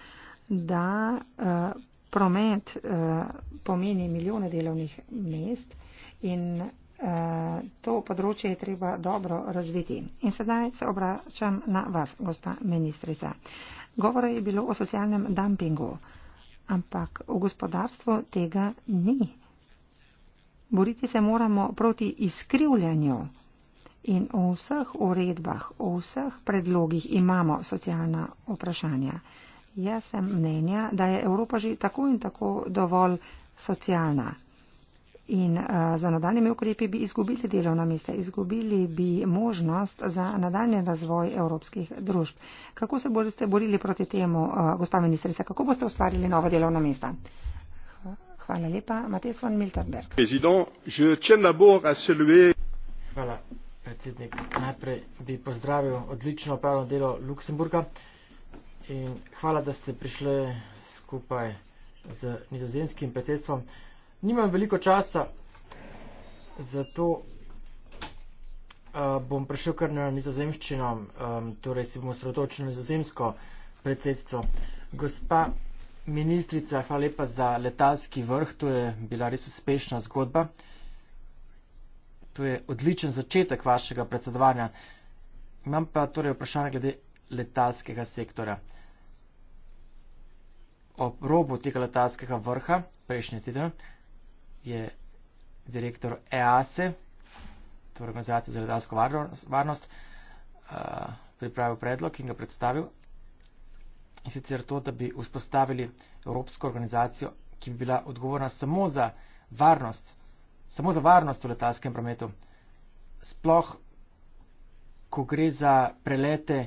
da uh, promet uh, pomeni milijone delovnih mest in uh, to področje je treba dobro razviti. In sedaj se obračam na vas, gospa ministrica. Govora je bilo o socialnem dumpingu, ampak v gospodarstvu tega ni. Boriti se moramo proti izkrivljanju in o vseh uredbah, o vseh predlogih imamo socialna vprašanja. Jaz sem mnenja, da je Evropa že tako in tako dovolj socialna. In uh, za nadaljnjimi ukrepi bi izgubili delovna mesta, izgubili bi možnost za nadaljni razvoj evropskih družb. Kako se boste borili proti temu, uh, gospa ministrica, kako boste ustvarili nova delovna mesta? Hvala lepa, Matej Svon Miltenberg. Hvala predsednik, najprej bi pozdravil odlično opravljeno delo Luksemburga in hvala, da ste prišli skupaj z nizozemskim predsedstvom. Nimam veliko časa, zato uh, bom prišel kar na nizozemščino, um, torej si bom osredotočil na nizozemsko predsedstvo. Gospa ministrica, hvala lepa za letalski vrh, to je bila res uspešna zgodba. Uh, To je odličen začetek vašega predsedovanja. Imam pa torej vprašanje glede letalskega sektora. Ob robu tega letalskega vrha prejšnji teden je direktor EASE, to je organizacija za letalsko varnost, uh, pripravil predlog in ga predstavil. In sicer to, da bi vzpostavili Evropsko organizacijo, ki bi bila odgovorna samo za varnost samo za varnost v letalskem prometu. Sploh, ko gre za prelete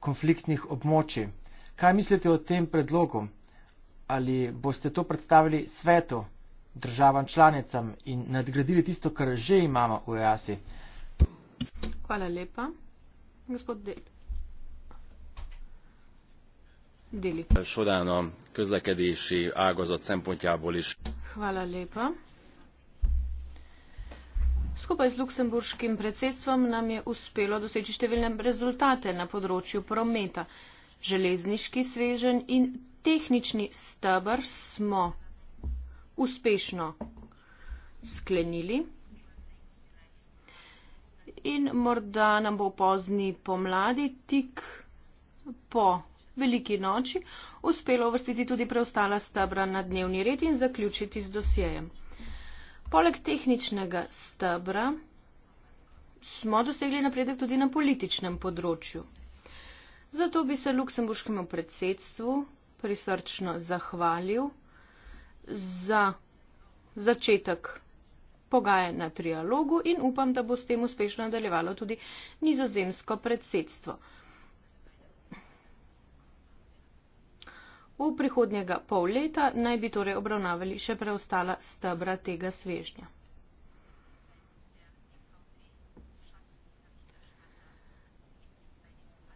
konfliktnih območij. Kaj mislite o tem predlogu? Ali boste to predstavili svetu, državam članicam in nadgradili tisto, kar že imamo v EASI? Hvala lepa. Gospod Del. Deli. Sodelno, közlekedési ágazat szempontjából is. Hvala lépa skupaj z luksemburškim predsedstvom nam je uspelo doseči številne rezultate na področju prometa. Železniški svežen in tehnični stebr smo uspešno sklenili. In morda nam bo pozni pomladi, tik po veliki noči, uspelo vrstiti tudi preostala stebra na dnevni red in zaključiti z dosjejem. Poleg tehničnega stebra smo dosegli napredek tudi na političnem področju. Zato bi se luksemburškemu predsedstvu prisrčno zahvalil za začetek pogajanj na trialogu in upam, da bo s tem uspešno nadaljevalo tudi nizozemsko predsedstvo. V prihodnjega pol leta naj bi torej obravnavali še preostala stebra tega svežnja.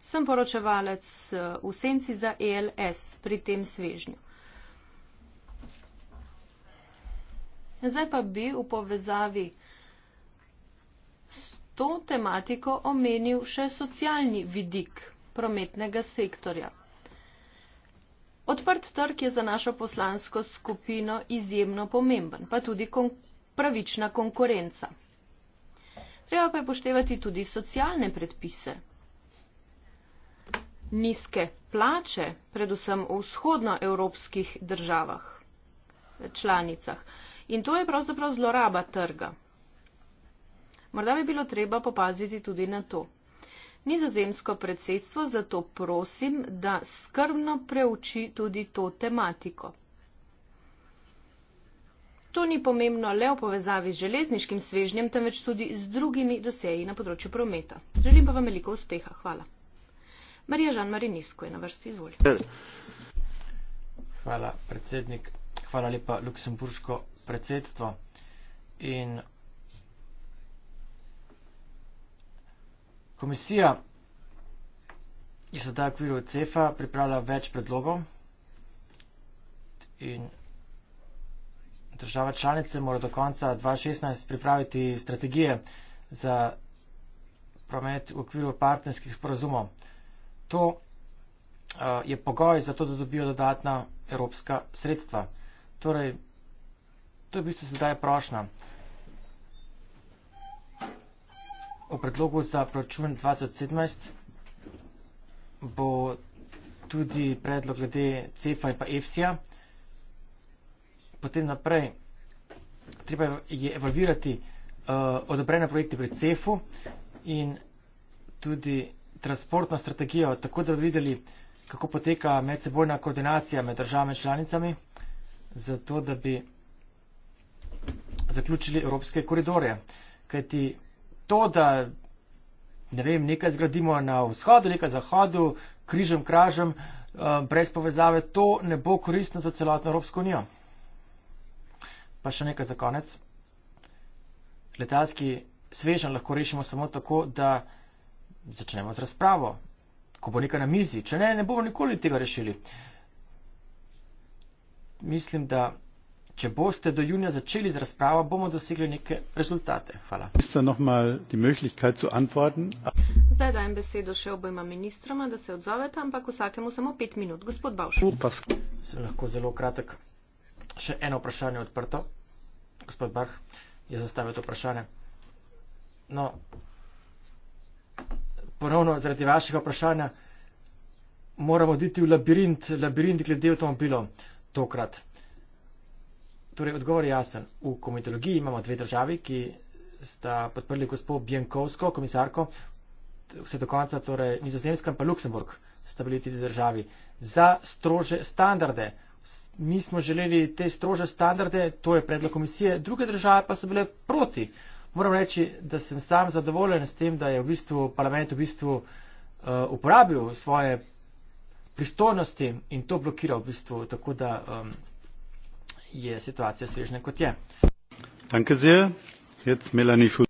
Sem poročevalec eh, v senci za ELS pri tem svežnju. Zdaj pa bi v povezavi s to tematiko omenil še socialni vidik prometnega sektorja. Odprt trg je za našo poslansko skupino izjemno pomemben, pa tudi kon pravična konkurenca. Treba pa je poštevati tudi socialne predpise. Nizke plače, predvsem v vzhodnoevropskih državah, članicah. In to je pravzaprav zloraba trga. Morda bi bilo treba popaziti tudi na to. Nizozemsko predsedstvo zato prosim, da skrbno preuči tudi to tematiko. To ni pomembno le v povezavi z železniškim svežnjem, temveč tudi z drugimi doseji na področju prometa. Želim pa vam veliko uspeha. Hvala. Marija Žan Marinisko je na vrsti. Izvolite. Hvala, predsednik. Hvala lepa, Luksemburško predsedstvo. In Komisija je sedaj v okviru CEFA pripravila več predlogov in država članice mora do konca 2016 pripraviti strategije za promet v okviru partnerskih sporazumov. To uh, je pogoj za to, da dobijo dodatna evropska sredstva. Torej, to je v bistvu sedaj prošnja. V predlogu za proračun 2017 bo tudi predlog glede CEFA in pa EFSI-a. Potem naprej treba je evalvirati uh, odobrene projekte pri CEFU in tudi transportno strategijo, tako da bi videli, kako poteka medsebojna koordinacija med državami in članicami, zato da bi zaključili evropske koridore. Kajti to, da ne vem, nekaj zgradimo na vzhodu, nekaj zahodu, križem, kražem, eh, brez povezave, to ne bo koristno za celotno Evropsko unijo. Pa še nekaj za konec. Letalski svežen lahko rešimo samo tako, da začnemo z razpravo. Ko bo nekaj na mizi, če ne, ne bomo nikoli tega rešili. Mislim, da če boste do junija začeli z razpravo, bomo dosegli neke rezultate. Hvala. Zdaj dajem besedo še obojma ministroma, da se odzovete, ampak vsakemu samo pet minut. Gospod Bavš. Sem lahko zelo kratek. Še eno vprašanje odprto. Gospod Bah je zastavil to vprašanje. No, ponovno zaradi vašega vprašanja moramo oditi v labirint, labirint glede avtomobilov tokrat. Torej, odgovor je jasen. V komitologiji imamo dve državi, ki sta podprli gospod Bjenkovsko, komisarko, vse do konca, torej Nizozemska in pa Luksemburg sta bili ti državi za strože standarde. Mi smo želeli te strože standarde, to je predlog komisije, druge države pa so bile proti. Moram reči, da sem sam zadovoljen s tem, da je v bistvu parlament v bistvu uh, uporabil svoje pristojnosti in to blokiral v bistvu, tako da. Um, je situacija svežna kot je. Danke sehr. Jetzt Melanie Schulz.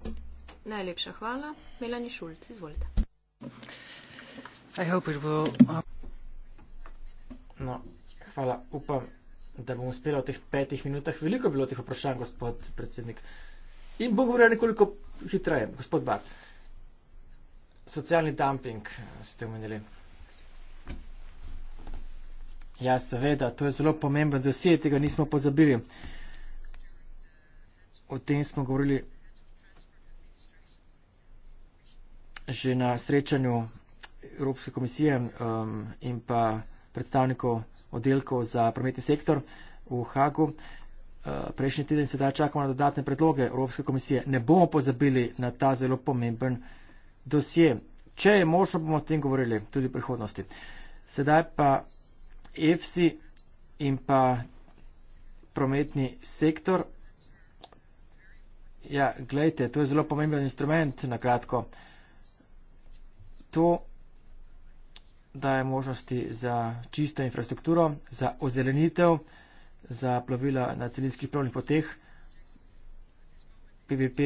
Najlepša hvala. Melanie Schulz, izvolite. I hope it will... Uh, no, hvala. Upam, da bom uspela v teh petih minutah. Veliko je bilo teh vprašanj, gospod predsednik. In bom govorila nekoliko hitreje. Gospod Bart, socialni dumping ste omenili. Ja, seveda, to je zelo pomemben dosje, tega nismo pozabili. O tem smo govorili že na srečanju Evropske komisije um, in pa predstavnikov oddelkov za prometni sektor v Hagu. Uh, prejšnji teden sedaj čakamo na dodatne predloge Evropske komisije. Ne bomo pozabili na ta zelo pomemben dosje. Če je možno, bomo o tem govorili tudi v prihodnosti. Sedaj pa EFSI in pa prometni sektor. Ja, gledajte, to je zelo pomemben instrument, na kratko. To daje možnosti za čisto infrastrukturo, za ozelenitev, za plovila na celinskih plovnih poteh, PVP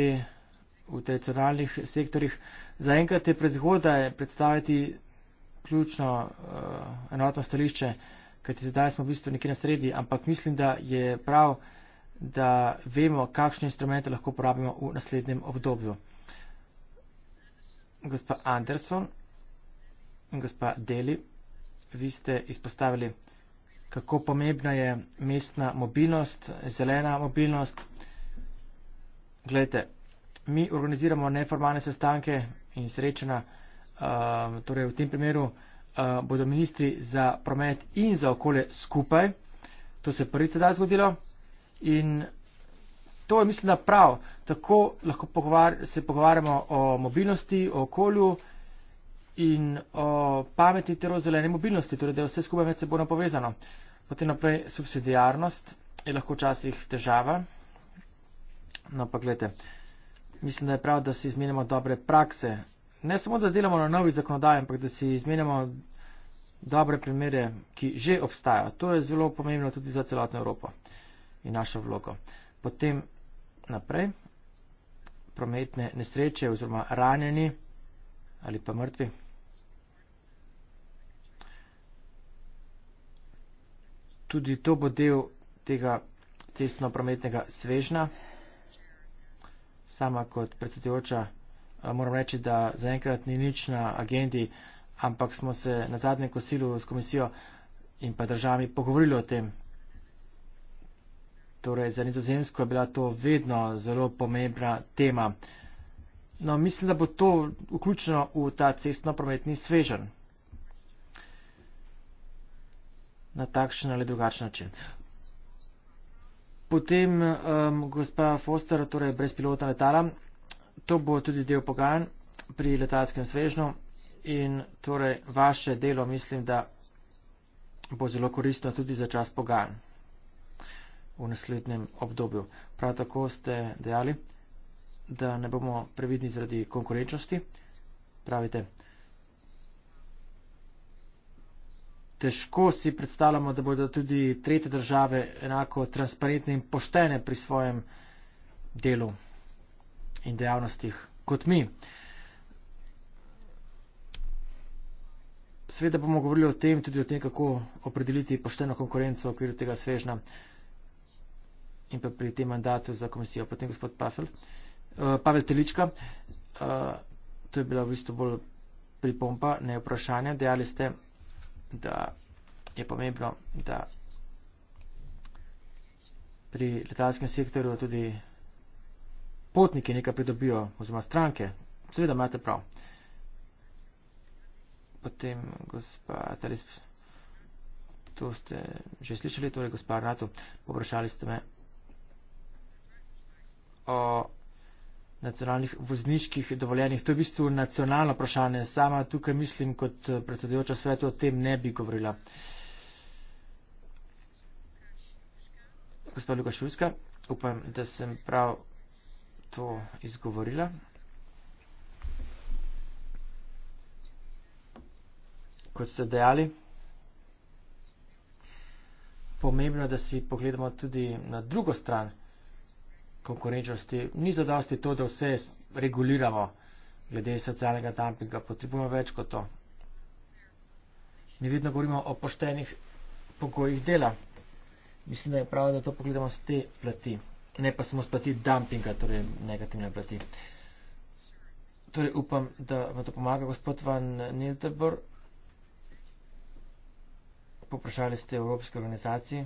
v tradicionalnih sektorjih. Za enkrat je prezgodaj predstaviti ključno uh, enotno stališče kajti zdaj smo v bistvu nekje na sredi, ampak mislim, da je prav, da vemo, kakšne instrumente lahko uporabimo v naslednjem obdobju. Gospa Anderson in gospa Deli, vi ste izpostavili, kako pomembna je mestna mobilnost, zelena mobilnost. Glejte, mi organiziramo neformalne sestanke in srečena, uh, um, torej v tem primeru, uh, bodo ministri za promet in za okolje skupaj. To se prvič sedaj zgodilo in to je mislim, da prav. Tako lahko pogovar se pogovarjamo o mobilnosti, o okolju in o pameti ter o zelene mobilnosti, torej da je vse skupaj med seboj povezano. Potem naprej subsidijarnost je lahko včasih težava. No pa gledajte, mislim, da je prav, da si izmenjamo dobre prakse ne samo da delamo na novi zakonodaji, ampak da si izmenjamo dobre primere, ki že obstajajo. To je zelo pomembno tudi za celotno Evropo in našo vlogo. Potem naprej, prometne nesreče oziroma ranjeni ali pa mrtvi. Tudi to bo del tega cestno-prometnega svežna. Sama kot predsedujoča moram reči, da zaenkrat ni nič na agendi, ampak smo se na zadnjem kosilu s komisijo in pa državami pogovorili o tem. Torej, za nizozemsko je bila to vedno zelo pomembna tema. No, mislim, da bo to vključeno v ta cestno-prometni svežen. Na takšen ali drugačen način. Potem um, gospa Foster, torej brez pilota letala, to bo tudi del pogajanj pri letalskem svežnju in torej vaše delo mislim, da bo zelo koristno tudi za čas pogajanj v naslednjem obdobju. Prav tako ste dejali, da ne bomo previdni zaradi konkurenčnosti. Pravite, težko si predstavljamo, da bodo tudi tretje države enako transparentne in poštene pri svojem delu in dejavnostih kot mi. Sveda bomo govorili o tem, tudi o tem, kako opredeliti pošteno konkurenco v okviru tega svežna in pa pri tem mandatu za komisijo. Potem gospod Pafel, eh, Pavel Telička, eh, to je bila v bistvu bolj pripompa, ne vprašanje. Dejali ste, da je pomembno, da pri letalskem sektorju tudi potniki nekaj pridobijo, oziroma stranke. Seveda imate prav. Potem, gospod, ali to ste že slišali, torej, gospod Arnato, povrašali ste me o nacionalnih vozniških dovoljenjih. To je v bistvu nacionalno vprašanje. Sama tukaj mislim, kot eh, predsedujoča svetu, o tem ne bi govorila. Gospod Lukašuljska, upam, da sem prav to izgovorila. Kot ste dejali, pomembno je, da si pogledamo tudi na drugo stran konkurenčnosti. Ni zadosti to, da vse reguliramo glede socialnega dumpinga, potrebujemo več kot to. Mi vedno govorimo o poštenih pogojih dela. Mislim, da je prav, da to pogledamo z te plati ne pa samo splati dumpinga, torej negativne plati. Torej upam, da vam to pomaga, gospod Van Nildebor. Poprašali ste Evropske organizacije,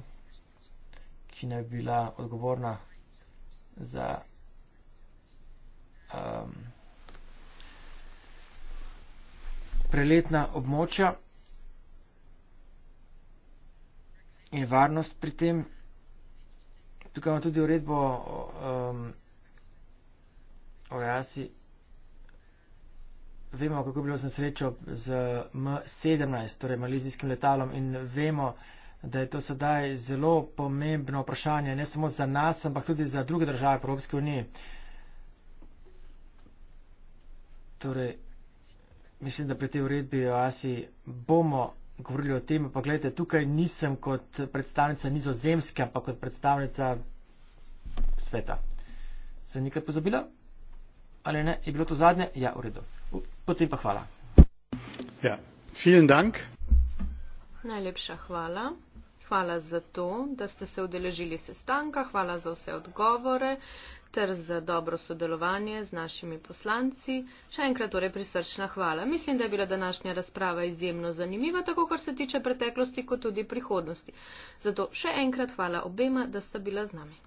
ki naj bi bila odgovorna za um, preletna območja in varnost pri tem tukaj imamo tudi uredbo o, um, o rasi. Vemo, kako je bilo sem srečo z M17, torej malizijskim letalom in vemo, da je to sedaj zelo pomembno vprašanje, ne samo za nas, ampak tudi za druge države Evropske unije. Torej, mislim, da pri tej uredbi o Asiji bomo govorili o tem, pa gledajte, tukaj nisem kot predstavnica nizozemske, ampak kot predstavnica sveta. Se nikaj pozabila? Ali ne? Je bilo to zadnje? Ja, v redu. Potem pa hvala. Ja, vielen dank. Najlepša hvala. Hvala za to, da ste se udeležili sestanka, hvala za vse odgovore ter za dobro sodelovanje z našimi poslanci. Še enkrat torej prisrčna hvala. Mislim, da je bila današnja razprava izjemno zanimiva, tako kar se tiče preteklosti, kot tudi prihodnosti. Zato še enkrat hvala obema, da sta bila z nami.